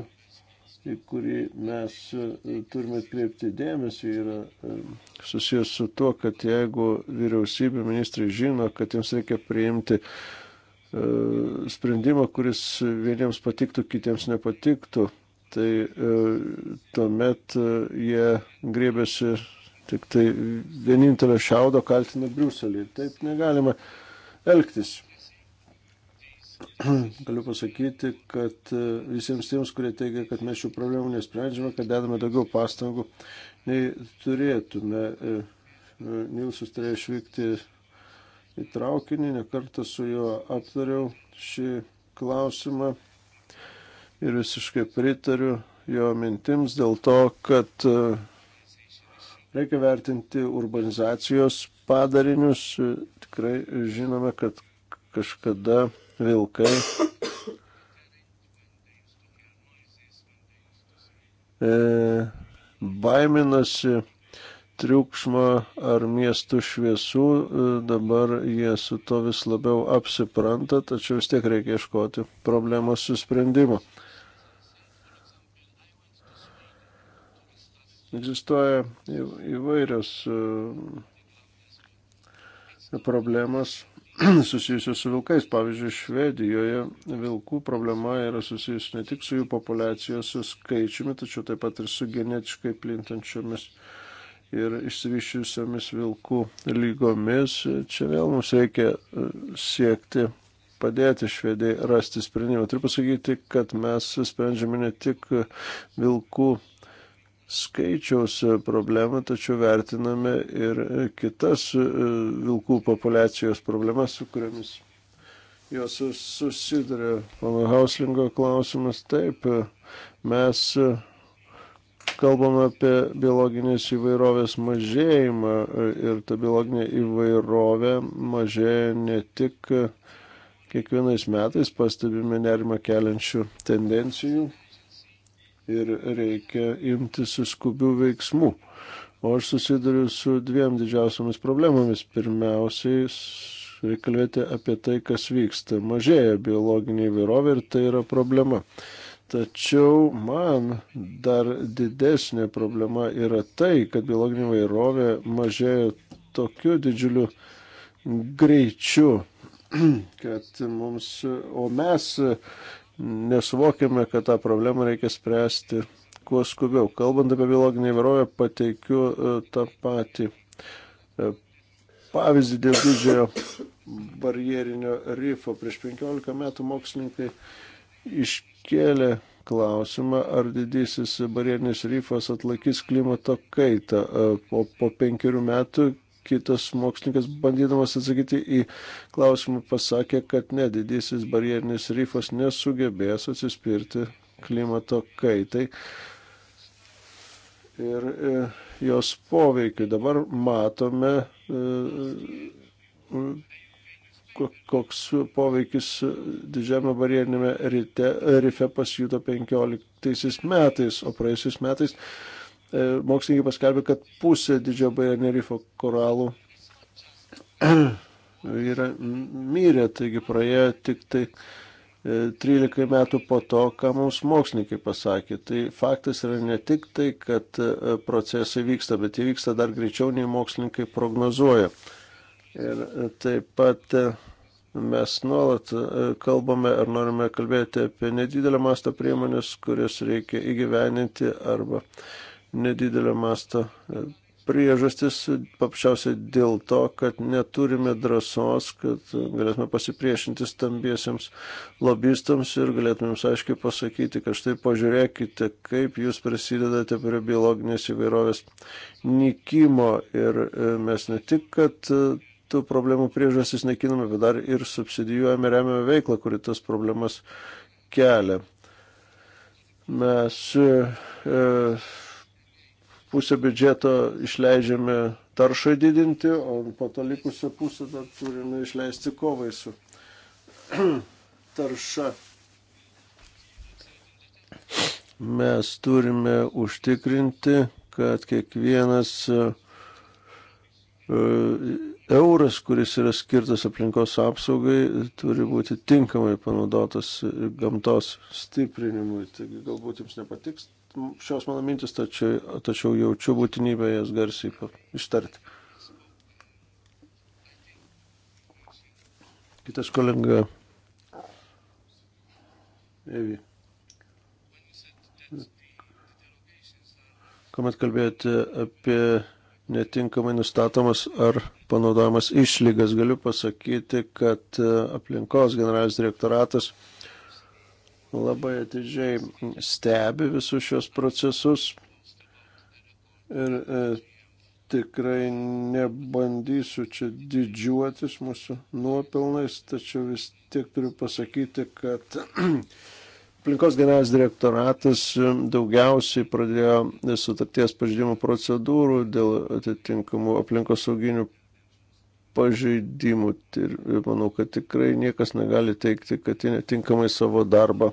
į kurį mes e, turime kreipti dėmesį, yra susijęs su tuo, kad jeigu vyriausybė ministrai žino, kad jiems reikia priimti E, sprendimą, kuris vieniems patiktų, kitiems nepatiktų, tai e, tuomet e, jie grėbėsi tik tai vienintelio šiaudo kaltina Briuselį. Taip negalima elgtis. Galiu pasakyti, kad visiems tiems, kurie teigia, kad mes šių problemų nesprendžiame, kad dedame daugiau pastangų, nei turėtume. Nilsus turėjo išvykti į traukinį, nekartą su juo aptariau šį klausimą ir visiškai pritariu jo mintims dėl to, kad e, reikia vertinti urbanizacijos padarinius. Tikrai žinome, kad kažkada vilkai e, baiminasi triukšmą ar miestų šviesų, e, dabar jie su to vis labiau apsipranta, tačiau vis tiek reikia ieškoti problemos susprendimo. Egzistuoja įvairios e, problemas susijusios su vilkais. Pavyzdžiui, Švedijoje vilkų problema yra susijusi ne tik su jų populiacijos su skaičiumi, tačiau taip pat ir su genetiškai plintančiomis uh, ir išsivyščiusiomis vilkų lygomis. Čia vėl mums reikia e, siekti padėti švediai rasti sprendimą. Turiu pasakyti, kad mes sprendžiame ne tik vilkų skaičiaus problemą, tačiau vertiname ir kitas e, vilkų populacijos problemas, su kuriamis jos susiduria. Pana Hauslingo klausimas taip, e, mes kalbame apie biologinės įvairovės mažėjimą e, ir ta biologinė įvairovė mažėja ne tik e, kiekvienais metais, pastebime nerimą keliančių tendencijų ir reikia imtis skubių veiksmų. O aš susiduriu su dviem didžiausiamis problemomis. Pirmiausiai, reikia kalbėti apie tai, kas vyksta. Mažėja biologinė įvairovė ir tai yra problema. Tačiau man dar didesnė problema yra tai, kad biologinė vairovė mažėja tokiu didžiuliu greičiu, kad mums, o mes nesuvokiame, kad tą problemą reikia spręsti kuo skubiau. Kalbant apie biologinę įvairovę, pateikiu e, tą patį e, pavyzdį dėl didžiojo barjerinio rifo. Prieš 15 metų mokslininkai iš iškėlė klausimą, ar didysis barjerinis ryfas atlaikys klimato kaitą. E, po, po penkerių metų kitas mokslininkas, bandydamas atsakyti į klausimą, pasakė, kad ne, didysis barjerinis ryfas nesugebės atsispirti klimato kaitai ir e, jos poveikiu. Dabar matome e, koks poveikis didžiame barjerinėme rite, rife pasijuto 15 metais, o praėjusiais metais e, mokslininkai paskelbė, kad pusė didžiojo barjerinio rifo koralų yra myrė, taigi praėjo tik tai 13 e, metų po to, ką mums mokslininkai pasakė. Tai faktas yra ne tik tai, kad e, procesai vyksta, bet jie vyksta dar greičiau nei mokslininkai prognozuoja. Ir taip pat Mes nuolat e, kalbame ar norime kalbėti apie nedidelio masto priemonės, kurias reikia įgyveninti arba nedidelio masto e, priežastis paprasčiausiai dėl to, kad neturime drąsos, kad galėtume pasipriešinti stambiesiems lobistams ir galėtume jums aiškiai pasakyti, kad štai pažiūrėkite, kaip jūs prisidedate prie biologinės įvairovės nykimo ir e, mes ne tik, kad tų problemų priežastis nekiname, bet dar ir subsidijuojame, remiame veiklą, kuri tas problemas kelia. Mes e, e, pusę biudžeto išleidžiame taršai didinti, o po to likusią pusę dar turime išleisti kovai su tarša. Mes turime užtikrinti, kad kiekvienas e, e euras, kuris yra skirtas aplinkos apsaugai, turi būti tinkamai panaudotas gamtos stiprinimui. Taigi galbūt jums nepatiks šios mano mintis, tačiau, tačiau jaučiu būtinybę jas garsiai ištarti. Kitas kolega. Evi. Komet kalbėjote apie netinkamai nustatomas ar panaudojamas išlygas. Galiu pasakyti, kad e, aplinkos generalinis direktoratas labai atidžiai stebi visus šios procesus ir e, tikrai nebandysiu čia didžiuotis mūsų nuopelnais, tačiau vis tiek turiu pasakyti, kad Aplinkos generalinis direktoratas e, daugiausiai pradėjo sutarties pažydimų procedūrų dėl atitinkamų aplinkos sauginių pažeidimų. Ir manau, kad tikrai niekas negali teikti, kad jie netinkamai savo darbą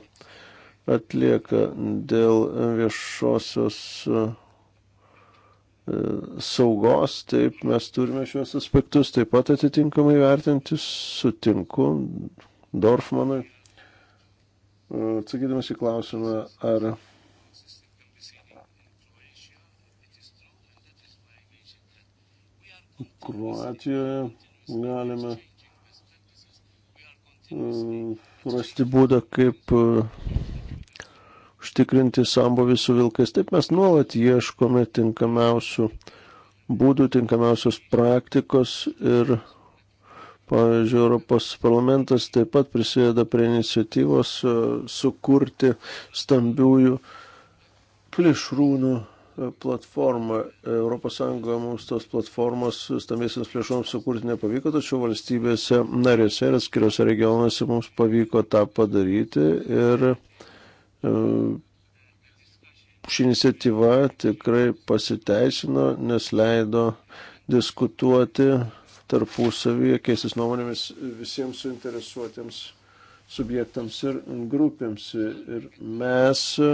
atlieka dėl viešosios e, e, saugos. Taip, mes turime šios aspektus taip pat atitinkamai vertinti. Sutinku Dorfmanui Atsakydamas į klausimą, ar Kroatijoje galime mm, rasti būdą, kaip uh, užtikrinti sambovį su vilkais. Taip mes nuolat ieškome tinkamiausių būdų, tinkamiausios praktikos ir Pavyzdžiui, Europos parlamentas taip pat prisėda prie iniciatyvos e, sukurti stambiųjų plėšrūnų e, platformą. ES mums tos platformos stambiesiams plėšrūnams sukurti nepavyko, tačiau valstybėse narėse ir atskiriuose regionuose mums pavyko tą padaryti. Ir e, ši iniciatyva tikrai pasiteisino, nes leido diskutuoti tarpusavyje keistis nuomonėmis visiems suinteresuotiems subjektams ir grupėms. Ir mes e,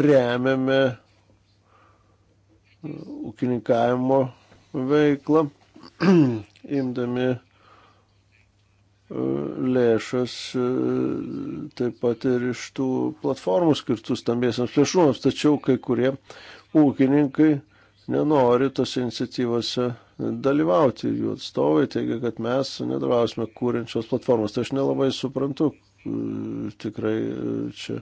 remiame e, ūkininkavimo veiklą, imdami e, lėšas taip pat ir iš tų platformų skirtų stambiesiams plėšrūnams. Tačiau kai kurie ūkininkai nenori tose iniciatyvose dalyvauti. Jų atstovai teigia, kad mes nedalyvausime kūrinčios platformos. Tai aš nelabai suprantu, tikrai čia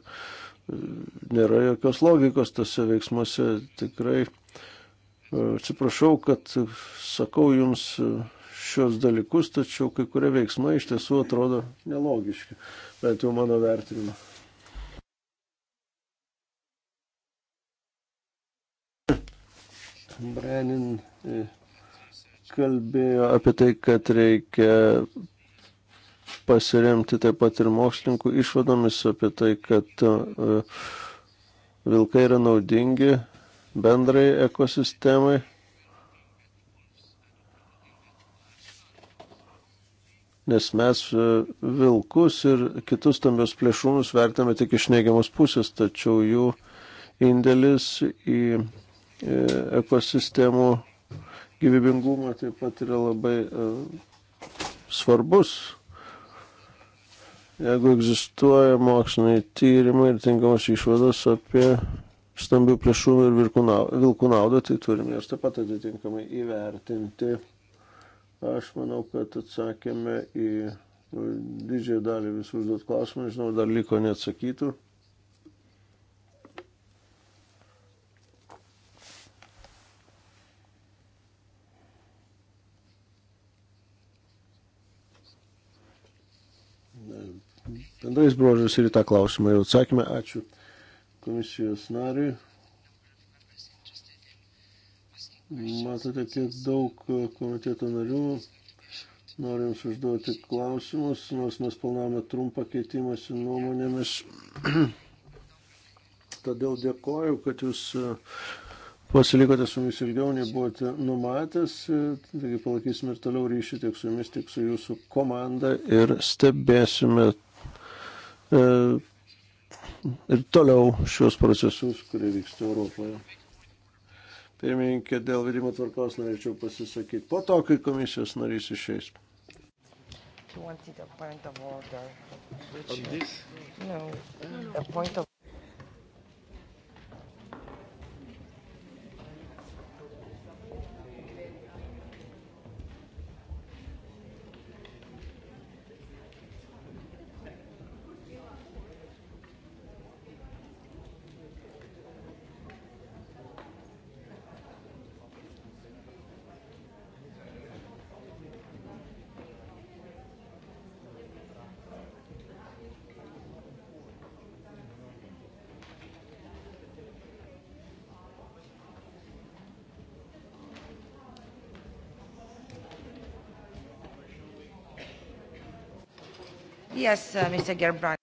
nėra jokios logikos tose veiksmuose. Tikrai atsiprašau, kad sakau jums šios dalykus, tačiau kai kurie veiksmai iš tiesų atrodo nelogiški, bent jau mano vertinimu. Brenin e, kalbėjo apie tai, kad reikia pasiremti taip pat ir mokslininkų išvadomis apie tai, kad e, vilkai yra naudingi bendrai ekosistemai. nes mes e, vilkus ir kitus stambius plėšrūnus vertame tik iš neigiamos pusės, tačiau jų indėlis į E, ekosistemų gyvybingumą taip pat yra labai e, svarbus. Jeigu egzistuoja moksliniai tyrimai ir tinkamos išvados apie stambių plėšrūnų ir vilkų naudą, tai turime jas taip pat atitinkamai įvertinti. Aš manau, kad atsakėme į didžiąją dalį visų užduot klausimų, žinau, dar liko neatsakytų. bendrais bruožais ir į tą klausimą jau atsakymą. Ačiū komisijos nariui. Matote, kiek daug komiteto narių nori jums užduoti klausimus, nors mes planavome trumpą keitimąsi nuomonėmis. Todėl dėkoju, kad jūs uh, pasilikote su mumis ilgiau, nei buvote numatęs. Taigi palaikysime ir toliau ryšį tiek su jumis, tiek su jūsų komanda ir stebėsime E, ir toliau šios procesus, kurie vyksta Europoje. Pirmininkė, dėl vedimo tvarkos norėčiau pasisakyti po to, kai komisijos narys išeis. You wanted a point of order. Which, On this? No, a point of Yes, uh, Mr. Gerbrandi.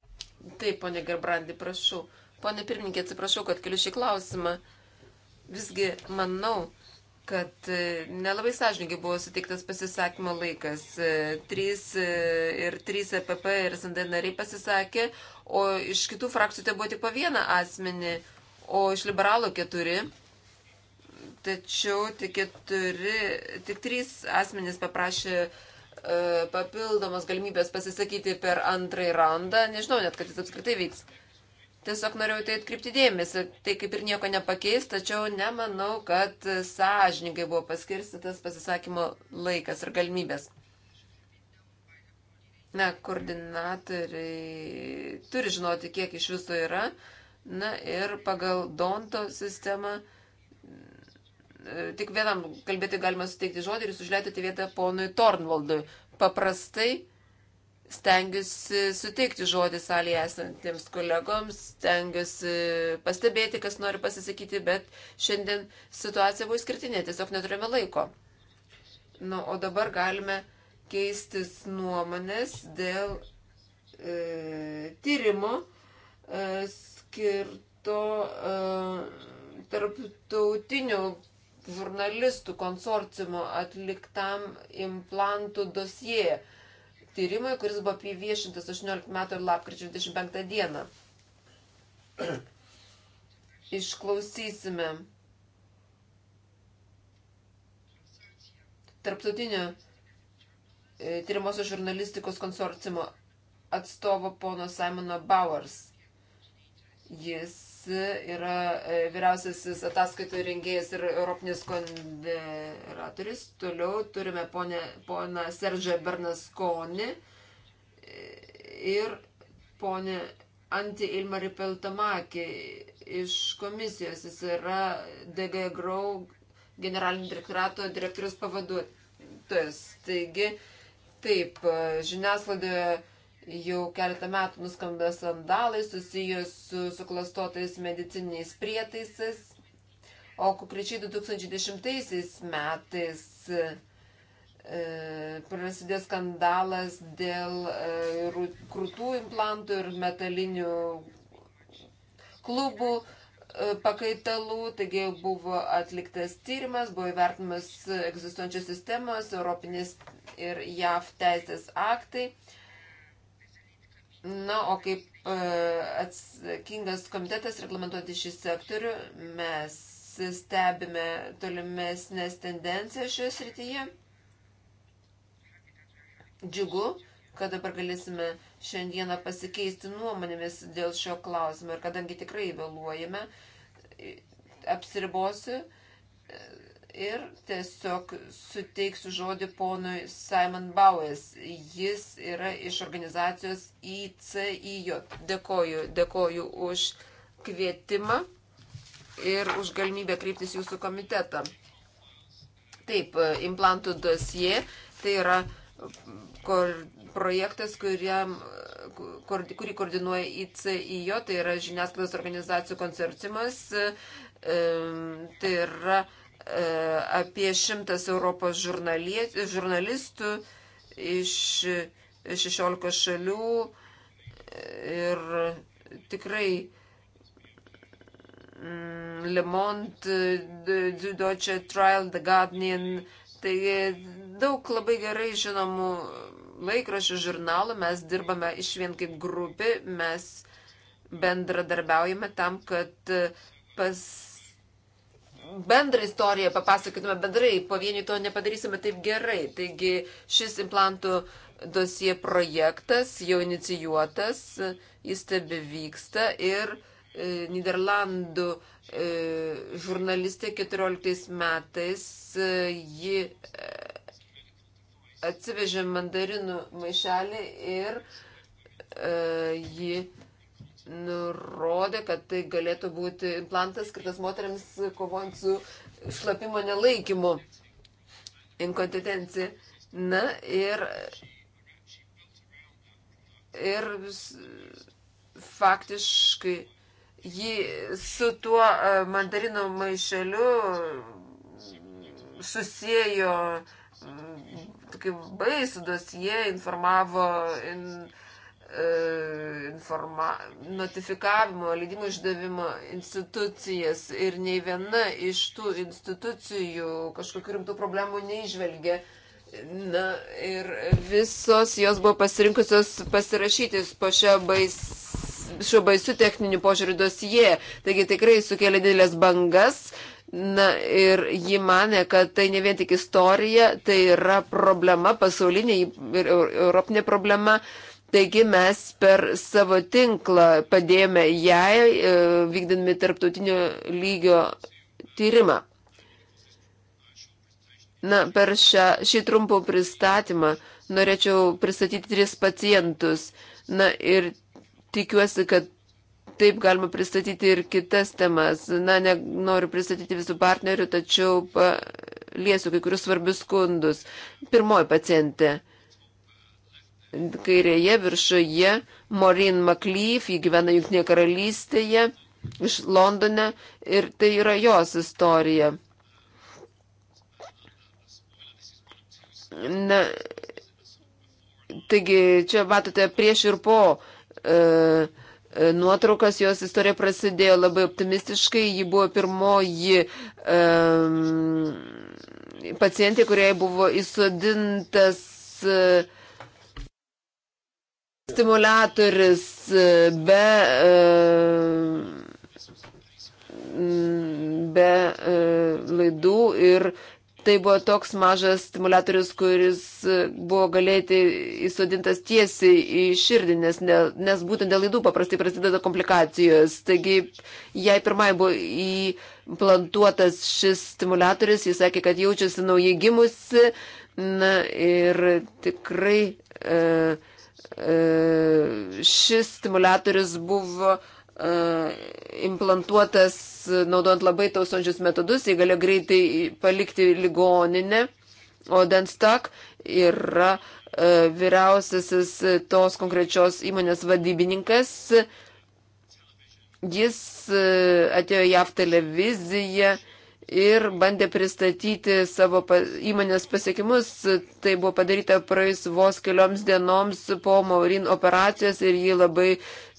Taip, ponė Gerbrandi, prašau. Pone pirmininkė, atsiprašau, kad keliu šį klausimą. Visgi manau, kad e, nelabai sąžininkai buvo suteiktas pasisakymo laikas. E, trys e, ir trys EPP ir SND nariai pasisakė, o iš kitų frakcijų tai buvo tik po vieną asmenį, o iš liberalų keturi. Tačiau tik, keturi, tik trys asmenys paprašė uh, E, papildomos galimybės pasisakyti per antrąjį randą. Nežinau net, kad jis apskritai vyks. Tiesiog norėjau tai atkreipti dėmesį. Tai kaip ir nieko nepakeis, tačiau nemanau, kad sąžininkai buvo paskirstytas pasisakymo laikas ir galimybės. Na, koordinatoriai turi žinoti, kiek iš viso yra. Na ir pagal Donto sistemą tik vienam kalbėti galima suteikti žodį ir jūs užleidote vietą ponui Tornvaldui. Paprastai stengiuosi suteikti žodį salėje esantiems kolegoms, stengiuosi pastebėti, kas nori pasisakyti, bet šiandien situacija buvo skirtinė, tiesiog neturėjome laiko. Na, nu, o dabar galime keistis nuomonės dėl e, tyrimo e, skirto e, tarptautinių žurnalistų konsorciumo atliktam implantų dosijai tyrimui, kuris buvo paviešintas 18 metų ir lapkričio 25 dieną. Išklausysime tarptautinio e, tyrimosios žurnalistikos konsorciumo atstovo pono Simono Bowers. Jis yra e, vyriausiasis ataskaitų rengėjas ir Europinis konderatorius. Toliau turime ponę, poną Seržą Bernasconi e, ir ponę Antį Ilmarį Peltamakį iš komisijos. Jis yra DG Grau generalinio direktorato direktorius pavaduotojas. Taigi, taip, e, žiniasklaidoje Jau keletą metų nuskambė skandalai susijęs su suklastotais mediciniais prietaisais, o konkrečiai 2010 metais e, prasidėjo skandalas dėl e, krūtų implantų ir metalinių klubų e, pakaitalų, taigi buvo atliktas tyrimas, buvo įvertinamas egzistuojančios sistemos, europinės ir JAV teisės aktai. Na, o kaip e, atsakingas komitetas reglamentuoti šį sektorių, mes stebime tolimesnės tendencijas šioje srityje. Džiugu, kad dabar galėsime šiandieną pasikeisti nuomonėmis dėl šio klausimo ir kadangi tikrai vėluojame, apsiribosiu Ir tiesiog suteiksiu žodį ponui Simon Bowers. Jis yra iš organizacijos ICIJ. Dėkoju, dėkoju už kvietimą ir už galimybę kreiptis jūsų komitetą. Taip, implantų dosie tai yra kor, projektas, kuriam, kur, kurį koordinuoja ICIJ, tai yra žiniasklaidos organizacijų konsorciumas, e, tai yra e, apie šimtas Europos žurnalistų iš 16 šalių ir tikrai mm, Le Monde, Deutsche Trial, The Guardian, tai daug labai gerai žinomų laikrašių žurnalų, mes dirbame iš vien kaip grupė, mes bendradarbiaujame tam, kad pas bendrą istoriją papasakytume bendrai, pavieniui to nepadarysime taip gerai. Taigi šis implantų dosie projektas jau inicijuotas, jis tebe vyksta ir e, Niderlandų e, žurnalistė 14 metais e, ji e, atsivežė mandarinų maišelį ir e, ji nurodė, kad tai galėtų būti implantas skirtas moteriams kovojant su šlapimo nelaikymu, inkontinencija. Na ir, ir faktiškai jį su tuo e, mandarino maišeliu susijėjo tokį baisų dosiją, informavo. In, E, informa, notifikavimo, leidimų išdavimo institucijas ir nei viena iš tų institucijų kažkokių rimtų problemų neižvelgia. Na ir visos jos buvo pasirinkusios pasirašytis po šio, bais, šio baisių techninių požiūrių dosije. Taigi tikrai sukelia didelės bangas. Na ir ji mane, kad tai ne vien tik istorija, tai yra problema pasaulinė ir europinė problema. Uh, Taigi mes per savo tinklą padėjome jai e, vykdami tarptautinio lygio tyrimą. Na, per šią, šį trumpą pristatymą norėčiau pristatyti tris pacientus. Na ir tikiuosi, kad taip galima pristatyti ir kitas temas. Na, nenoriu pristatyti visų partnerių, tačiau paliesiu kai kurius svarbius skundus. Pirmoji pacientė kairėje viršuje Maureen McLeaf, ji gyvena Junktinėje karalystėje, iš Londone ir tai yra jos istorija. Na, taigi čia matote prieš ir po e, e nuotraukas, jos istorija prasidėjo labai optimistiškai, ji buvo pirmoji. E, pacientė, kuriai buvo įsodintas e, Stimulatorius e, be, e, be e, laidų ir tai buvo toks mažas stimulatorius, kuris buvo galėti įsodintas tiesiai į širdį, nes, ne, nes būtent dėl laidų paprastai prasideda komplikacijos. Taigi, jai pirmai buvo įplantuotas šis stimulatorius, jis sakė, kad jaučiasi naujai gimusi. Na ir tikrai. E, E, šis stimulatorius buvo e, implantuotas naudojant labai tausančius metodus, jie galėjo greitai palikti ligoninę, o Denstak yra e, vyriausiasis tos konkrečios įmonės vadybininkas. Jis atėjo JAV televiziją ir bandė pristatyti savo įmonės pasiekimus. Tai buvo padaryta praeis vos kelioms dienoms po Maurin operacijos ir ji labai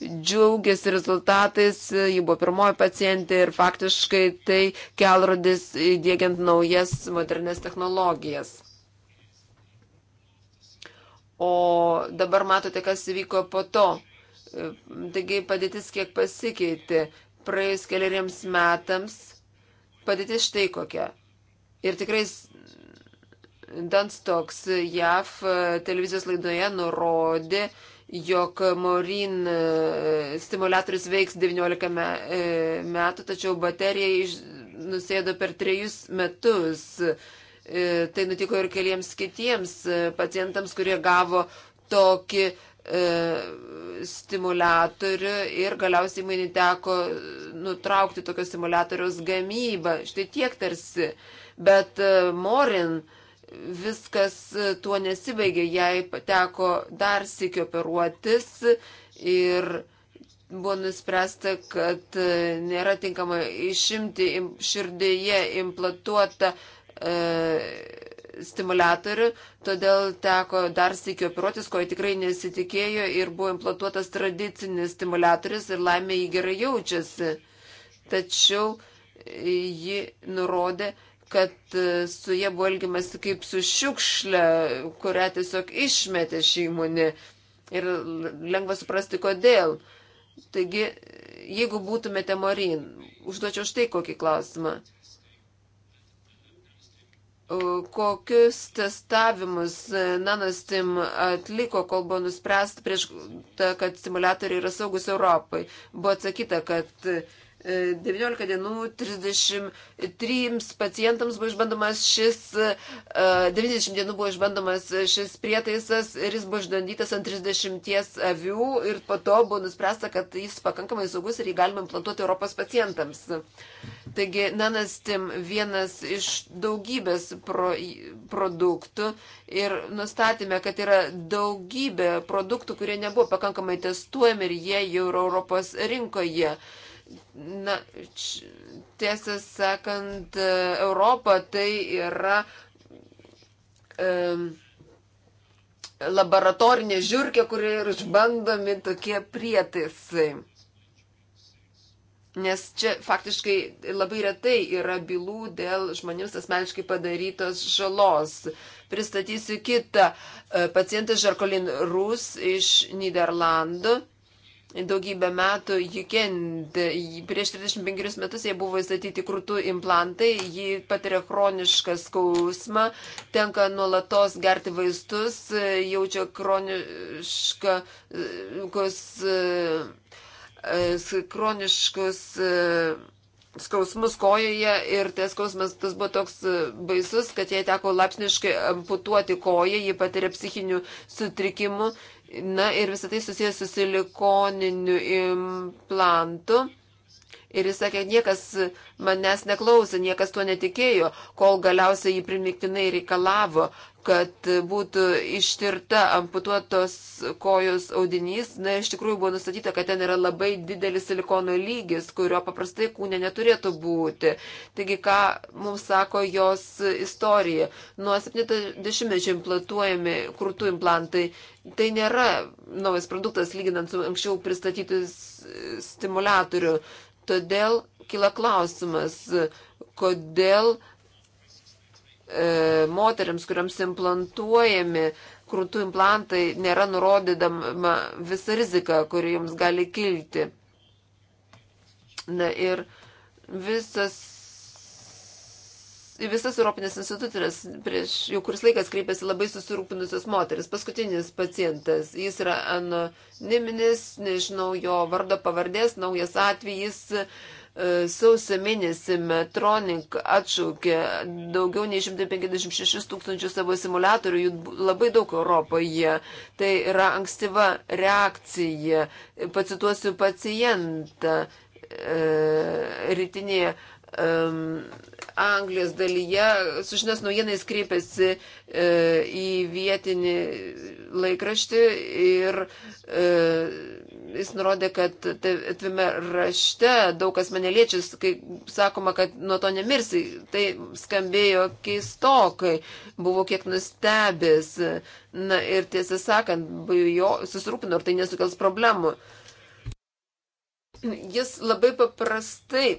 džiaugiasi rezultatais. Ji buvo pirmoji pacientė ir faktiškai tai kelrodis įdėgiant naujas modernes technologijas. O dabar matote, kas įvyko po to. Taigi padėtis kiek pasikeitė. Praėjus keliariems metams padėtis štai kokia. Ir tikrai Danstoks JAV e, televizijos laidoje nurodė, jog morin e, stimulatorius veiks 19 e, metų, tačiau baterija nusėdo per 3 metus. Tai nutiko ir keliems kitiems pacientams, kurie gavo tokį uh, E, stimulatorių ir galiausiai man teko nutraukti tokio stimulatoriaus gamybą. Štai tiek tarsi. Bet e, Morin viskas e, tuo nesibaigė, jai teko dar sikio operuotis ir buvo nuspręsta, kad nėra tinkama išimti širdyje implantuotą e, stimulatorių, todėl teko dar sėkiu operuotis, ko jie tikrai nesitikėjo ir buvo implantuotas tradicinis stimulatorius ir laimė jį gerai jaučiasi. Tačiau ji nurodė, kad su jie buvo elgiamasi kaip su šiukšle, kurią tiesiog išmetė šį įmonį. Ir lengva suprasti, kodėl. Taigi, jeigu būtumėte Morin, užduočiau štai kokį klausimą kokius testavimus nanostim atliko, kol buvo nuspręsta prieš, ta, kad simulatoriai yra saugus Europai. Buvo atsakyta, kad uh, 19 dienų 33 pacientams buvo išbandomas šis, 90 e, dienų buvo išbandomas šis prietaisas ir jis buvo išbandytas ant 30 avių ir po to buvo nuspręsta, kad jis pakankamai saugus ir jį galima implantuoti Europos pacientams. Taigi, Nanastim vienas iš daugybės pro, produktų ir nustatėme, kad yra daugybė produktų, kurie nebuvo pakankamai testuojami ir jie jau yra Europos rinkoje. Na, tiesą sakant, Europa tai yra um, laboratorinė žiūrkė, kur ir išbandomi tokie prietaisai. Nes čia faktiškai labai retai yra bylų dėl žmonėms asmeniškai padarytos žalos. Pristatysiu kitą e, pacientą Žarkolin Rus iš Niderlandų daugybę metų Jukend. Prieš 35 metus jie buvo įstatyti krūtų implantai, ji patiria chronišką skausmą, tenka nuolatos gerti vaistus, jaučia chroniškus, chroniškus skausmus kojoje ir tas skausmas tas buvo toks baisus, kad jai teko lapsniškai amputuoti koją, ji patiria psichinių sutrikimų Na ir visą tai susijęs su silikoniniu implantu. Ir jis sakė, niekas manęs neklausė, niekas tuo netikėjo, kol galiausiai jį primiktinai reikalavo, kad būtų ištirta amputuotos kojos audinys. Na, iš tikrųjų buvo nustatyta, kad ten yra labai didelis silikono lygis, kurio paprastai kūne neturėtų būti. Taigi, ką mums sako jos istorija? Nuo 70-mečio implantuojami krūtų implantai. Tai nėra naujas produktas lyginant su anksčiau pristatytus stimulatorių. Todėl kila klausimas, kodėl e, moteriams, kuriams implantuojami krūtų implantai, nėra nurodydama visa rizika, kuri jums gali kilti. Na ir visas visas Europinės institucijas prieš jau kuris laikas kreipėsi labai susirūpinusios moteris. Paskutinis pacientas, jis yra anoniminis, nežinau jo vardo pavardės, naujas atvejis. E, sausio mėnesį Metronik atšaukė daugiau nei 156 tūkstančių savo simulatorių, jų labai daug Europoje. Tai yra ankstyva reakcija. Pacituosiu pacientą e, rytinėje um, Anglijos dalyje sužinos naujienais kreipėsi e, į vietinį laikraštį ir e, jis nurodė, kad tvime rašte daug kas mane liečias, kai sakoma, kad nuo to nemirsi. Tai skambėjo keistokai, buvo kiek nustebęs. Na ir tiesą sakant, jo susirūpino, ar tai nesukels problemų. Jis labai paprastai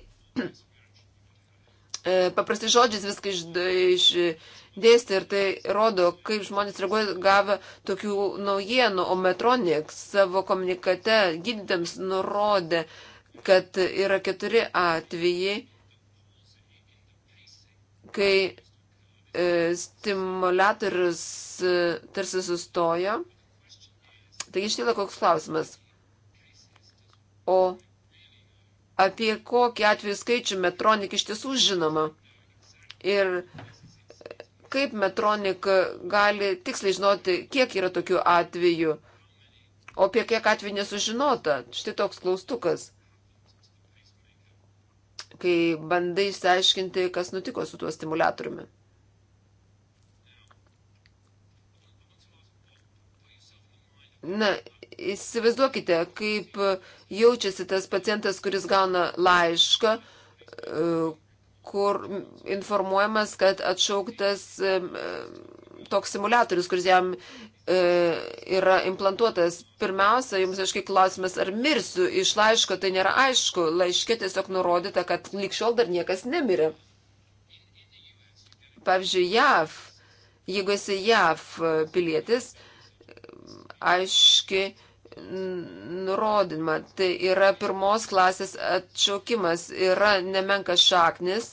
E, paprastai žodžiais viską išdėstė ir tai rodo, kaip žmonės reaguoja gavę tokių naujienų, o Metronik savo komunikate gydytams nurodė, kad yra keturi atvejai, kai e, stimulatorius e, tarsi sustojo. Taigi iškyla koks klausimas. O apie kokį atvejų skaičių Metronik iš tiesų žinoma. Ir kaip Metronik gali tiksliai žinoti, kiek yra tokių atvejų, o apie kiek atvejų nesužinota. Štai toks klaustukas. Kai bandai išsiaiškinti, kas nutiko su tuo stimulatoriumi. Na Įsivaizduokite, kaip jaučiasi tas pacientas, kuris gauna laišką, e, kur informuojamas, kad atšauktas e, toks simulatorius, kuris jam e, yra implantuotas. Pirmiausia, jums aiškiai klausimas, ar mirsiu iš laiško, tai nėra aišku. Laiške tiesiog nurodyta, kad likščiol dar niekas nemirė. Pavyzdžiui, JAV, jeigu esi JAV pilietis, aiški nurodymą. Tai yra pirmos klasės atšaukimas, yra nemenkas šaknis,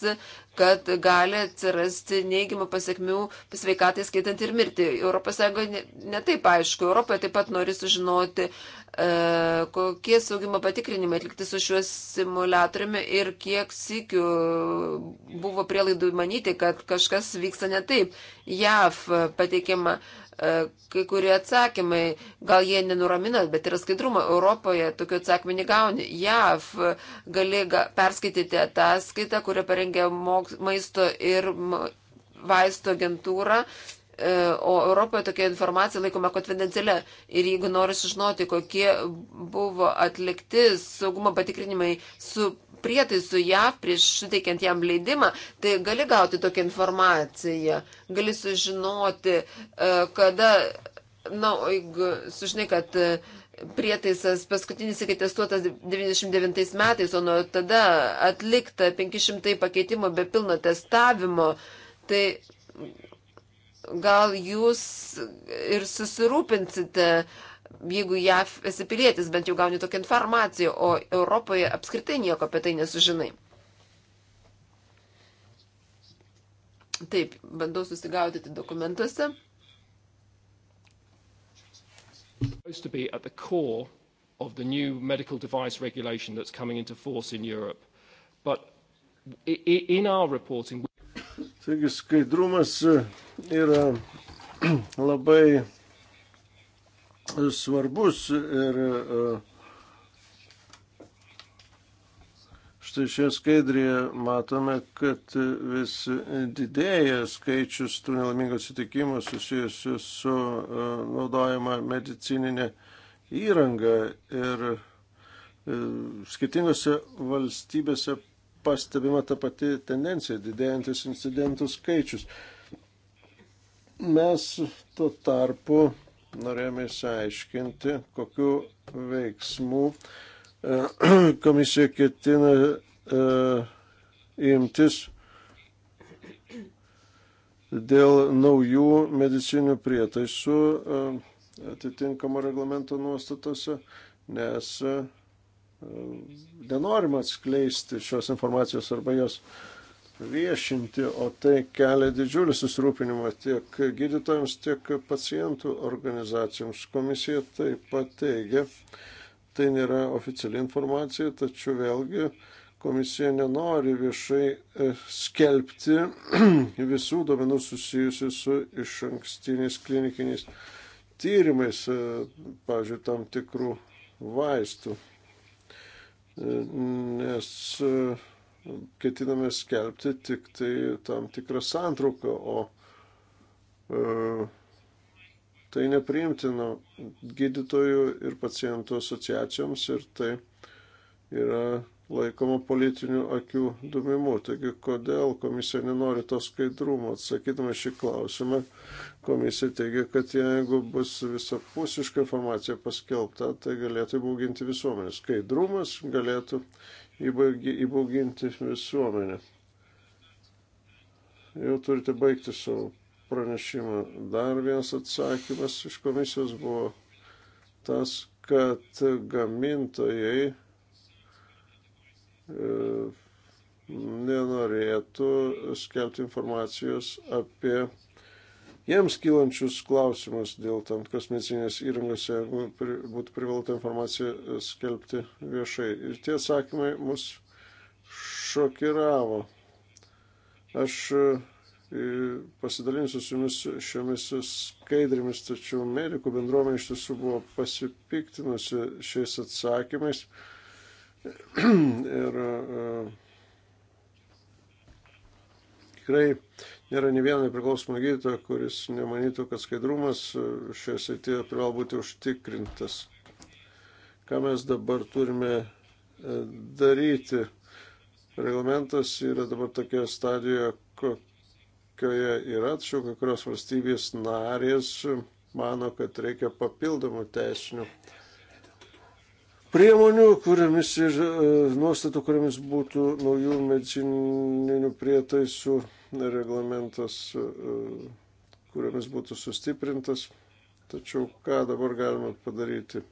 kad gali atsirasti neigiamų pasiekmių sveikatai skaitant ir mirtį. ES netaip ne, ne taip, aišku, Europoje taip pat nori sužinoti, uh, E, kokie saugimo patikrinimai atlikti su šiuo simulatoriumi ir kiek sikių buvo prielaidų manyti, kad kažkas vyksta ne taip. JAV pateikiama e, kai kurie atsakymai, gal jie nenuramina, bet yra skaidrumo. Europoje tokių atsakymų negauni. JAV gali perskaityti ataskaitą, kurią parengė maisto ir vaisto agentūra E, o Europoje tokia informacija laikoma konfidencialia. Ir jeigu nori sužinoti, kokie buvo atlikti saugumo patikrinimai su prietaisu JAV prieš suteikiant jam leidimą, tai gali gauti tokią informaciją, gali sužinoti, e, kada, na, jeigu sužinai, kad e, prietaisas paskutinis iki testuotas 99 metais, o nuo tada atlikta 500 pakeitimų be pilno testavimo, tai gal jūs ir susirūpinsite, jeigu JAV esi pilietis, bent jau gauni tokią informaciją, o Europoje apskritai nieko apie tai nesužinai. Taip, bandau susigaudyti dokumentuose. supposed to be at the core of the new medical device regulation that's coming into force in Europe. But in our reporting... Taigi skaidrumas yra labai svarbus ir e, štai šioje skaidrėje matome, kad vis didėja skaičius tų nelaimingų atsitikimų susijusių su e, naudojama medicininė įranga ir e, skirtingose valstybėse pastebima ta pati tendencija, didėjantis incidentų skaičius. Mes tuo tarpu norėjome išsiaiškinti, kokiu veiksmu e, komisija ketina e, imtis dėl naujų medicinių prietaisų e, atitinkamo reglamento nuostatose, nes nenorima atskleisti šios informacijos arba jos viešinti, o tai kelia didžiulį susirūpinimą tiek gydytojams, tiek pacientų organizacijoms. Komisija taip pat teigia, tai nėra oficiali informacija, tačiau vėlgi komisija nenori viešai e, skelbti visų duomenų susijusių su iš ankstiniais klinikiniais tyrimais, e, pavyzdžiui, tam tikrų vaistų. E, nes ketiname skelbti tik tai tam tikrą santrauką, o e, tai nepriimtina gydytojų ir pacientų asociacijoms ir tai yra laikoma politinių akių dumimu. Taigi, kodėl komisija nenori to skaidrumo? Atsakydama šį klausimą, komisija teigia, kad jeigu bus visapusiška informacija paskelbta, tai galėtų būginti visuomenę. Skaidrumas galėtų įbauginti visuomenę. Jau turite baigti savo pranešimą. Dar vienas atsakymas iš komisijos buvo tas, kad gamintojai e, nenorėtų skelbti informacijos apie jiems kylančius klausimus dėl tam tikros medicinės įrangos, jeigu būtų privalta informacija e, skelbti viešai. Ir tie atsakymai mus šokiravo. Aš e, pasidalinsiu su jumis šiomis skaidrimis, tačiau medikų bendruomenė iš tiesų buvo pasipiktinusi šiais atsakymais. ir uh, tikrai Nėra ne vieno nepriklausomo gydytojo, kuris nemanytų, kad skaidrumas šioje srityje privalo būti užtikrintas. Ką mes dabar turime e, daryti? Reglamentas yra dabar tokioje stadijoje, kokioje yra, tačiau kai kurios valstybės narės mano, kad reikia papildomų teisinių priemonių, kuriamis ir e, nuostatų, kuriamis būtų naujų medicininių prietaisų reglamentas, e, e, kuriamis būtų sustiprintas. Tačiau ką dabar galima padaryti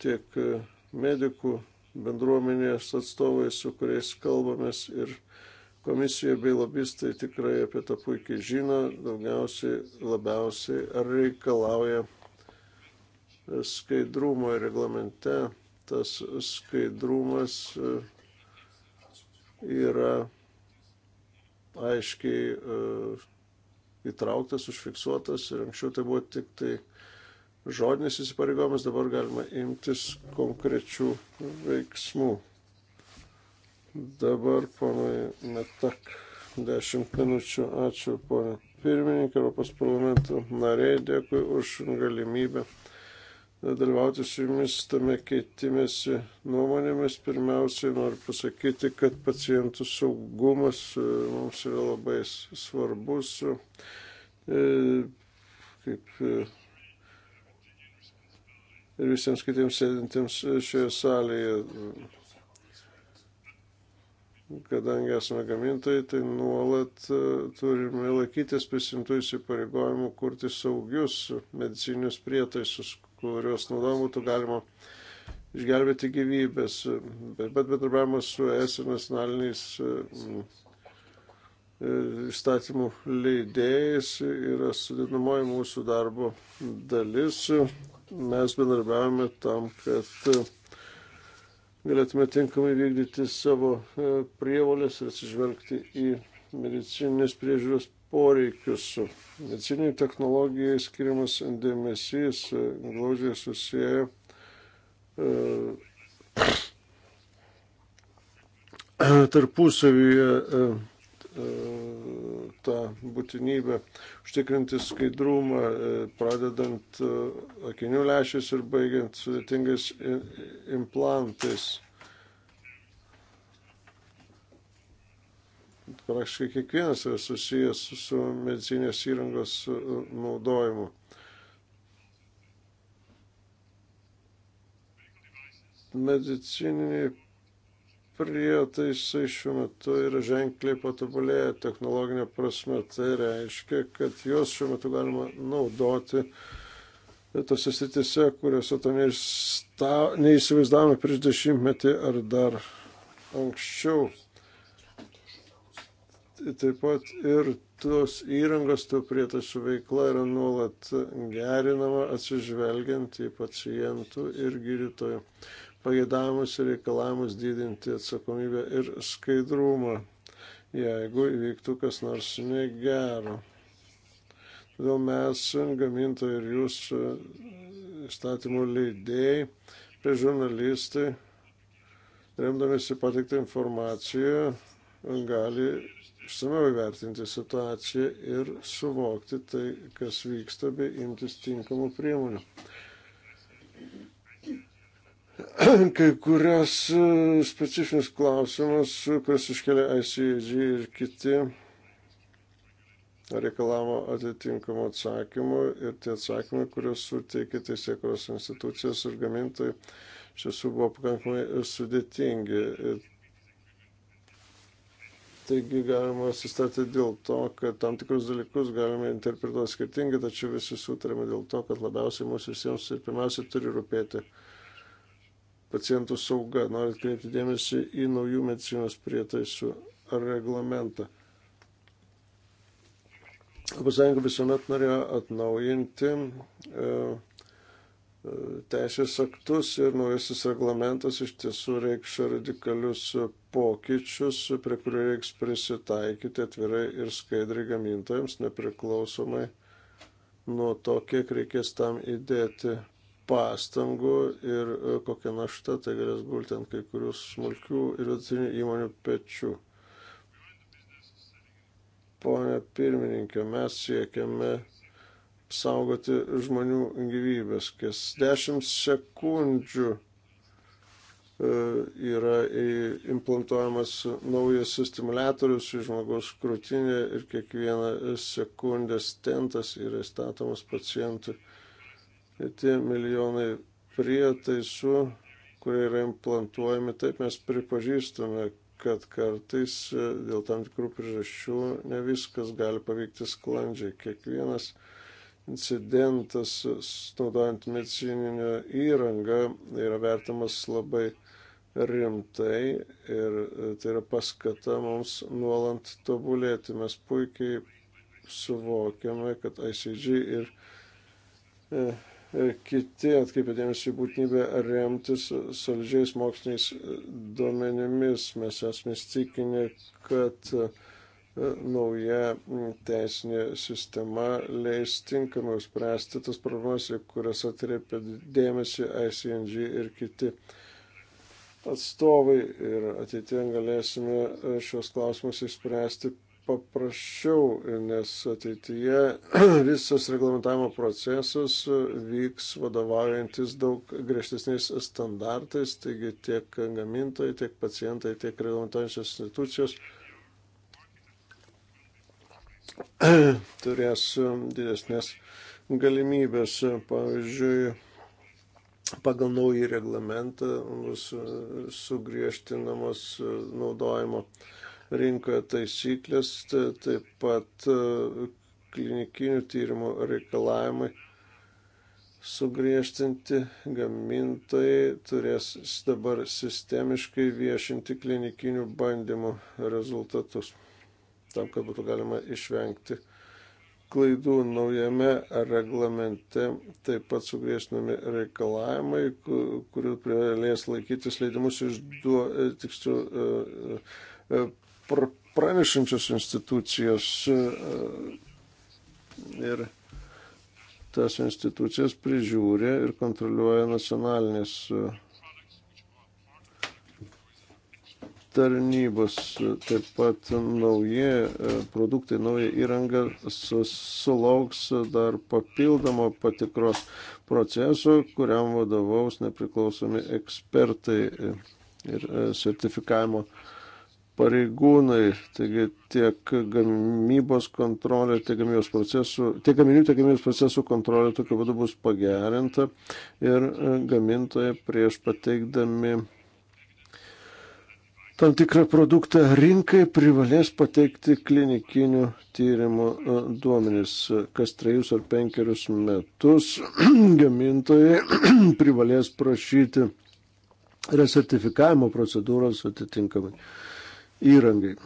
tiek medikų bendruomenės atstovai, su kuriais kalbamės ir komisija bei lobistai tikrai apie tą puikiai žino, daugiausiai labiausiai reikalauja skaidrumo reglamente. Tas skaidrumas e, yra aiškiai e, įtrauktas, užfiksuotas ir anksčiau tai buvo tik tai žodinis įsipareigojimas, dabar galima imtis konkrečių veiksmų. Dabar, ponai, netak, dešimt minučių. Ačiū, ponai pirmininkai, Europos parlamento nariai, dėkui už galimybę dalyvauti su jumis tame keitimėsi nuomonėmis. Pirmiausiai noriu pasakyti, kad pacientų saugumas e, mums yra labai svarbus. E, kaip e, ir visiems kitiems sėdintiems šioje salėje, kadangi esame gamintojai, tai nuolat turime laikytis prisimtų įsipareigojimų kurti saugius medicinius prietaisus, kurios naudojimo būtų galima išgelbėti gyvybės, bet bendradarbiavimas su ES ir nacionaliniais mm, e, įstatymų leidėjais yra sudėdamoji mūsų darbo dalis. Mes bendarbiavame tam, kad galėtume tinkamai vykdyti savo e, prievolės ir atsižvelgti į medicininės priežiūros poreikius. Medicininių technologijai skiriamas dėmesys e, glaudžiai susiję e, tarpusavyje e, tą būtinybę užtikrinti skaidrumą, pradedant akinių lešiais ir baigiant sudėtingais implantais. praktiškai kiekvienas yra susijęs su medicinės įrangos e, naudojimu. Medicininiai prietaisai šiuo metu yra ženkliai patobulėję technologinė prasme. Tai reiškia, kad juos šiuo metu galima naudoti tose sritise, kuriuose to neįsivaizdavome prieš dešimtmetį ar dar anksčiau taip pat ir tos įrangos, tų prietaisų veikla yra nuolat gerinama atsižvelgiant į pacientų ir gydytojų pagėdavimus ir reikalavimus didinti atsakomybę ir skaidrumą, jeigu įvyktų kas nors negero. Todėl mes, gamintojai ir jūs, įstatymų leidėjai, prie žurnalistai, remdamėsi patiktą informaciją, gali išsameu įvertinti situaciją ir suvokti tai, kas vyksta, bei imtis tinkamų priemonių. Kai kurios e, specifinius klausimus, kurias iškelia ICAG ir kiti, reikalavo atitinkamų atsakymų ir tie atsakymai, kuriuos suteikė teisėkuros institucijos ir gamintojai, iš tiesų buvo pakankamai sudėtingi. Ir Taigi galima susitarti dėl to, kad tam tikrus dalykus galime interpretuoti skirtingai, tačiau visi sutarėme dėl to, kad labiausiai mūsų visiems ir pirmiausia turi rūpėti pacientų sauga. Noriu atkreipti dėmesį į naujų medicinos prietaisų reglamentą. ES visuomet norėjo atnaujinti. E, teisės aktus ir naujasis reglamentas iš tiesų reikš radikalius pokyčius, prie kurių reiks prisitaikyti atvirai ir skaidriai gamintojams, nepriklausomai nuo to, kiek reikės tam įdėti pastangų ir e, kokia našta tai galės gulti ant kai kurių smulkių ir vidutinių įmonių pečių. Pone pirmininkė, mes siekiame saugoti žmonių gyvybės. Kas 10 sekundžių e, yra implantuojamas naujas stimulatorius į žmogaus krūtinę ir kiekvieną sekundę stentas yra statomas pacientui. Ir tie milijonai prietaisų, kurie yra implantuojami, taip mes pripažįstame, kad kartais e, dėl tam tikrų priežasčių ne viskas gali pavykti sklandžiai. Kiekvienas uh, incidentas, naudojant medicininę įrangą, yra vertimas labai rimtai ir e, tai yra paskata mums nuolant tobulėti. Mes puikiai suvokiame, kad ICG ir e, e, kiti atkreipia dėmesį į būtinybę remtis solidžiais moksliniais e, duomenimis. Mes esame įstikinę, kad nauja mm, teisinė sistema leis tinkamai spręsti tas problemas, kurias atrėpia dėmesį ICNG ir kiti atstovai. Ir ateitie galėsime e, šios klausimus įspręsti paprasčiau, nes ateityje visas reglamentavimo procesas e, vyks vadovaujantis daug griežtesniais standartais, taigi tiek gamintojai, tiek pacientai, tiek reglamentuojančios institucijos turės um, didesnės galimybės. Pavyzdžiui, pagal naują reglamentą bus uh, sugriežtinamos uh, naudojimo rinkoje taisyklės, taip pat uh, klinikinių tyrimų reikalavimai sugriežtinti gamintojai turės dabar sistemiškai viešinti klinikinių bandymų rezultatus tam, kad būtų galima išvengti klaidų naujame reglamente, taip pat sugriežtinami reikalavimai, kurių privalės laikytis leidimus išduo, e, tiksliau, e, e, pr pranešančios institucijos ir tas institucijas prižiūri ir kontroliuoja nacionalinės tarnybos, taip pat nauji e, produktai, nauja įranga sulauks dar papildomo patikros proceso, kuriam vadovaus nepriklausomi ekspertai ir e, sertifikavimo pareigūnai, taigi tiek gamybos kontrolė, tiek gamybos procesų, tiek gaminių, tiek gamybos procesų kontrolė tokiu būdu bus pagerinta ir e, gamintojai prieš pateikdami tam tikrą produktą rinkai privalės pateikti klinikinių tyrimų e, duomenys. Kas trejus ar penkerius metus gamintojai privalės prašyti resertifikavimo procedūros atitinkamai įrangai.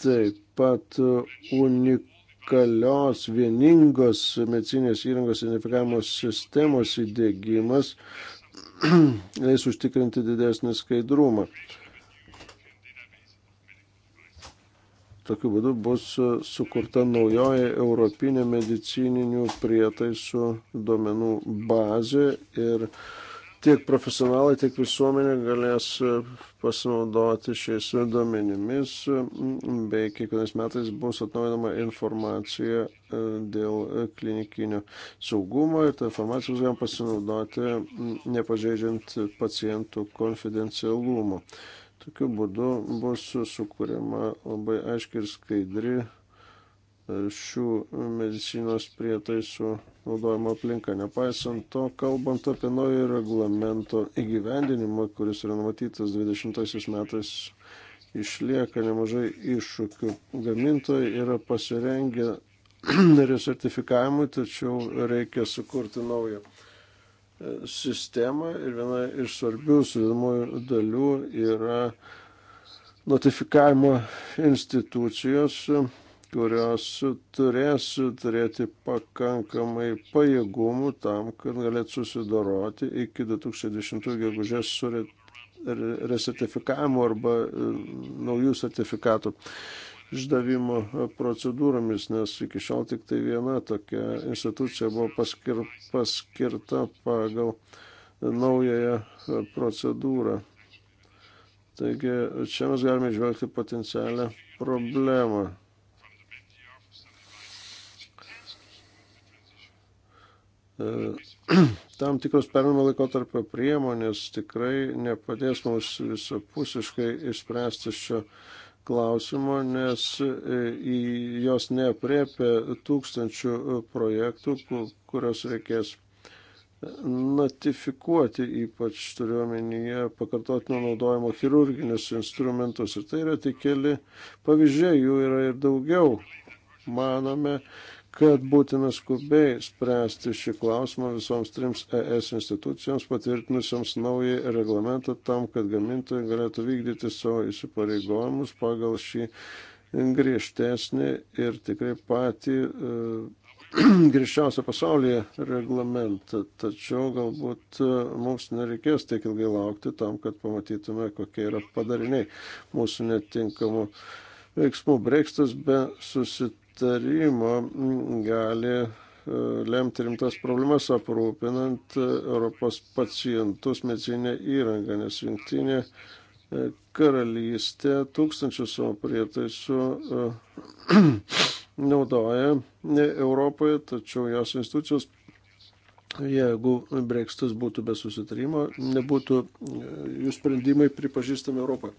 Taip pat unikalios vieningos medicinės įrangos identifikavimo sistemos įdėgymas leis užtikrinti didesnį skaidrumą. Tokiu būdu bus sukurta naujoji Europinė medicininių prietaisų duomenų bazė ir uh, tiek profesionalai, tiek visuomenė galės e, pasinaudoti šiais duomenimis, bei kiekvienais metais bus atnaujinama informacija e, dėl e, klinikinio saugumo ir tą informaciją bus galima pasinaudoti nepažeidžiant pacientų konfidencialumo. Tokiu būdu bus sukūrima labai aiškiai ir skaidri šių medicinos prietaisų naudojimo aplinka. Nepaisant to, kalbant apie naują reglamento įgyvendinimą, kuris yra numatytas 20 metais, išlieka nemažai iššūkių. Gamintojai yra pasirengę resertifikavimui, tačiau reikia sukurti naują e, sistemą ir viena iš svarbių sudėdamųjų dalių yra notifikavimo institucijos kurios turės turėti pakankamai pajėgumų tam, kad galėtų susidoroti iki 2010 gegužės su resertifikavimu arba e, naujų sertifikatų išdavimo procedūromis, nes iki šiol tik tai viena tokia institucija buvo paskir, paskirta pagal naująją procedūrą. Taigi čia mes galime išvelgti potencialią problemą. E, tam tikros permimo laikotarpio priemonės tikrai nepadės mums visapusiškai išspręsti šio klausimo, nes e, į jos neapriepia tūkstančių e, projektų, kurios reikės notifikuoti, ypač turiuomenyje pakartotinio naudojimo chirurginius instrumentus. Ir tai yra tik keli pavyzdžiai, jų yra ir daugiau. Manome, kad būtina skubiai spręsti šį klausimą visoms trims ES institucijoms patvirtinusioms naują reglamentą tam, kad gamintojai galėtų vykdyti savo įsipareigojimus pagal šį griežtesnį ir tikrai patį e, griežčiausią pasaulyje reglamentą. Tačiau galbūt e, mums nereikės tiek ilgai laukti tam, kad pamatytume, kokie yra padariniai mūsų netinkamų veiksmų. Brexitas be susitikimų susitarimo gali e, lemti rimtas problemas aprūpinant e, Europos pacientus medicinę įrangą, nes jungtinė e, karalystė tūkstančius savo prietaisų naudoja ne Europoje, tačiau jos institucijos, jeigu breksitas būtų be susitarimo, nebūtų jų sprendimai pripažįstami Europoje.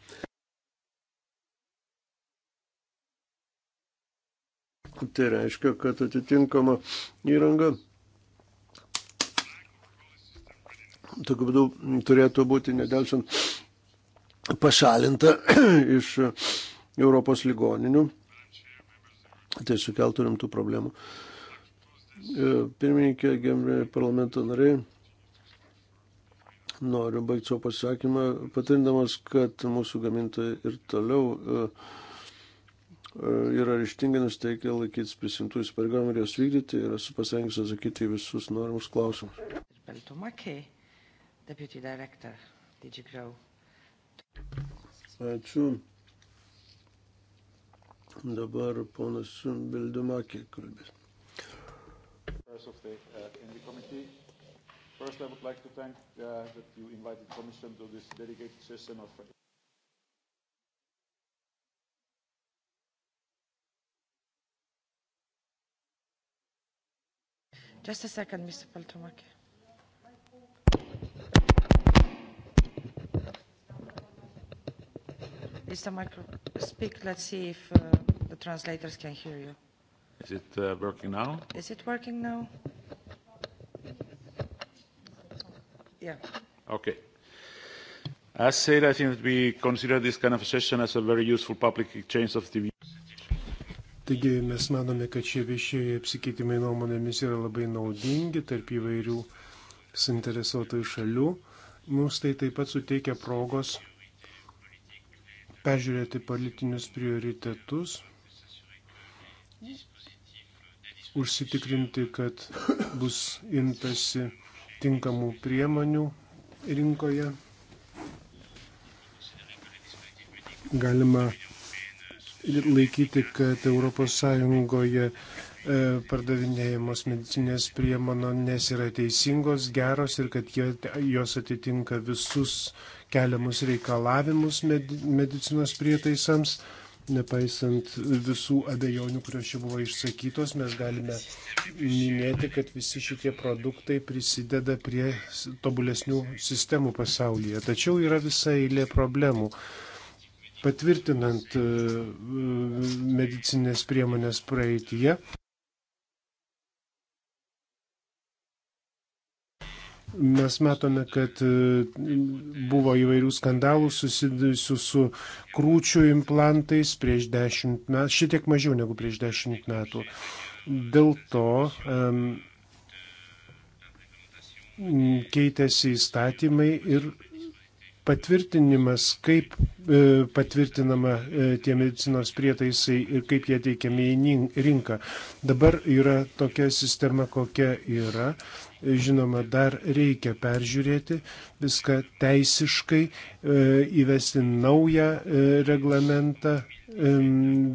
Tai reiškia, kad atitinkama įranga tokiu būdu turėtų būti nedelsiant pašalinta iš Europos ligoninių. Tai sukeltų rimtų problemų. E, pirmininkė, gerbėjai parlamento nariai, noriu baigti savo pasisakymą, patrindamas, kad mūsų gamintojai ir toliau uh, E, yra ryštingai nusteikę laikytis prisimtų įsipareigojimų ir jos vykdyti ir esu pasirengęs atsakyti į visus norimus klausimus. Ačiū. Dabar ponas Bildumakė kalbės. Uh, first, I would like to thank uh, that you invited Commission to this dedicated session of Just a second, Mr. Paltromaki. Mr. Micro, speak. Let's see if uh, the translators can hear you. Is it uh, working now? Is it working now? Yeah. Okay. As said, I think that we consider this kind of session as a very useful public exchange of the Taigi mes manome, kad šie viešieji apsikeitimai nuomonėmis yra labai naudingi tarp įvairių suinteresuotųjų šalių. Mums tai taip pat suteikia progos peržiūrėti politinius prioritetus, užsitikrinti, kad bus imtasi tinkamų priemonių rinkoje. Galima laikyti, kad ES e, pardavinėjamos medicinės priemonės yra teisingos, geros ir kad jie, jos atitinka visus keliamus reikalavimus medicinos prietaisams. Nepaisant visų abejonių, kurios čia buvo išsakytos, mes galime minėti, kad visi šitie produktai prisideda prie tobulesnių sistemų pasaulyje. Tačiau yra visa eilė problemų patvirtinant e, medicinės priemonės praeitie. Mes matome, kad e, buvo įvairių skandalų susidusių su krūčių implantais prieš dešimt metų, šitiek mažiau negu prieš dešimt metų. Dėl to um, keitėsi įstatymai ir patvirtinimas, kaip e, patvirtinama e, tie medicinos prietaisai ir kaip jie teikiami į rinką. Dabar yra tokia sistema, kokia yra. E, žinoma, dar reikia peržiūrėti viską teisiškai, įvesti naują reglamentą.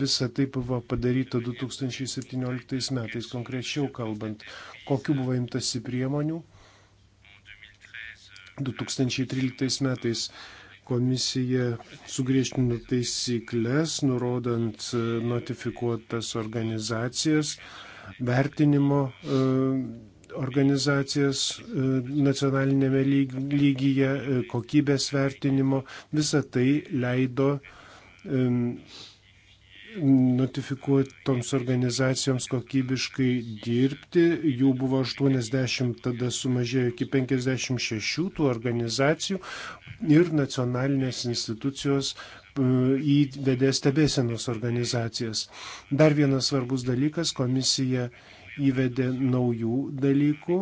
Visa tai buvo padaryta 2017 metais, konkrečiau kalbant, kokiu buvo imtasi priemonių 2013 metais komisija sugriežtino taisyklės, nurodant e, notifikuotas organizacijas, vertinimo e, organizacijas e, nacionalinėme lygyje, kokybės vertinimo. Visa tai leido notifikuotoms organizacijoms kokybiškai dirbti. Jų buvo 80, tada sumažėjo iki 56 tų organizacijų ir nacionalinės institucijos e, įvedė stebėsenos organizacijas. Dar vienas svarbus dalykas - komisija įvedė naujų dalykų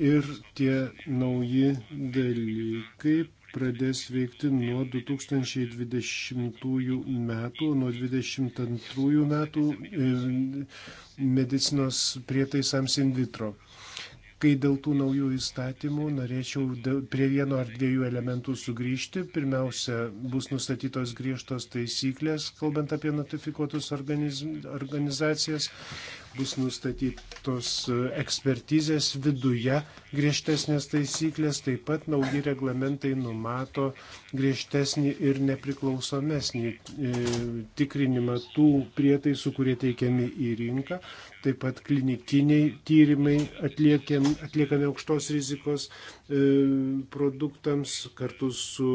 ir tie nauji dalykai pradės veikti nuo 2020 metų, nuo 2022 metų e, medicinos prietaisams in vitro. Kai dėl tų naujų įstatymų norėčiau prie vieno ar dviejų elementų sugrįžti. Pirmiausia, bus nustatytos griežtos taisyklės, kalbant apie notifikuotus organiz, organizacijas bus nustatytos e, ekspertizės viduje griežtesnės taisyklės, taip pat nauji reglamentai numato griežtesnį ir nepriklausomesnį e, tikrinimą tų prietaisų, kurie teikiami į rinką, taip pat klinikiniai tyrimai atliekiam, atliekami aukštos rizikos e, produktams kartu su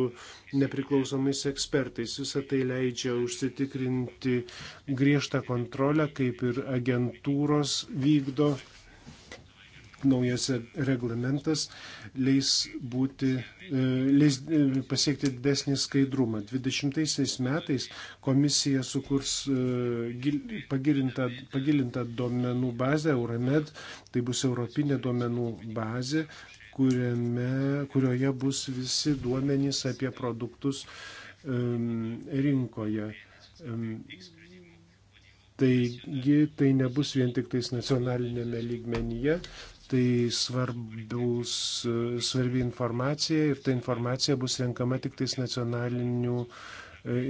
nepriklausomais ekspertais. Visą tai leidžia užsitikrinti griežtą kontrolę, kaip ir agentų agentūros vykdo. Naujas reglamentas leis, būti, e, leis e, pasiekti didesnį skaidrumą. 20 metais komisija sukurs e, pagilintą, pagilintą duomenų bazę Euramed, tai bus Europinė duomenų bazė, kuriame, kurioje bus visi duomenys apie produktus um, rinkoje. Um, Taigi tai nebus vien tik tais nacionalinėme lygmenyje, tai svarbus, svarbi informacija ir ta informacija bus renkama tik tais nacionalinių e,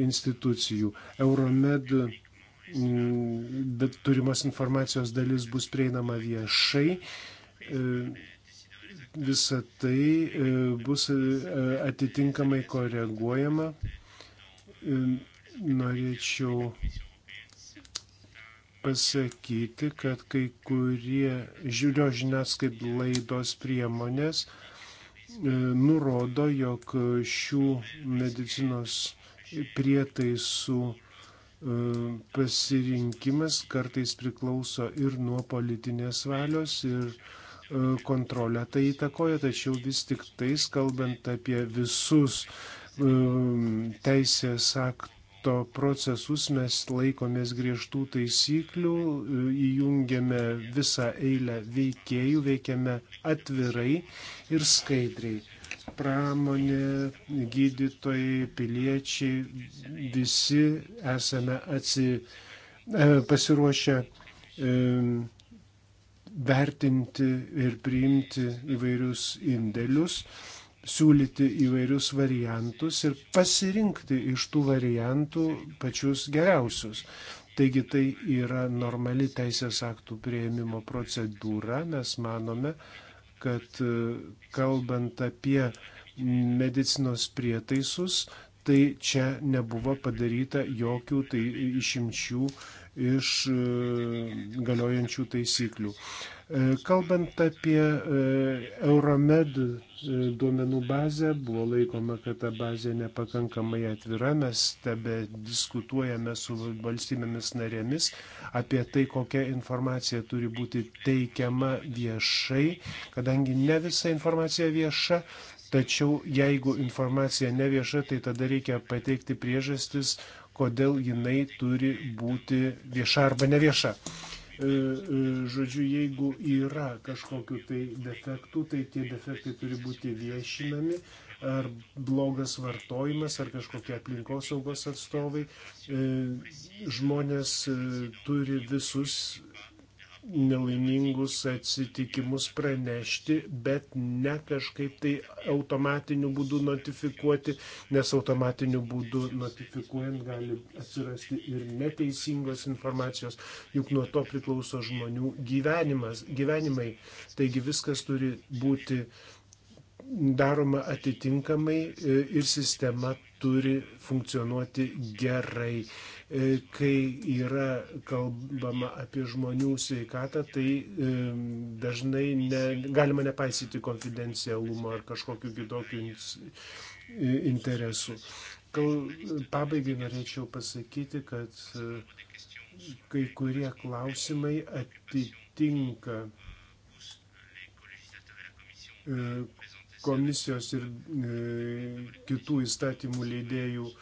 institucijų. Euromed mm, bet turimos informacijos dalis bus prieinama viešai. E, visa tai e, bus atitinkamai koreguojama. Norėčiau pasakyti, kad kai kurie žiūrio žiniasklaidos priemonės e, nurodo, jog šių medicinos prietaisų e, pasirinkimas kartais priklauso ir nuo politinės valios, ir e, kontrolę tai įtakoja, tačiau vis tik tais, kalbant apie visus teisės aktų to procesus mes laikomės griežtų taisyklių, įjungiame visą eilę veikėjų, veikiame atvirai ir skaidriai. Pramonė, gydytojai, piliečiai, visi esame atsi, e, pasiruošę e, vertinti ir priimti įvairius indėlius siūlyti įvairius variantus ir pasirinkti iš tų variantų pačius geriausius. Taigi tai yra normali teisės aktų prieimimo procedūra. Mes manome, kad e, kalbant apie medicinos prietaisus, tai čia nebuvo padaryta jokių tai išimčių iš e, galiojančių taisyklių. E, kalbant apie e, Euromed e, duomenų bazę, buvo laikoma, kad ta bazė nepakankamai atvira, mes tebe diskutuojame su valstybėmis narėmis apie tai, kokia informacija turi būti teikiama viešai, kadangi ne visa informacija vieša, Tačiau jeigu informacija nevieša, tai tada reikia pateikti priežastis, kodėl jinai turi būti vieša arba nevieša. E, e, žodžiu, jeigu yra kažkokiu tai defektų, tai tie defektai turi būti viešinami, ar blogas vartojimas, ar kažkokie aplinkosaugos atstovai. E, žmonės turi visus nelaimingus atsitikimus pranešti, bet ne kažkaip tai automatiniu būdu notifikuoti, nes automatiniu būdu notifikuojant gali atsirasti ir neteisingos informacijos, juk nuo to priklauso žmonių gyvenimas, gyvenimai. Taigi viskas turi būti daroma atitinkamai e, ir sistema turi funkcionuoti gerai. E, kai yra kalbama apie žmonių sveikatą, tai e, dažnai ne, galima nepaisyti konfidencialumo ar kažkokiu kitokiu interesu. Pabaigai norėčiau pasakyti, kad e, kai kurie klausimai atitinka komisijos ir e, kitų įstatymų leidėjų e,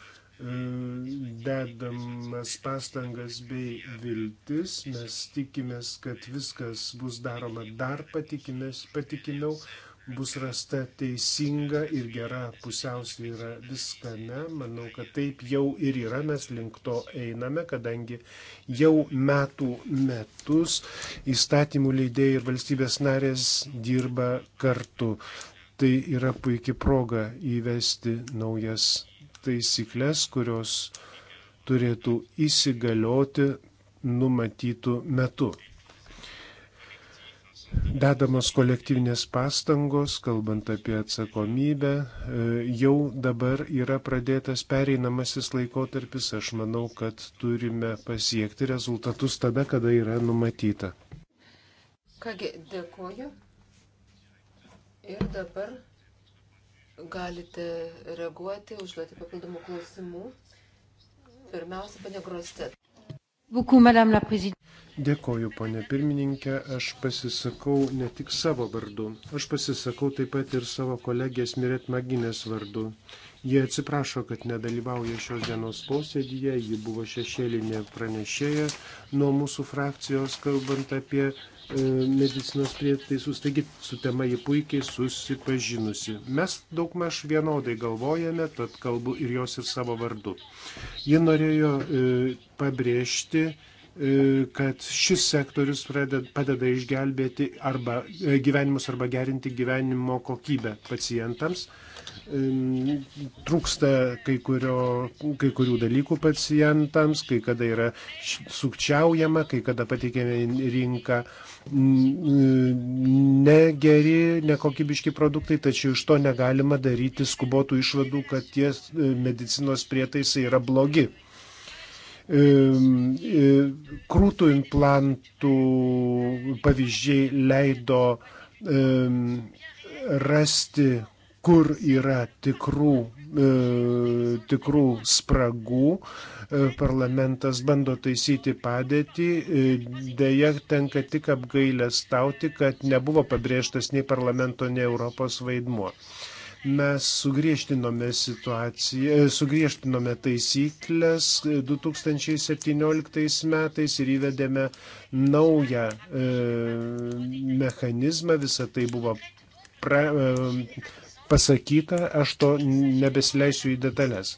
dedamas pastangas bei viltis. Mes tikimės, kad viskas bus daroma dar patikimės, patikimiau, bus rasta teisinga ir gera pusiausvyra viskame. Manau, kad taip jau ir yra, mes link to einame, kadangi jau metų metus įstatymų leidėjai ir valstybės narės dirba kartu. Tai yra puikia proga įvesti naujas taisyklės, kurios turėtų įsigalioti numatytų metu. Dedamos kolektyvinės pastangos, kalbant apie atsakomybę, e, jau dabar yra pradėtas pereinamasis laikotarpis, aš manau, kad turime pasiekti rezultatus tada, kada yra numatyta. Kągi, dėkoju. Ir dabar galite reaguoti, užduoti papildomų klausimų. Pirmiausia, pane Grostet. Dėkoju, ponė pirmininkė, aš pasisakau ne tik savo vardu, aš pasisakau taip pat ir savo kolegės Miret Maginės vardu. Jie atsiprašo, kad nedalyvauja šios dienos posėdėje, ji buvo šešėlinė pranešėja nuo mūsų frakcijos, kalbant apie E, medicinos prietaisus, taigi su tema jį puikiai susipažinusi. Mes daugmaž vienodai galvojame, tad kalbu ir jos ir savo vardu. Ji norėjo e, pabrėžti, e, kad šis sektorius padeda išgelbėti arba gyvenimus arba gerinti gyvenimo kokybę pacientams trūksta kai, kurio, kai kurių dalykų pacientams, kai kada yra sukčiaujama, kai kada patikėme rinką negeri, nekokybiški produktai, tačiau iš to negalima daryti skubotų išvadų, kad tie e, medicinos prietaisai yra blogi. E, krūtų implantų pavyzdžiai leido rasti kur yra tikrų, e, tikrų spragų. E, parlamentas bando taisyti padėtį, e, dėja tenka tik apgailę stauti, kad nebuvo pabrėžtas nei parlamento, nei Europos vaidmuo. Mes sugriežtinome situaciją, e, sugriežtinome taisyklės 2017 e, metais ir įvedėme naują e, mechanizmą, visą tai buvo pra, e, pasakyta, aš to nebesileisiu į detalės.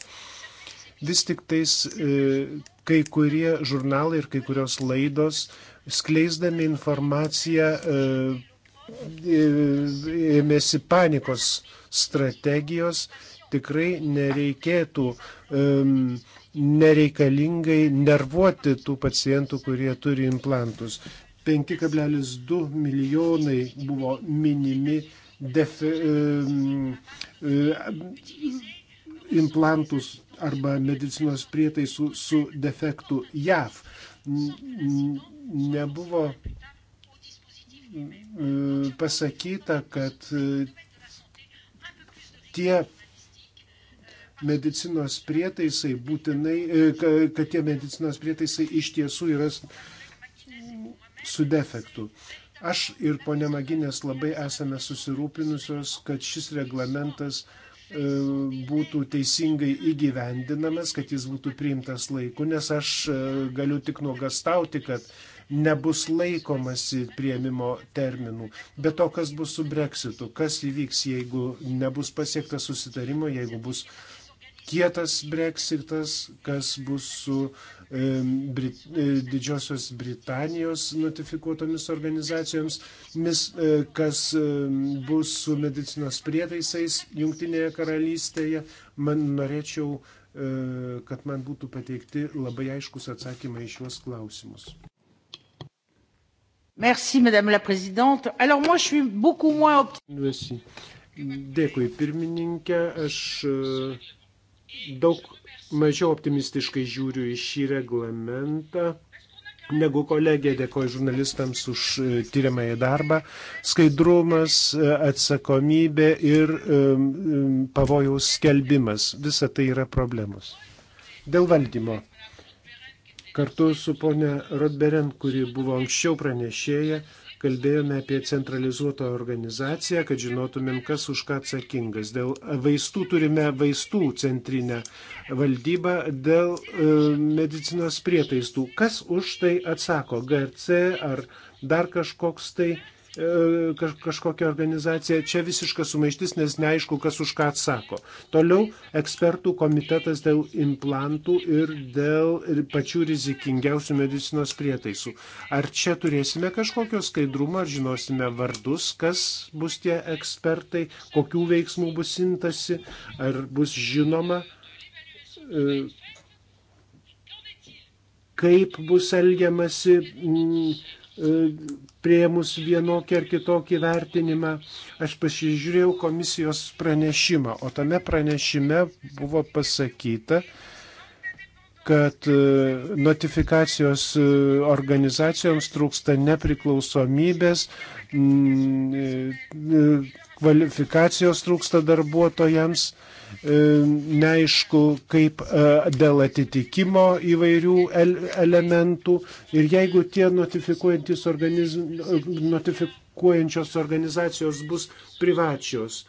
Vis tik tais e, kai kurie žurnalai ir kai kurios laidos, skleisdami informaciją, e, e, ėmėsi panikos strategijos, tikrai nereikėtų um, nereikalingai nervuoti tų pacientų, kurie turi implantus. 5,2 milijonai buvo minimi defi, e, implantus arba medicinos prietaisų su defektu JAV. Nebuvo e, pasakyta, kad e, tie medicinos prietaisai būtinai, kad tie medicinos prietaisai iš tiesų yra su defektu. Aš ir ponė Maginės labai esame susirūpinusios, kad šis reglamentas e, būtų teisingai įgyvendinamas, kad jis būtų priimtas laiku, nes aš e, galiu tik nuogastauti, kad nebus laikomasi prieimimo terminų. Bet to, kas bus su breksitu, kas įvyks, jeigu nebus pasiektas susitarimo, jeigu bus kietas breksitas, kas bus su uh, Brit, e, Didžiosios Britanijos notifikuotomis organizacijomis, mis, e, kas e, bus su medicinos prietaisais Junktinėje karalystėje. Man norėčiau, kad man būtų pateikti labai aiškus atsakymai iš juos klausimus. Merci, Madame la Présidente. Alors moi, je suis beaucoup moins optimiste. Dėkui, pirmininkė. Aš daug mažiau optimistiškai žiūriu į šį reglamentą negu kolegė, dėkoju žurnalistams už e, tyriamąjį darbą. Skaidrumas, e, atsakomybė ir um, pavojaus skelbimas - visa tai yra problemos. Dėl valdymo. Kartu su ponia Rodberen, kuri buvo anksčiau pranešėja, kalbėjome apie centralizuotą organizaciją, kad žinotumėm, kas už ką atsakingas. Dėl vaistų turime vaistų centrinę valdybą, dėl e, medicinos prietaistų. Kas už tai atsako? GRC ar dar kažkoks tai? E, E, kaž, kažkokią organizaciją. Čia visiška sumaištis, nes neaišku, kas už ką atsako. Toliau ekspertų komitetas dėl implantų ir dėl ir pačių rizikingiausių medicinos prietaisų. Ar čia turėsime kažkokio skaidrumo, ar žinosime vardus, kas bus tie ekspertai, kokių veiksmų bus imtasi, ar bus žinoma. E, kaip bus elgiamasi m, E, prieimus vienokį ar kitokį vertinimą. Aš pasižiūrėjau komisijos pranešimą, o tame pranešime buvo pasakyta, kad e, notifikacijos e, organizacijoms trūksta nepriklausomybės, kvalifikacijos trūksta darbuotojams. E, neaišku, kaip e, dėl atitikimo įvairių elementų ir jeigu tie organiz... notifikuojančios organizacijos bus privačios.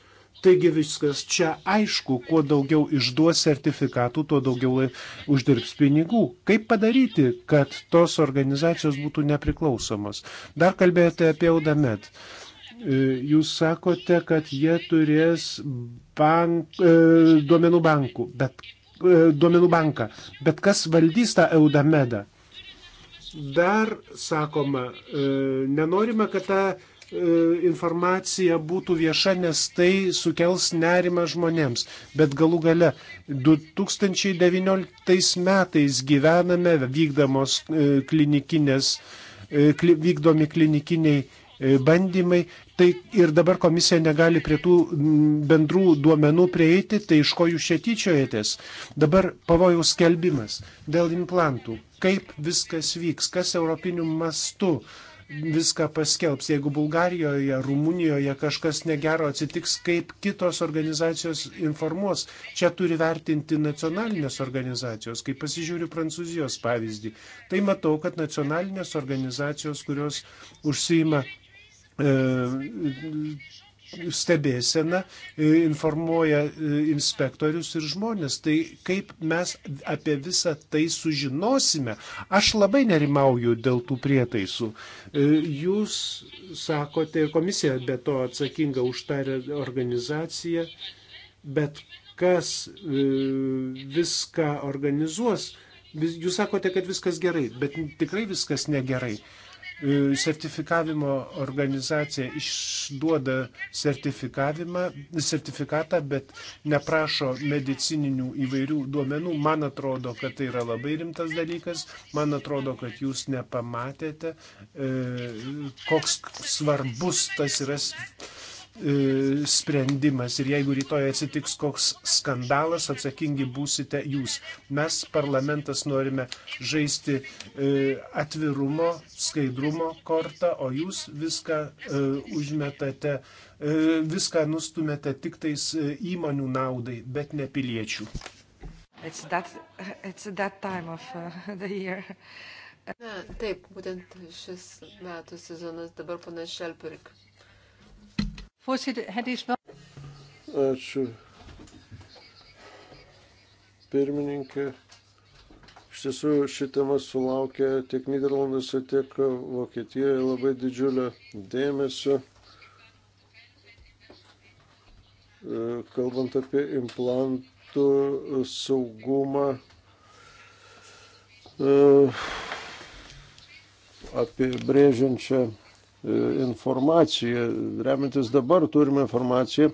Taigi viskas čia aišku, kuo daugiau išduos sertifikatų, tuo daugiau uždirbs pinigų. Kaip padaryti, kad tos organizacijos būtų nepriklausomos? Dar kalbėjote apie Audamet. Uh, E, jūs sakote, kad jie turės bank, e, duomenų, bankų, bet, e, duomenų banką. Bet kas valdys tą Eudamedą? Dar sakoma, nenorime, kad ta informacija būtų vieša, nes tai sukels nerimą žmonėms. Bet galų gale 2019 metais gyvename vykdomos klinikinės, vykdomi klinikiniai bandymai tai ir dabar komisija negali prie tų bendrų duomenų prieiti, tai iš ko jūs čia tyčiojatės. Dabar pavojaus skelbimas dėl implantų. Kaip viskas vyks, kas europiniu mastu viską paskelbs. Jeigu Bulgarijoje, Rumunijoje kažkas negero atsitiks, kaip kitos organizacijos informuos. Čia turi vertinti nacionalinės organizacijos. Kai pasižiūriu Prancūzijos pavyzdį, tai matau, kad nacionalinės organizacijos, kurios užsima E, stebėsena e, informuoja e, inspektorius ir žmonės. Tai kaip mes apie visą tai sužinosime? Aš labai nerimauju dėl tų prietaisų. Jūs sakote, ir komisija be to atsakinga už tą organizaciją, bet kas viską organizuos? Jūs sakote, kad viskas gerai, bet tikrai viskas negerai. E, sertifikavimo organizacija išduoda sertifikatą, bet neprašo medicininių įvairių duomenų. Man atrodo, kad tai yra labai rimtas dalykas. Man atrodo, kad jūs nepamatėte, e, koks svarbus tas yra E, sprendimas ir jeigu rytoj atsitiks koks skandalas, atsakingi būsite jūs. Mes, parlamentas, norime žaisti e, atvirumo, skaidrumo kortą, o jūs viską e, užmetate, viską nustumėte tik tais įmonių naudai, bet ne piliečių. It's that, it's that time of uh, the year. Na, taip, būtent šis metų sezonas dabar panašiai alpirk Ačiū. Pirmininkė, iš tiesų ši tema sulaukė tiek Niderlanduose, tiek Vokietijoje labai didžiulio dėmesio. E, kalbant apie implantų saugumą, e, apibrėžiančią E, informacija. Remiantis dabar turime informaciją,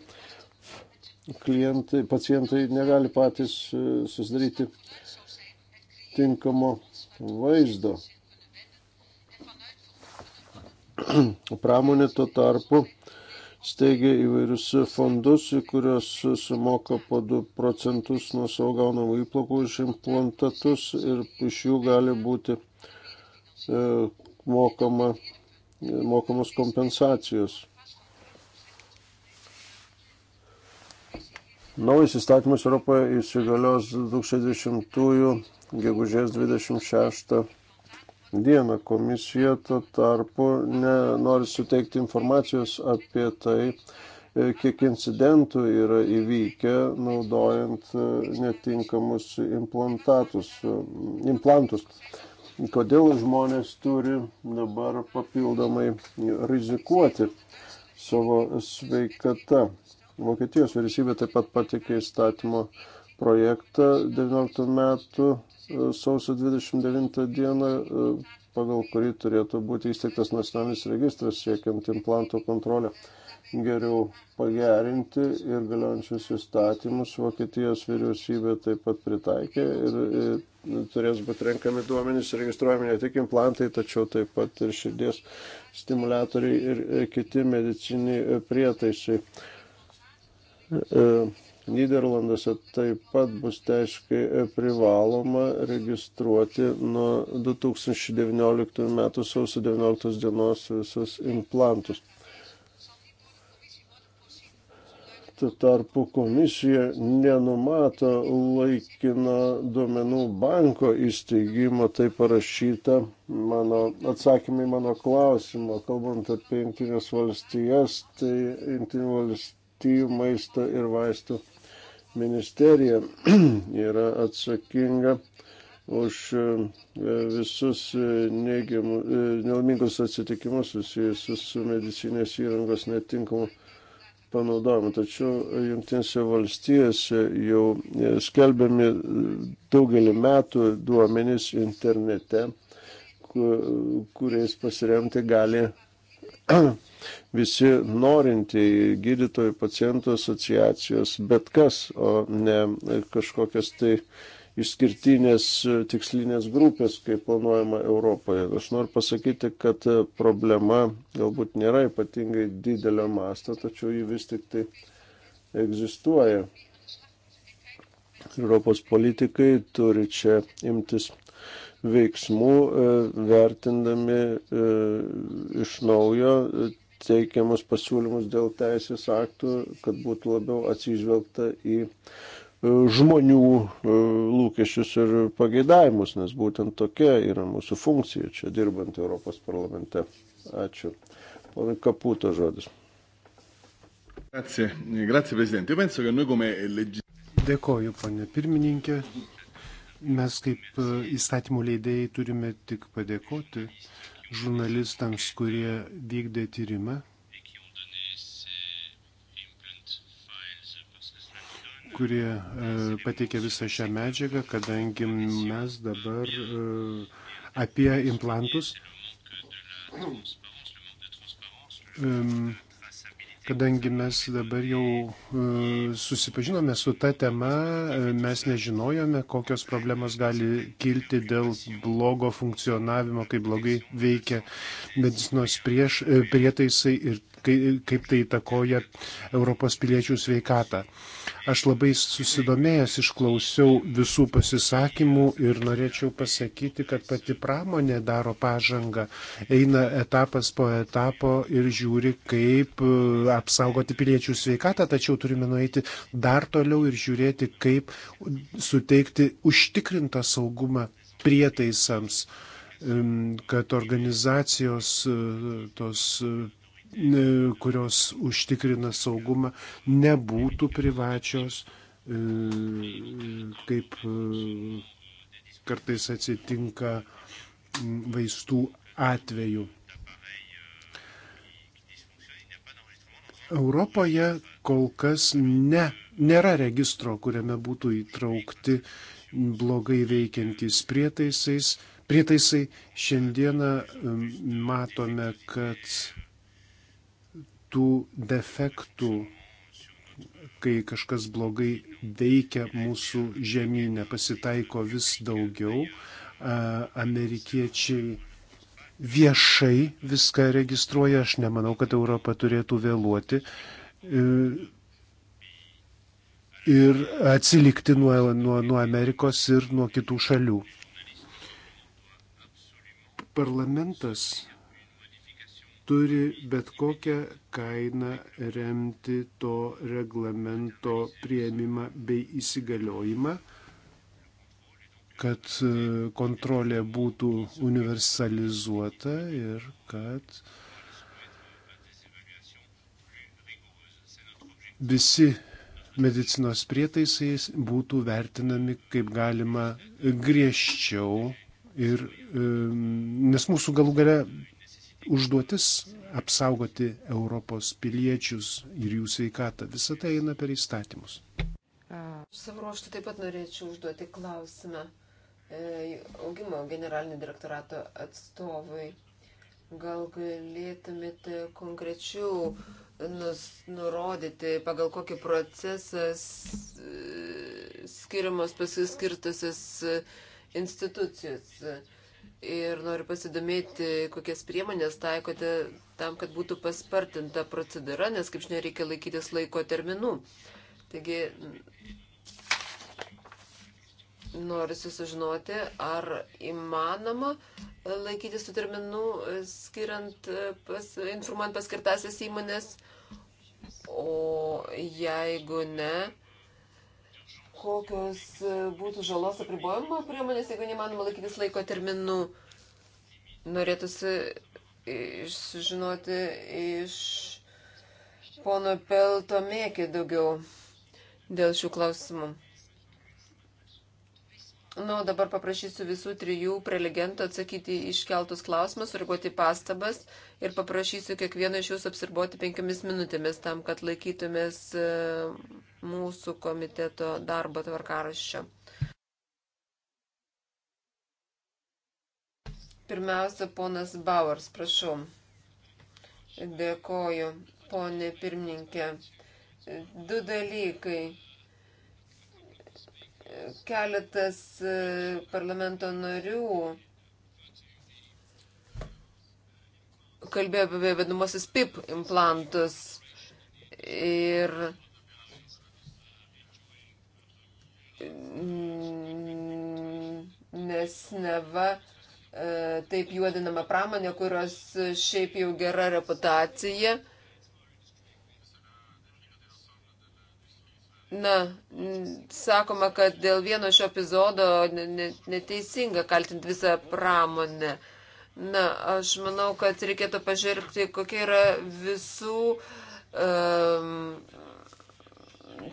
klientai, pacientai negali patys e, susidaryti tinkamo vaizdo. Pramonė tuo tarpu steigia įvairius fondus, į kuriuos sumoka po 2 procentus nuo savo gaunamų įplakų už implantatus ir iš jų gali būti e, mokama mokamos kompensacijos. Naujas įstatymas Europoje įsigalios 2020 gegužės 26 dieną. Komisija tuo tarpu nori suteikti informacijos apie tai, e, kiek incidentų yra įvykę naudojant e, netinkamus e, implantus kodėl žmonės turi dabar papildomai rizikuoti savo sveikatą. Vokietijos vyriausybė taip pat patikė įstatymo projektą 19 metų e, sausio 29 dieną, e, pagal kurį turėtų būti įsteigtas nacionalinis registras siekiant implanto kontrolę geriau pagerinti ir galiojančius įstatymus Vokietijos vyriausybė taip pat pritaikė ir turės būti renkami duomenys, registruojami ne tik implantai, tačiau taip pat ir širdies stimulatoriai ir kiti mediciniai prietaisai. E, Niderlanduose taip pat bus teisiškai privaloma registruoti nuo 2019 m. sausio 19 dienos visus implantus. Tuo tarpu komisija nenumato laikino duomenų banko įsteigimo, tai parašyta mano atsakymai mano klausimo, kalbant apie Junktinės valstijas, tai Junktinių valstijų maisto ir vaistų ministerija yra atsakinga už e, visus e, e, nelaimingus atsitikimus susijusius su medicinės įrangos netinkamu panaudojama. Tačiau Junktinėse valstijose jau skelbiami daugelį metų duomenys internete, kuriais pasiremti gali visi norintieji gydytojų, pacientų asociacijos, bet kas, o ne kažkokias tai uh, išskirtinės e, tikslinės grupės, kaip planuojama Europoje. Aš noriu pasakyti, kad e, problema galbūt nėra ypatingai didelio masto, tačiau ji vis tik tai egzistuoja. Europos politikai turi čia imtis veiksmų, e, vertindami iš naujo teikiamus pasiūlymus dėl teisės aktų, kad būtų labiau atsižvelgta į uh, E, žmonių e, lūkesčius ir pageidavimus, nes būtent tokia yra mūsų funkcija čia dirbant Europos parlamente. Ačiū. Ponai Kaputo žodis. Grazie, grazie Presidente. Io penso che noi come leggi... Dėkoju, ponė pirmininkė. Mes kaip e, įstatymų leidėjai turime tik padėkoti žurnalistams, kurie vykdė tyrimą kurie e, pateikė visą šią medžiagą, kadangi mes dabar e, apie implantus. Kadangi mes dabar jau e, susipažinome su ta tema, mes nežinojome, kokios problemos gali kilti dėl blogo funkcionavimo, kaip blogai veikia medicinos prieš, prietaisai ir kaip tai įtakoja Europos piliečių sveikatą. Aš labai susidomėjęs išklausiau visų pasisakymų ir norėčiau pasakyti, kad pati pramonė daro pažangą, eina etapas po etapo ir žiūri, kaip e, apsaugoti piliečių sveikatą, tačiau turime nueiti dar toliau ir žiūrėti, kaip suteikti užtikrintą saugumą prietaisams kad organizacijos e, tos E, kurios užtikrina saugumą, nebūtų privačios, e, kaip e, kartais atsitinka vaistų atveju. Europoje kol kas ne, nėra registro, kuriame būtų įtraukti blogai veikiantys prietaisais. Prietaisai šiandieną matome, kad tų defektų, kai kažkas blogai veikia mūsų žemynę, pasitaiko vis daugiau. Amerikiečiai viešai viską registruoja, aš nemanau, kad Europa turėtų vėluoti e, ir atsilikti nuo, nuo, nuo Amerikos ir nuo kitų šalių. Parlamentas turi bet kokią kainą remti to reglamento prieimimą bei įsigaliojimą, kad e, kontrolė būtų universalizuota ir kad visi medicinos prietaisais būtų vertinami kaip galima griežčiau ir e, nes mūsų galų gale užduotis apsaugoti Europos piliečius ir jų sveikatą. Visą tai eina per įstatymus. Savo ruoštų taip pat norėčiau užduoti klausimą e, augimo generalinio direktorato atstovui. Gal galėtumėte konkrečiau nus, nurodyti, pagal kokį procesą e, skiriamos pasiskirtusios institucijos ir noriu pasidomėti, kokias priemonės taikote tam, kad būtų paspartinta procedūra, nes, kaip žinia, reikia laikytis laiko terminų. Taigi, noriu susižinoti, ar įmanoma laikytis tų terminų, skiriant, pas, informuojant paskirtasias įmonės, o jeigu ne, kokios e, būtų žalos apribojimo priemonės, jeigu nemanoma laikytis laiko terminų. Norėtųsi e, sužinoti iš pono Peltomėkį daugiau dėl šių klausimų. Na, o dabar paprašysiu visų trijų prelegentų atsakyti iškeltus klausimus, surguoti pastabas ir paprašysiu kiekvieną iš jūsų apsirboti penkiamis minutėmis tam, kad laikytumės e, mūsų komiteto darbo tvarkaraščio. Pirmiausia, ponas Bauers, prašau. Dėkoju, ponė pirmininkė. Du dalykai keletas e, parlamento narių kalbėjo apie vadinamosius PIP implantus. Ir mm, nes neva e, taip juodinama pramonė, kurios e, šiaip jau gera reputacija. Na, sakoma, kad dėl vieno šio epizodo neteisinga kaltinti visą pramonę. Na, aš manau, kad reikėtų pažiūrėti, kokia yra visų um,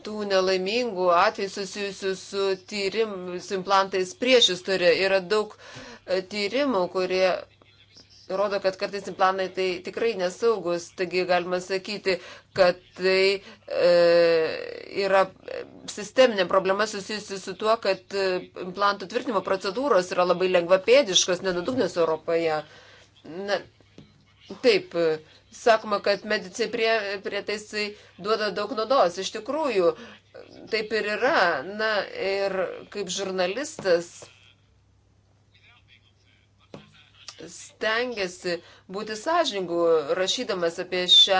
tų nelaimingų atvejų susijusių su tyrim, su implantais prieš istoriją. Yra daug e, tyrimų, kurie rodo, kad kartais implantai tai tikrai nesaugus, taigi galima sakyti, kad tai e, yra sisteminė problema susijusi su tuo, kad e, implantų tvirtinimo procedūros yra labai lengvapėdiškos, nenudugnės Europoje. Na, taip, sakoma, kad medicinai prie, prie taisai duoda daug naudos. Iš tikrųjų, taip ir yra. Na ir kaip žurnalistas stengiasi būti sąžiningų rašydamas apie šią,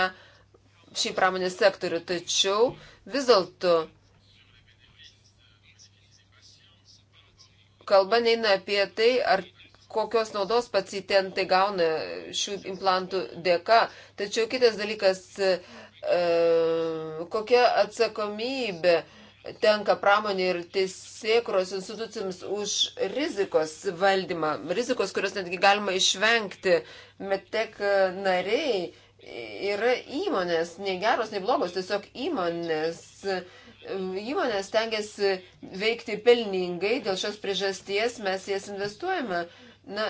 šį pramonės sektorių, tačiau vis dėlto kalba neina apie tai, ar kokios naudos pacientai gauna šių implantų dėka. Tačiau kitas dalykas, e, kokia atsakomybė tenka pramonė ir teisėkros institucijams už rizikos valdymą, rizikos, kurios netgi galima išvengti, bet tek nariai yra įmonės, nei geros, nei blogos, tiesiog įmonės. Įmonės tengiasi veikti pelningai, dėl šios priežasties mes jas investuojame. Na,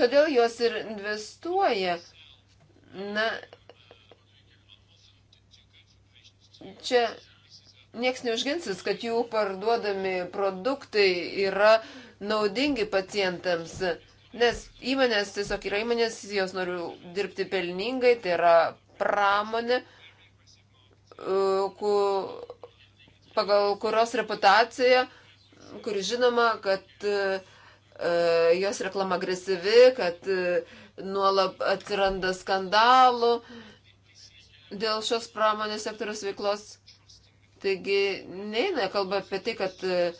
todėl jos ir investuoja. Na, čia nieks neužginsis, kad jų parduodami produktai yra naudingi pacientams. Nes įmonės tiesiog yra įmonės, jos nori dirbti pelningai, tai yra pramonė, e, ku, pagal kurios reputaciją, kuri žinoma, kad e, e, jos reklama agresyvi, kad nuolab atsiranda skandalų. Uh, dėl šios pramonės sektoriaus veiklos. Taigi neina kalba apie tai, kad e,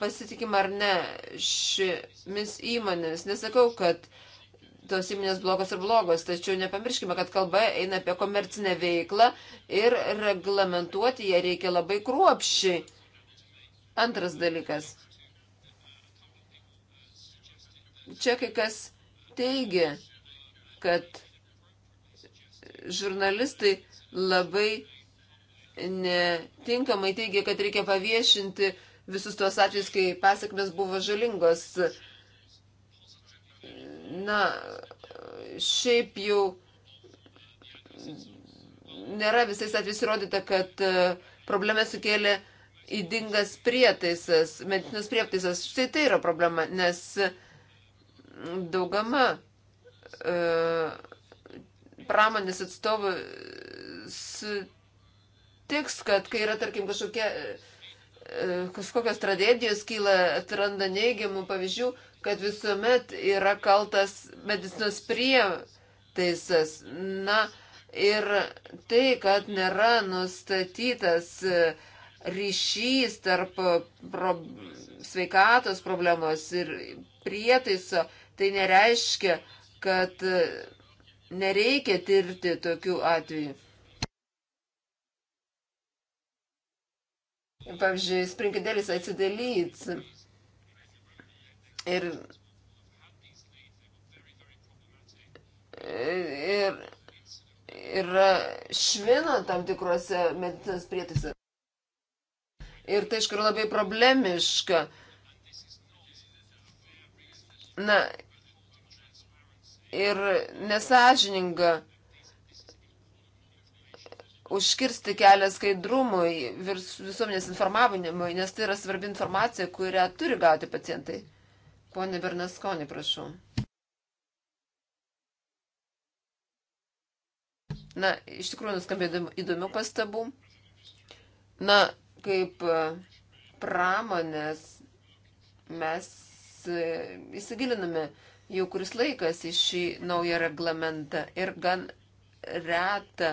pasitikima ar ne šiomis įmonėmis. Nesakau, kad tos įmonės blogos ir blogos, tačiau nepamirškime, kad kalba eina apie komercinę veiklą ir reglamentuoti ją reikia labai kruopščiai. Antras dalykas. Čia kai kas teigia, kad žurnalistai labai netinkamai teigia, kad reikia paviešinti visus tuos atvejus, kai pasiekmes buvo žalingos. Na, šiaip jau nėra visais atvejais įrodyta, kad e, problemą sukėlė įdingas prietaisas, medicinos prietaisas. Štai tai yra problema, nes daugama uh, pramonės atstovų e, sutiks, kad kai yra, tarkim, kažkokie, e, e, kažkokios tragedijos kyla, atranda neigiamų pavyzdžių, kad visuomet yra kaltas medicinos prietaisas. Na, ir tai, kad nėra nustatytas ryšys tarp pro, sveikatos problemos ir prietaiso, tai nereiškia, kad nereikia tirti tokių atvejų. Pavyzdžiui, sprinkidėlis atsidalyts. Ir, ir, ir švino tam tikrose medicinos prietaise. Ir tai iš tikrųjų labai problemiška. Na, ir nesažininga užkirsti kelią skaidrumui, visuomenės informavimui, nes tai yra svarbi informacija, kurią turi gauti pacientai. Pone Bernasconi, prašau. Na, iš tikrųjų nuskambėjo įdomių pastabų. Na, kaip e, pramonės mes e, įsigiliname jau kuris laikas į šį naują reglamentą ir gan reta,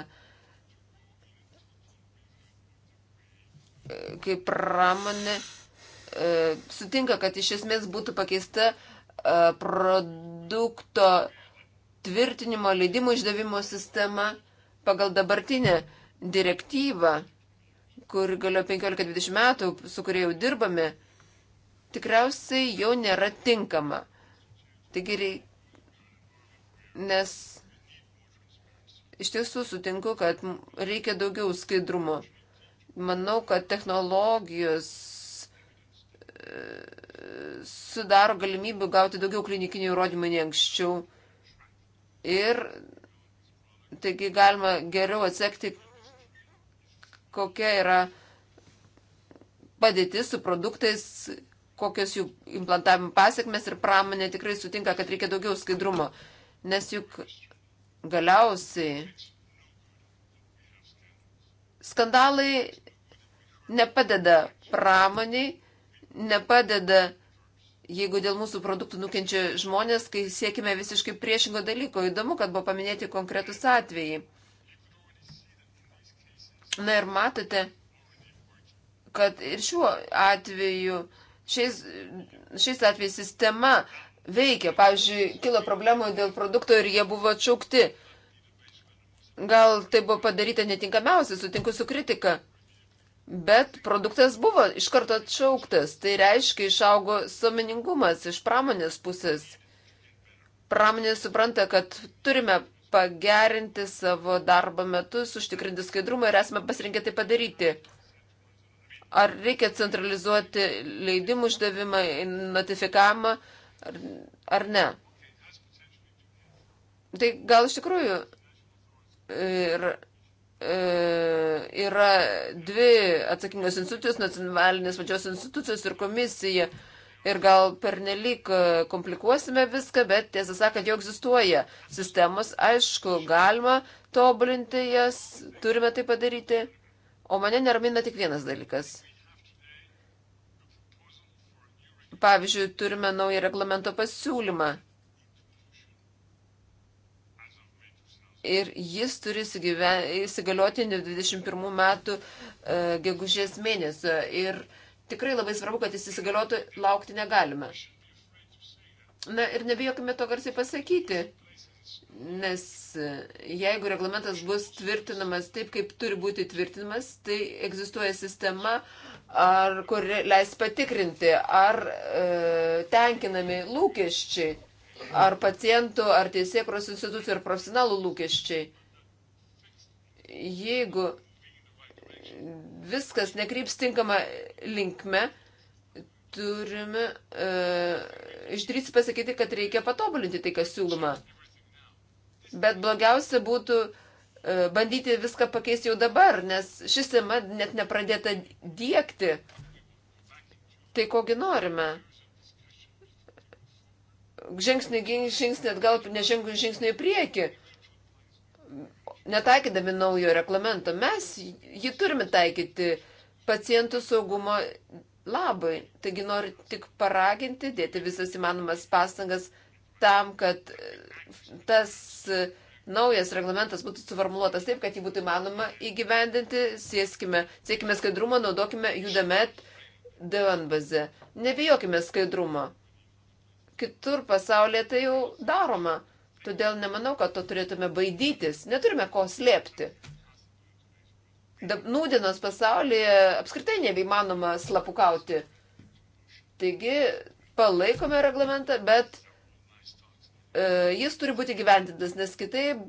kai pramonė e, sutinka, kad iš esmės būtų pakeista e, produkto tvirtinimo leidimų išdavimo sistema pagal dabartinę direktyvą, kur galio 15-20 metų, su kuria jau dirbame, tikriausiai jau nėra tinkama. Taigi reikia. Nes iš tiesų sutinku, kad reikia daugiau skaidrumo. Manau, kad technologijos e, sudaro galimybių gauti daugiau klinikinių įrodymų nei anksčiau. Ir taigi galima geriau atsekti, kokia yra padėtis su produktais, kokios jų implantavimo pasiekmes ir pramonė tikrai sutinka, kad reikia daugiau skaidrumo. Nes juk galiausiai skandalai nepadeda pramoniai, nepadeda, jeigu dėl mūsų produktų nukenčia žmonės, kai siekime visiškai priešingo dalyko. Įdomu, kad buvo paminėti konkretus atvejai. Na ir matote, kad ir šiuo atveju uh, Šiais, šiais atvejais sistema veikia. Pavyzdžiui, kilo problemų dėl produkto ir jie buvo atšaukti. Gal tai buvo padaryta netinkamiausiai, sutinku su kritika. Bet produktas buvo iš karto atšauktas. Tai reiškia, išaugo samoningumas iš pramonės pusės. Pramonė supranta, kad turime pagerinti savo darbo metus, užtikrinti skaidrumą ir esame pasirinkę tai padaryti. Ar reikia centralizuoti leidimų išdavimą, notifikavimą, ar, ar ne? Tai gal iš tikrųjų ir, e, yra dvi atsakingos institucijos, nacionalinės valdžios institucijos ir komisija. Ir gal pernelyg e, komplikuosime viską, bet tiesą sakant, jau egzistuoja sistemos, aišku, galima tobulinti jas, turime tai padaryti. O mane neramina tik vienas dalykas. Pavyzdžiui, turime naują reglamento pasiūlymą. Ir jis turi įsigalioti 21 metų e, gegužės mėnesio. Ir tikrai labai svarbu, kad jis įsigaliotų, laukti negalime. Na ir nebijokime to garsiai pasakyti. Nes e, jeigu reglamentas bus tvirtinamas taip, kaip turi būti tvirtinamas, tai egzistuoja sistema, ar, kur leis patikrinti, ar e, tenkinami lūkesčiai, ar pacientų, ar teisėkros institucijų, ar profesionalų lūkesčiai. Jeigu viskas nekryps tinkama linkme, turime e, išdrįsti pasakyti, kad reikia patobulinti tai, kas siūloma bet blogiausia būtų e, bandyti viską pakeisti jau dabar, nes šis tema net nepradėta dėkti. Tai kogi norime? Žingsnį, žingsnį atgal, nežengų žingsnį į priekį. Netaikydami naujo reglamento, mes jį turime taikyti pacientų saugumo labai. Taigi noriu tik paraginti, dėti visas įmanomas pastangas tam, kad e, tas e, naujas reglamentas būtų suformuoluotas taip, kad jį būtų įmanoma įgyvendinti, siekime, siekime skaidrumo, naudokime judamet DNBZ. Nebijokime skaidrumo. Kitur pasaulyje tai jau daroma. Todėl nemanau, kad to turėtume baidytis. Neturime ko slėpti. Nūdienos pasaulyje apskritai nebeįmanoma slapukauti. Taigi palaikome reglamentą, bet E, jis turi būti gyventintas, nes kitaip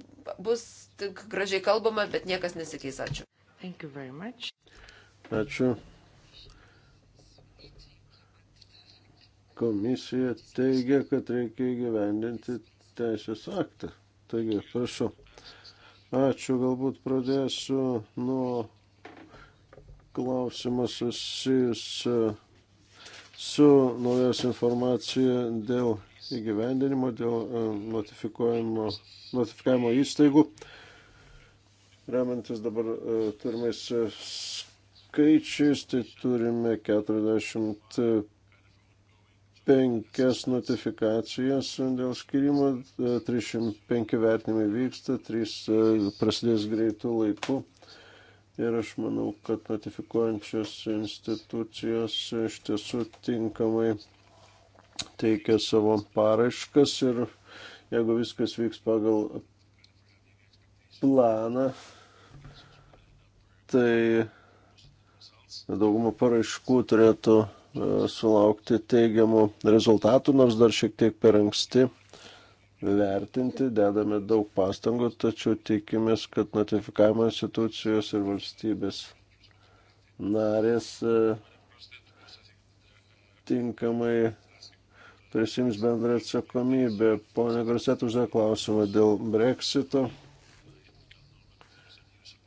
bus tik gražiai kalbama, bet niekas nesikeis. Ačiū. Ačiū. Komisija teigia, kad reikia įgyvendinti teisės aktą. Taigi, prašau. Ačiū, galbūt pradėsiu nuo klausimą susijusio su naujos informacija dėl įgyvendinimo, dėl e, notifikavimo įstaigų. Remiantis dabar e, turimais e, skaičiais, tai turime 45 notifikacijas dėl skirimo, 305 vertinimai vyksta, 3 prasidės greitų laikų. Ir aš manau, kad notifikuojančios institucijos iš tiesų tinkamai teikia savo paraiškas ir jeigu viskas vyks pagal planą, tai dauguma paraiškų turėtų e, sulaukti teigiamų rezultatų, nors dar šiek tiek per anksti vertinti, dedame daug pastangų, tačiau tikimės, kad notifikavimo institucijos ir valstybės narės e, tinkamai prisims bendrą atsakomybę. Pone Grasėt uždavė klausimą dėl breksito.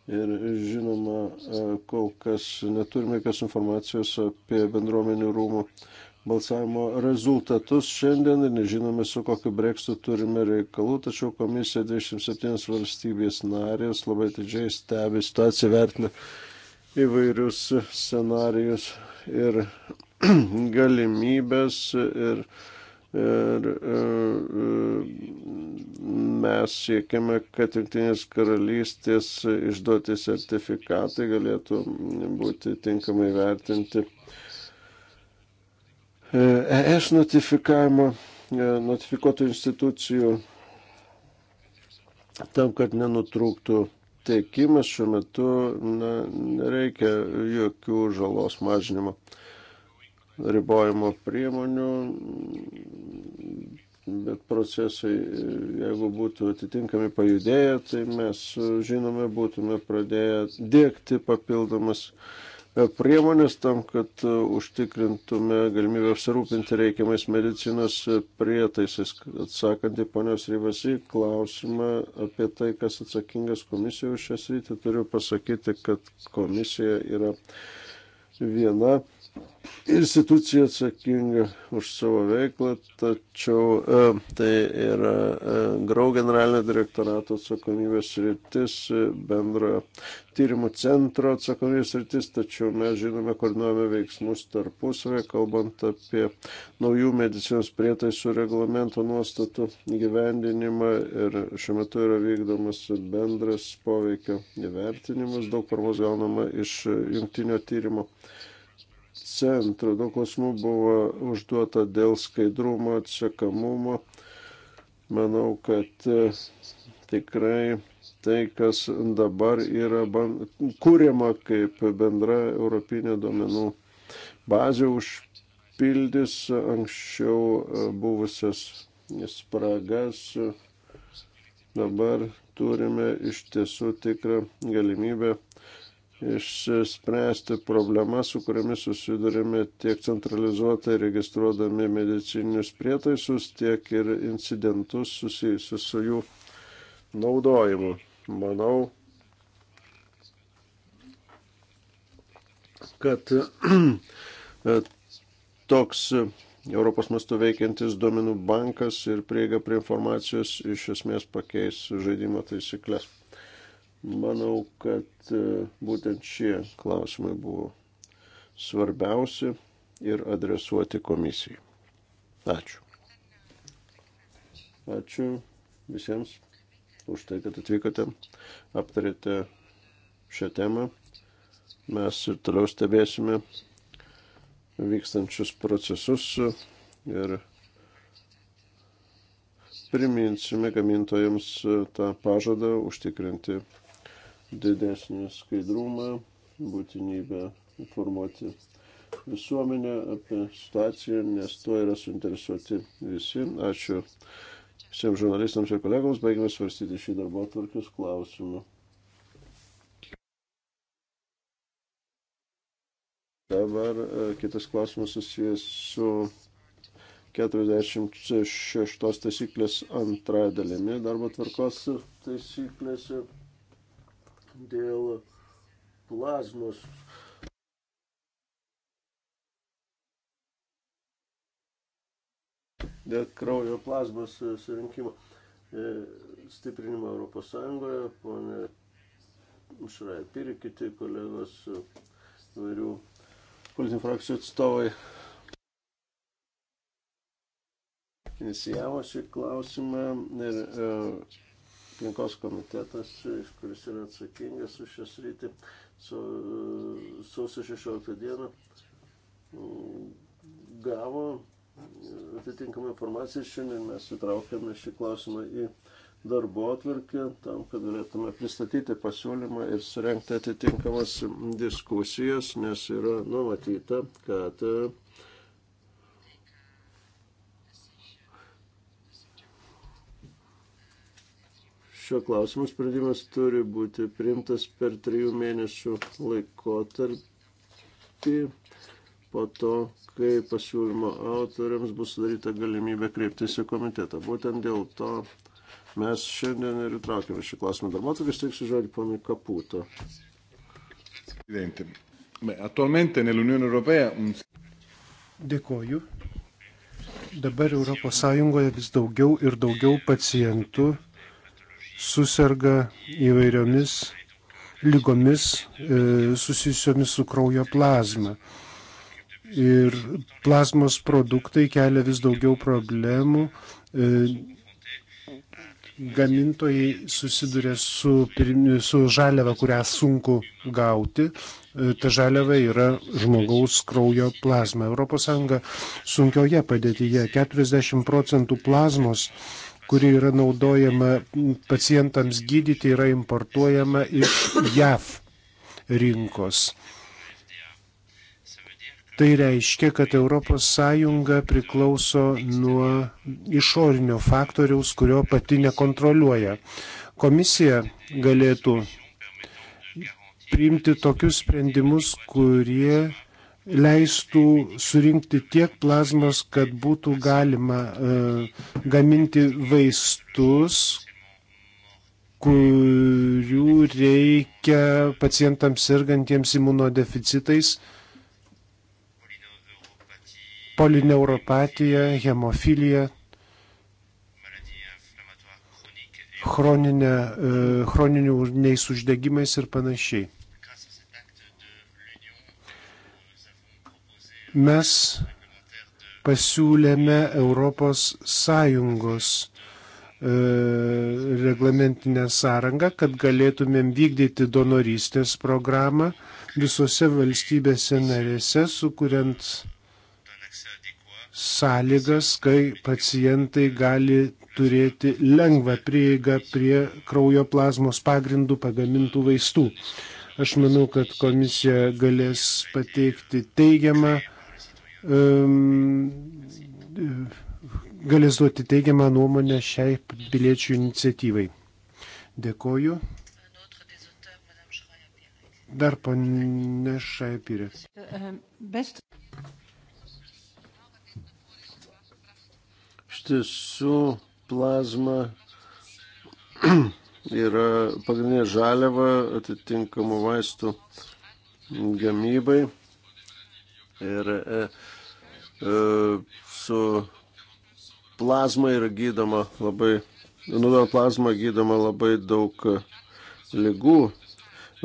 Ir žinoma, e, kol kas neturime jokios informacijos apie bendruomenių rūmų balsavimo rezultatus šiandien ir nežinome, su kokiu brekstu turime reikalų, tačiau komisija 27 valstybės narės labai didžiai stebi situaciją, vertina įvairius scenarius ir galimybės ir Ir e, e, mes siekiame, kad Junktinės karalystės išduoti sertifikatai galėtų būti tinkamai vertinti ES e notifikavimo, notifikuotų institucijų tam, kad nenutrūktų tiekimas šiuo metu, na, nereikia jokių žalos mažinimo ribojimo priemonių, bet procesai, jeigu būtų atitinkami pajudėję, tai mes, žinome, būtume pradėję dėkti papildomas e, priemonės tam, kad e, užtikrintume galimybę apsirūpinti reikiamais medicinos e, prietaisais. Atsakant į ponios Ryvasi klausimą apie tai, kas atsakingas komisijos šią sritį, turiu pasakyti, kad komisija yra viena institucija atsakinga už savo veiklą, tačiau e, tai yra e, Grau generalinio direktorato atsakomybės rytis, e, bendrojo tyrimų centro atsakomybės rytis, tačiau mes žinome, koordinuojame veiksmus tarpusavę, kalbant apie naujų medicinos prietaisų reglamento nuostatų gyvendinimą ir šiuo metu yra vykdomas bendras poveikio įvertinimas, daug paramos gaunama iš e, jungtinio tyrimo centro. Daug klausimų buvo užduota dėl skaidrumo, atsekamumo. Manau, kad e, tikrai tai, kas dabar yra kūriama kaip bendra europinė duomenų bazė, užpildys anksčiau e, buvusias spragas. Dabar turime iš tiesų tikrą galimybę išspręsti problemas, su kuriamis susidurime tiek centralizuotai registruodami medicininius prietaisus, tiek ir incidentus susijusius su jų naudojimu. Manau, kad toks Europos mastu veikiantis duomenų bankas ir prieiga prie informacijos iš esmės pakeis žaidimo taisyklės. Manau, kad e, būtent šie klausimai buvo svarbiausi ir adresuoti komisijai. Ačiū. Ačiū visiems už tai, kad atvykote, aptarėte šią temą. Mes ir toliau stebėsime vykstančius procesus ir priminsime gamintojams tą pažadą užtikrinti didesnį skaidrumą, būtinybę informuoti visuomenę apie situaciją, nes tuo yra suinteresuoti visi. Ačiū visiems žurnalistams ir kolegoms. Baigime svarstyti šį darbo atvarkius klausimą. Dabar e, kitas klausimas susijęs su 46 taisyklės antrąją dalimi darbo tvarkos taisyklėse dėl plazmos. Dėl kraujo plazmos surinkimo e, stiprinimo Europos Sąjungoje, ponė Šraipir, kiti kolegos e, įvairių politinių frakcijų atstovai inicijavo šį klausimą ir uh, aplinkos komitetas, e, kuris yra atsakingas už šią sritį, sausio 16 dieną mm, gavo e, atitinkamą informaciją. Šiandien mes įtraukėme šį klausimą į darbo atvarkę, tam, kad galėtume pristatyti pasiūlymą ir surenkti atitinkamas diskusijas, nes yra numatyta, kad uh, šio klausimo sprendimas turi būti priimtas per trijų mėnesių laikotarpį po to, kai pasiūlymo autoriams bus sudaryta galimybė kreiptis į komitetą. Būtent dėl to mes šiandien ir įtraukėme šį klausimą darbo atvarkės, teiksiu žodį ponui Kaputo. Dėkoju. Dabar ES vis daugiau ir daugiau pacientų susirga įvairiomis lygomis e, susijusiomis su kraujo plazma. Ir plazmos produktai kelia vis daugiau problemų. E, gamintojai susiduria su, su žaliava, kurią sunku gauti. E, ta žaliava yra žmogaus kraujo plazma. ES sunkioje padėtyje 40 procentų plazmos uh, kuri yra naudojama pacientams gydyti, yra importuojama iš JAV rinkos. Tai reiškia, kad ES priklauso nuo išorinio faktoriaus, kurio pati nekontroliuoja. Komisija galėtų priimti tokius sprendimus, kurie leistų surinkti tiek plazmos, kad būtų galima uh, gaminti vaistus, kurių reikia pacientams sergantiems imunodeficitais, polineuropatija, hemofilija, chroninė, uh, chroninių neįsuždegimais ir panašiai. mes pasiūlėme Europos Sąjungos e, reglamentinę sąrangą, kad galėtumėm vykdyti donorystės programą visose valstybėse narėse, sukuriant sąlygas, kai pacientai gali turėti lengvą prieigą prie kraujo plazmos pagrindų pagamintų vaistų. Aš manau, kad komisija galės pateikti teigiamą Ehm, galės duoti teigiamą nuomonę šiai piliečių iniciatyvai. Dėkoju. Dar panešai pyrė. Iš tiesų, plazma yra pagrindinė žaliava atitinkamų vaistų gamybai. Ir e, e, su plazma yra gydoma labai, naudojant plazmą gydoma labai daug lygų.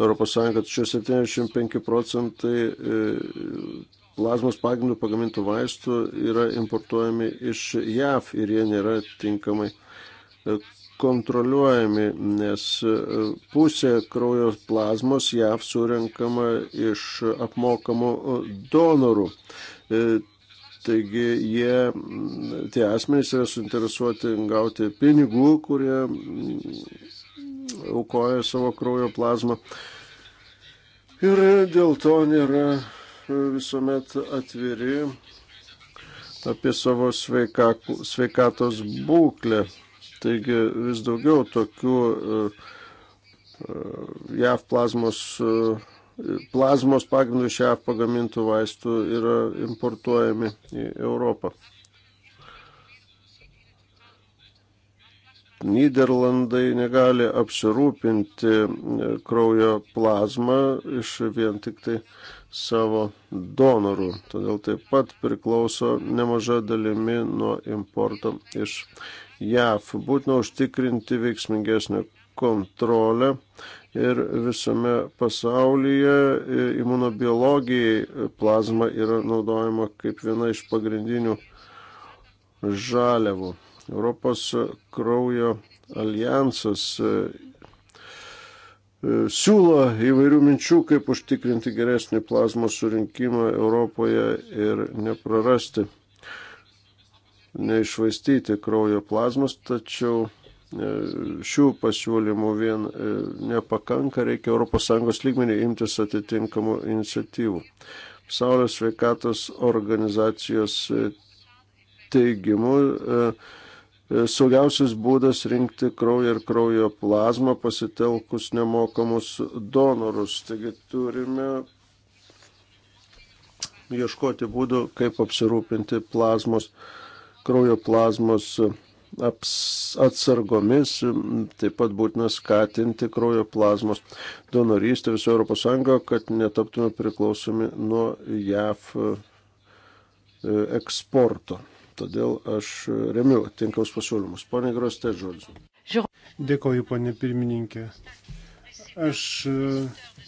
Europos Sąjunga, tačiau 75 procentai e, plazmos pagrindų pagamintų vaistų yra importuojami iš JAV ir jie nėra tinkamai e, kontroliuojami, nes e, pusė kraujo plazmos JAV surinkama iš apmokamų e, donorų. E, taigi jie, tie asmenys yra suinteresuoti gauti pinigų, kurie aukoja savo kraujo plazmą. Ir dėl to nėra visuomet atviri apie savo sveika, sveikatos būklę. Taigi vis daugiau tokių e, e, JAV plazmos, e, plazmos pagrindų iš JAV pagamintų vaistų yra importuojami į Europą. Niderlandai negali apsirūpinti kraujo plazmą iš vien tik tai savo donorų. Todėl taip pat priklauso nemaža dalimi nuo importo iš JAV. Būtina užtikrinti veiksmingesnę kontrolę ir visame pasaulyje e, imunobiologijai e, plazma yra naudojama kaip viena iš pagrindinių žaliavų. Europos kraujo alijansas e, siūlo įvairių minčių, kaip užtikrinti geresnį plazmos surinkimą Europoje ir neprarasti neišvaistyti kraujo plazmos, tačiau e, šių pasiūlymų vien e, nepakanka, reikia ES lygmenį imtis atitinkamų iniciatyvų. Pasaulio sveikatos organizacijos e, teigimu saugiausias būdas rinkti kraują ir kraujo plazmą pasitelkus nemokamus donorus. Taigi turime ieškoti būdų, kaip apsirūpinti plazmos uh, kraujo plazmos e, atsargomis, taip pat būtina skatinti kraujo plazmos donorystę viso Europos Sąjungo, kad netaptume priklausomi nuo JAF e, e, eksporto. Todėl aš remiu tinkaus pasiūlymus. Pone Grostė, žodžiu. Dėkoju, ponė pirmininkė. Aš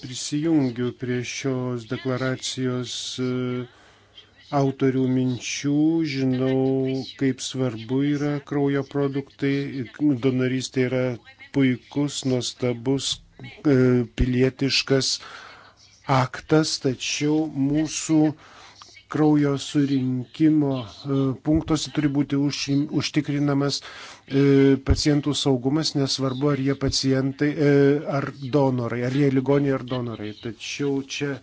prisijungiu prie šios deklaracijos uh, autorių minčių, žinau, kaip svarbu yra kraujo produktai, donorystė yra puikus, nuostabus, e, pilietiškas aktas, tačiau mūsų kraujo surinkimo e, punktuose turi būti už, užtikrinamas e, pacientų saugumas, nesvarbu ar jie pacientai e, ar donorai, ar jie ligoniai ar donorai. Tačiau čia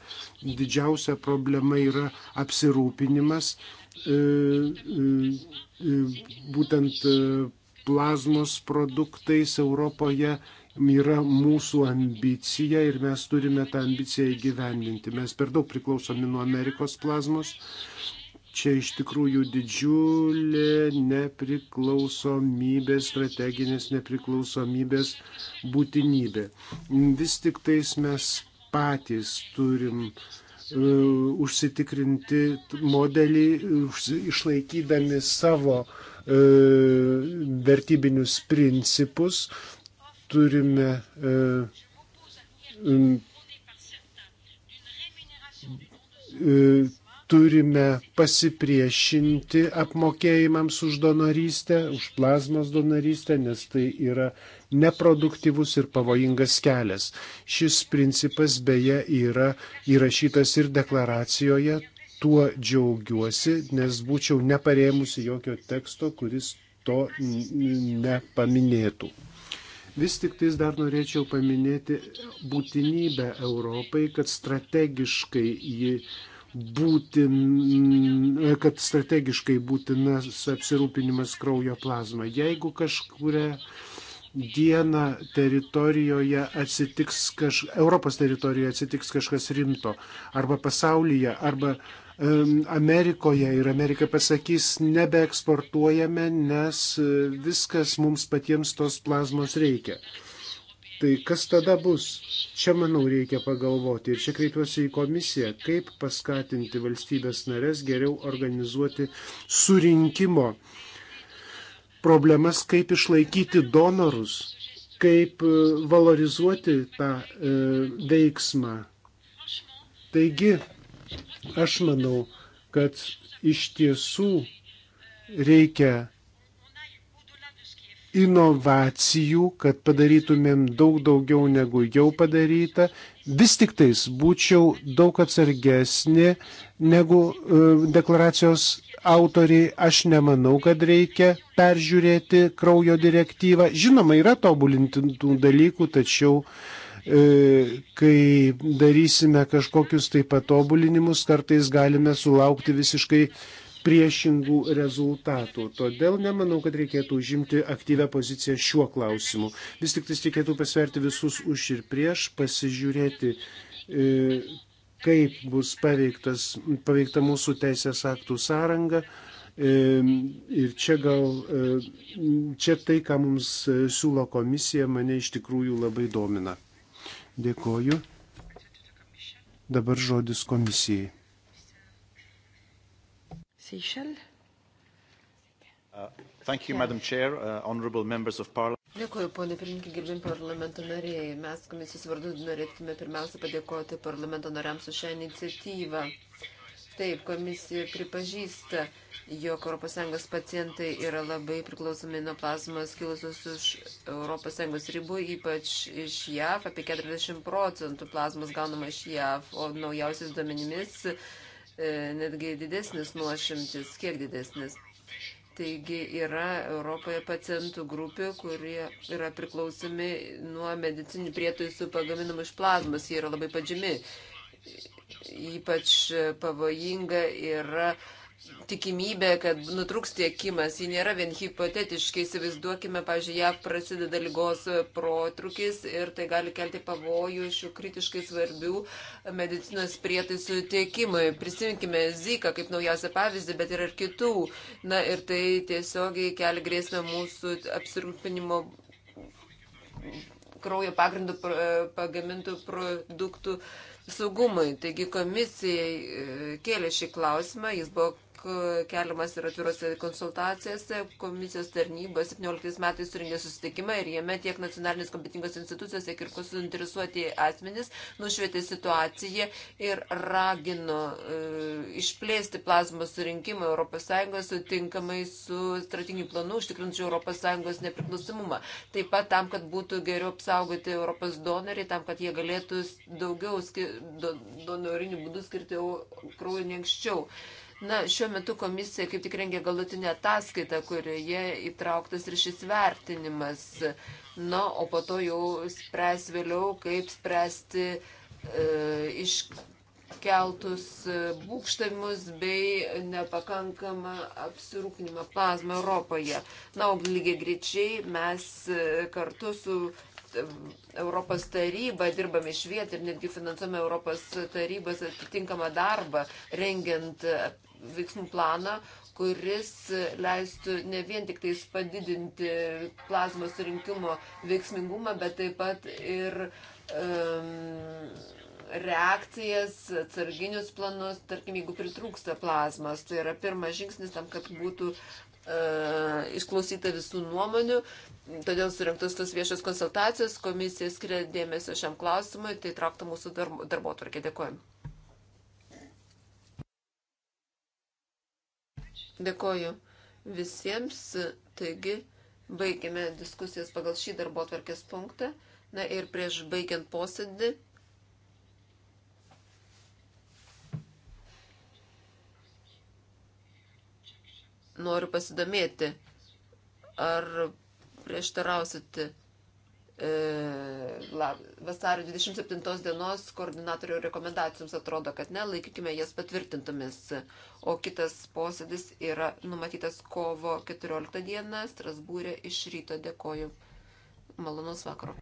didžiausia problema yra apsirūpinimas būtent plazmos produktais Europoje yra mūsų ambicija ir mes turime tą ambiciją įgyvendinti. Mes per daug priklausomi nuo Amerikos plazmos. Čia iš tikrųjų didžiulė nepriklausomybė, strateginės nepriklausomybės būtinybė. Vis tik tais mes patys turim e, užsitikrinti modelį, išlaikydami savo e, vertybinius principus, turime e, e, turime pasipriešinti apmokėjimams už donorystę, už plazmos donorystę, nes tai yra neproduktyvus ir pavojingas kelias. Šis principas beje yra įrašytas ir deklaracijoje, tuo džiaugiuosi, nes būčiau neparėmusi jokio teksto, kuris to nepaminėtų. Vis tik tais dar norėčiau paminėti būtinybę Europai, kad strategiškai ji būtin, kad strategiškai būtinas apsirūpinimas kraujo plazma. Jeigu kažkuria dieną teritorijoje atsitiks, kaž, Europos teritorijoje atsitiks kažkas rimto, arba pasaulyje, arba uh, Amerikoje ir Amerika pasakys, nebeeksportuojame, nes e, viskas mums patiems tos plazmos reikia. Tai kas tada bus? Čia, manau, reikia pagalvoti ir čia kreipiuosi į komisiją, kaip paskatinti valstybės narės geriau organizuoti surinkimo problemas, kaip išlaikyti donorus, kaip e, valorizuoti tą e, veiksmą. Taigi, Aš manau, kad iš tiesų reikia inovacijų, kad padarytumėm daug daugiau negu jau padaryta. Vis tik tais būčiau daug atsargesnė negu e, deklaracijos autoriai. Aš nemanau, kad reikia peržiūrėti kraujo direktyvą. Žinoma, yra tobulintintų dalykų, tačiau e, E, kai darysime kažkokius tai patobulinimus, kartais galime sulaukti visiškai priešingų rezultatų. Todėl nemanau, kad reikėtų užimti aktyvę poziciją šiuo klausimu. Vis tik reikėtų pasverti visus už ir prieš, pasižiūrėti, e, kaip bus paveiktas, paveikta mūsų teisės aktų sąranga. E, ir čia gal, čia tai, ką mums siūlo komisija, mane iš tikrųjų labai domina. Dėkoju. Dabar žodis komisijai. Seychelles. Uh, thank you, Madam Chair, uh, honorable members of Parliament. Dėkuoju, ponė pirmininkė, gerbim parlamento nariai. Mes komisijos vardu norėtume pirmiausia padėkoti parlamento nariams už šią iniciatyvą. Taip, komisija pripažįsta, uh, jog ES pacientai yra labai priklausomi nuo plazmos kilusios už ES ribų, ypač iš JAV, apie 40 procentų plazmos gaunama iš JAV, o naujausiais duomenimis e, netgi didesnis nuošimtis, kiek didesnis. Taigi yra Europoje pacientų grupė, kurie yra priklausomi nuo medicinių prietaisų pagaminamų iš plazmos, jie yra labai pažymi. Ypač pavojinga yra uh, tikimybė, kad nutruks tiekimas, ji nėra vien hipotetiškai. Įsivaizduokime, pažiūrėjau, JAV prasideda lygos protrukis ir tai gali kelti pavojų šių kritiškai svarbių medicinos prietaisų tiekimui. Prisiminkime Zika kaip naujausią pavyzdį, bet yra ir kitų. Na ir tai tiesiogiai kelia grėsmę mūsų apsirūpinimo kraujo pagrindų pagamintų produktų saugumui. Taigi komisijai e, kėlė šį klausimą, jis buvo E, keliamas ir atvirose konsultacijose. Komisijos tarnyba 17 metais suringė susitikimą ir jame tiek nacionalinės kompetingos institucijos, tiek ir suinteresuoti asmenys nušvietė situaciją ir ragino e, išplėsti plazmos surinkimą ES sutinkamai su strateginiu planu užtikrinčiu ES nepriklausomumą. Taip pat tam, kad būtų geriau apsaugoti Europos donoriai, tam, kad jie galėtų daugiau skir... do, donorinių būdų skirti kraujo ne anksčiau. Uh, Na, šiuo metu komisija kaip tik rengia galutinę ataskaitą, kurioje įtrauktas ir šis vertinimas. Na, o po to jau spręs vėliau, kaip spręsti e, iškeltus būkštavimus bei nepakankamą apsirūpinimą plazmą Europoje. Na, o lygiai greičiai mes e, kartu su e, Europos taryba, dirbame iš vietų ir netgi finansuojame Europos tarybos atitinkamą darbą, rengiant veiksmų planą, kuris leistų ne vien tik tais padidinti plazmos surinkimo veiksmingumą, bet taip pat ir um, reakcijas, atsarginius planus, tarkim, jeigu pritrūksta plazmas, tai yra pirmas žingsnis tam, kad būtų e, išklausyta visų nuomonių, todėl surinktos tos viešos konsultacijos, komisija skiria dėmesio šiam klausimui, tai traukta mūsų darbo tvarkė. Dėkuoju. Dėkoju visiems. Taigi, baigėme diskusijas pagal šį darbo atvarkės punktą. Na ir prieš baigiant posėdį. Noriu pasidomėti, ar prieštarausite E, vasario 27 dienos koordinatorių rekomendacijoms atrodo, kad ne, laikykime jas patvirtintomis. O kitas posėdis yra numatytas kovo 14 dieną Strasbūrė iš ryto. Dėkoju. Malonaus vakaro.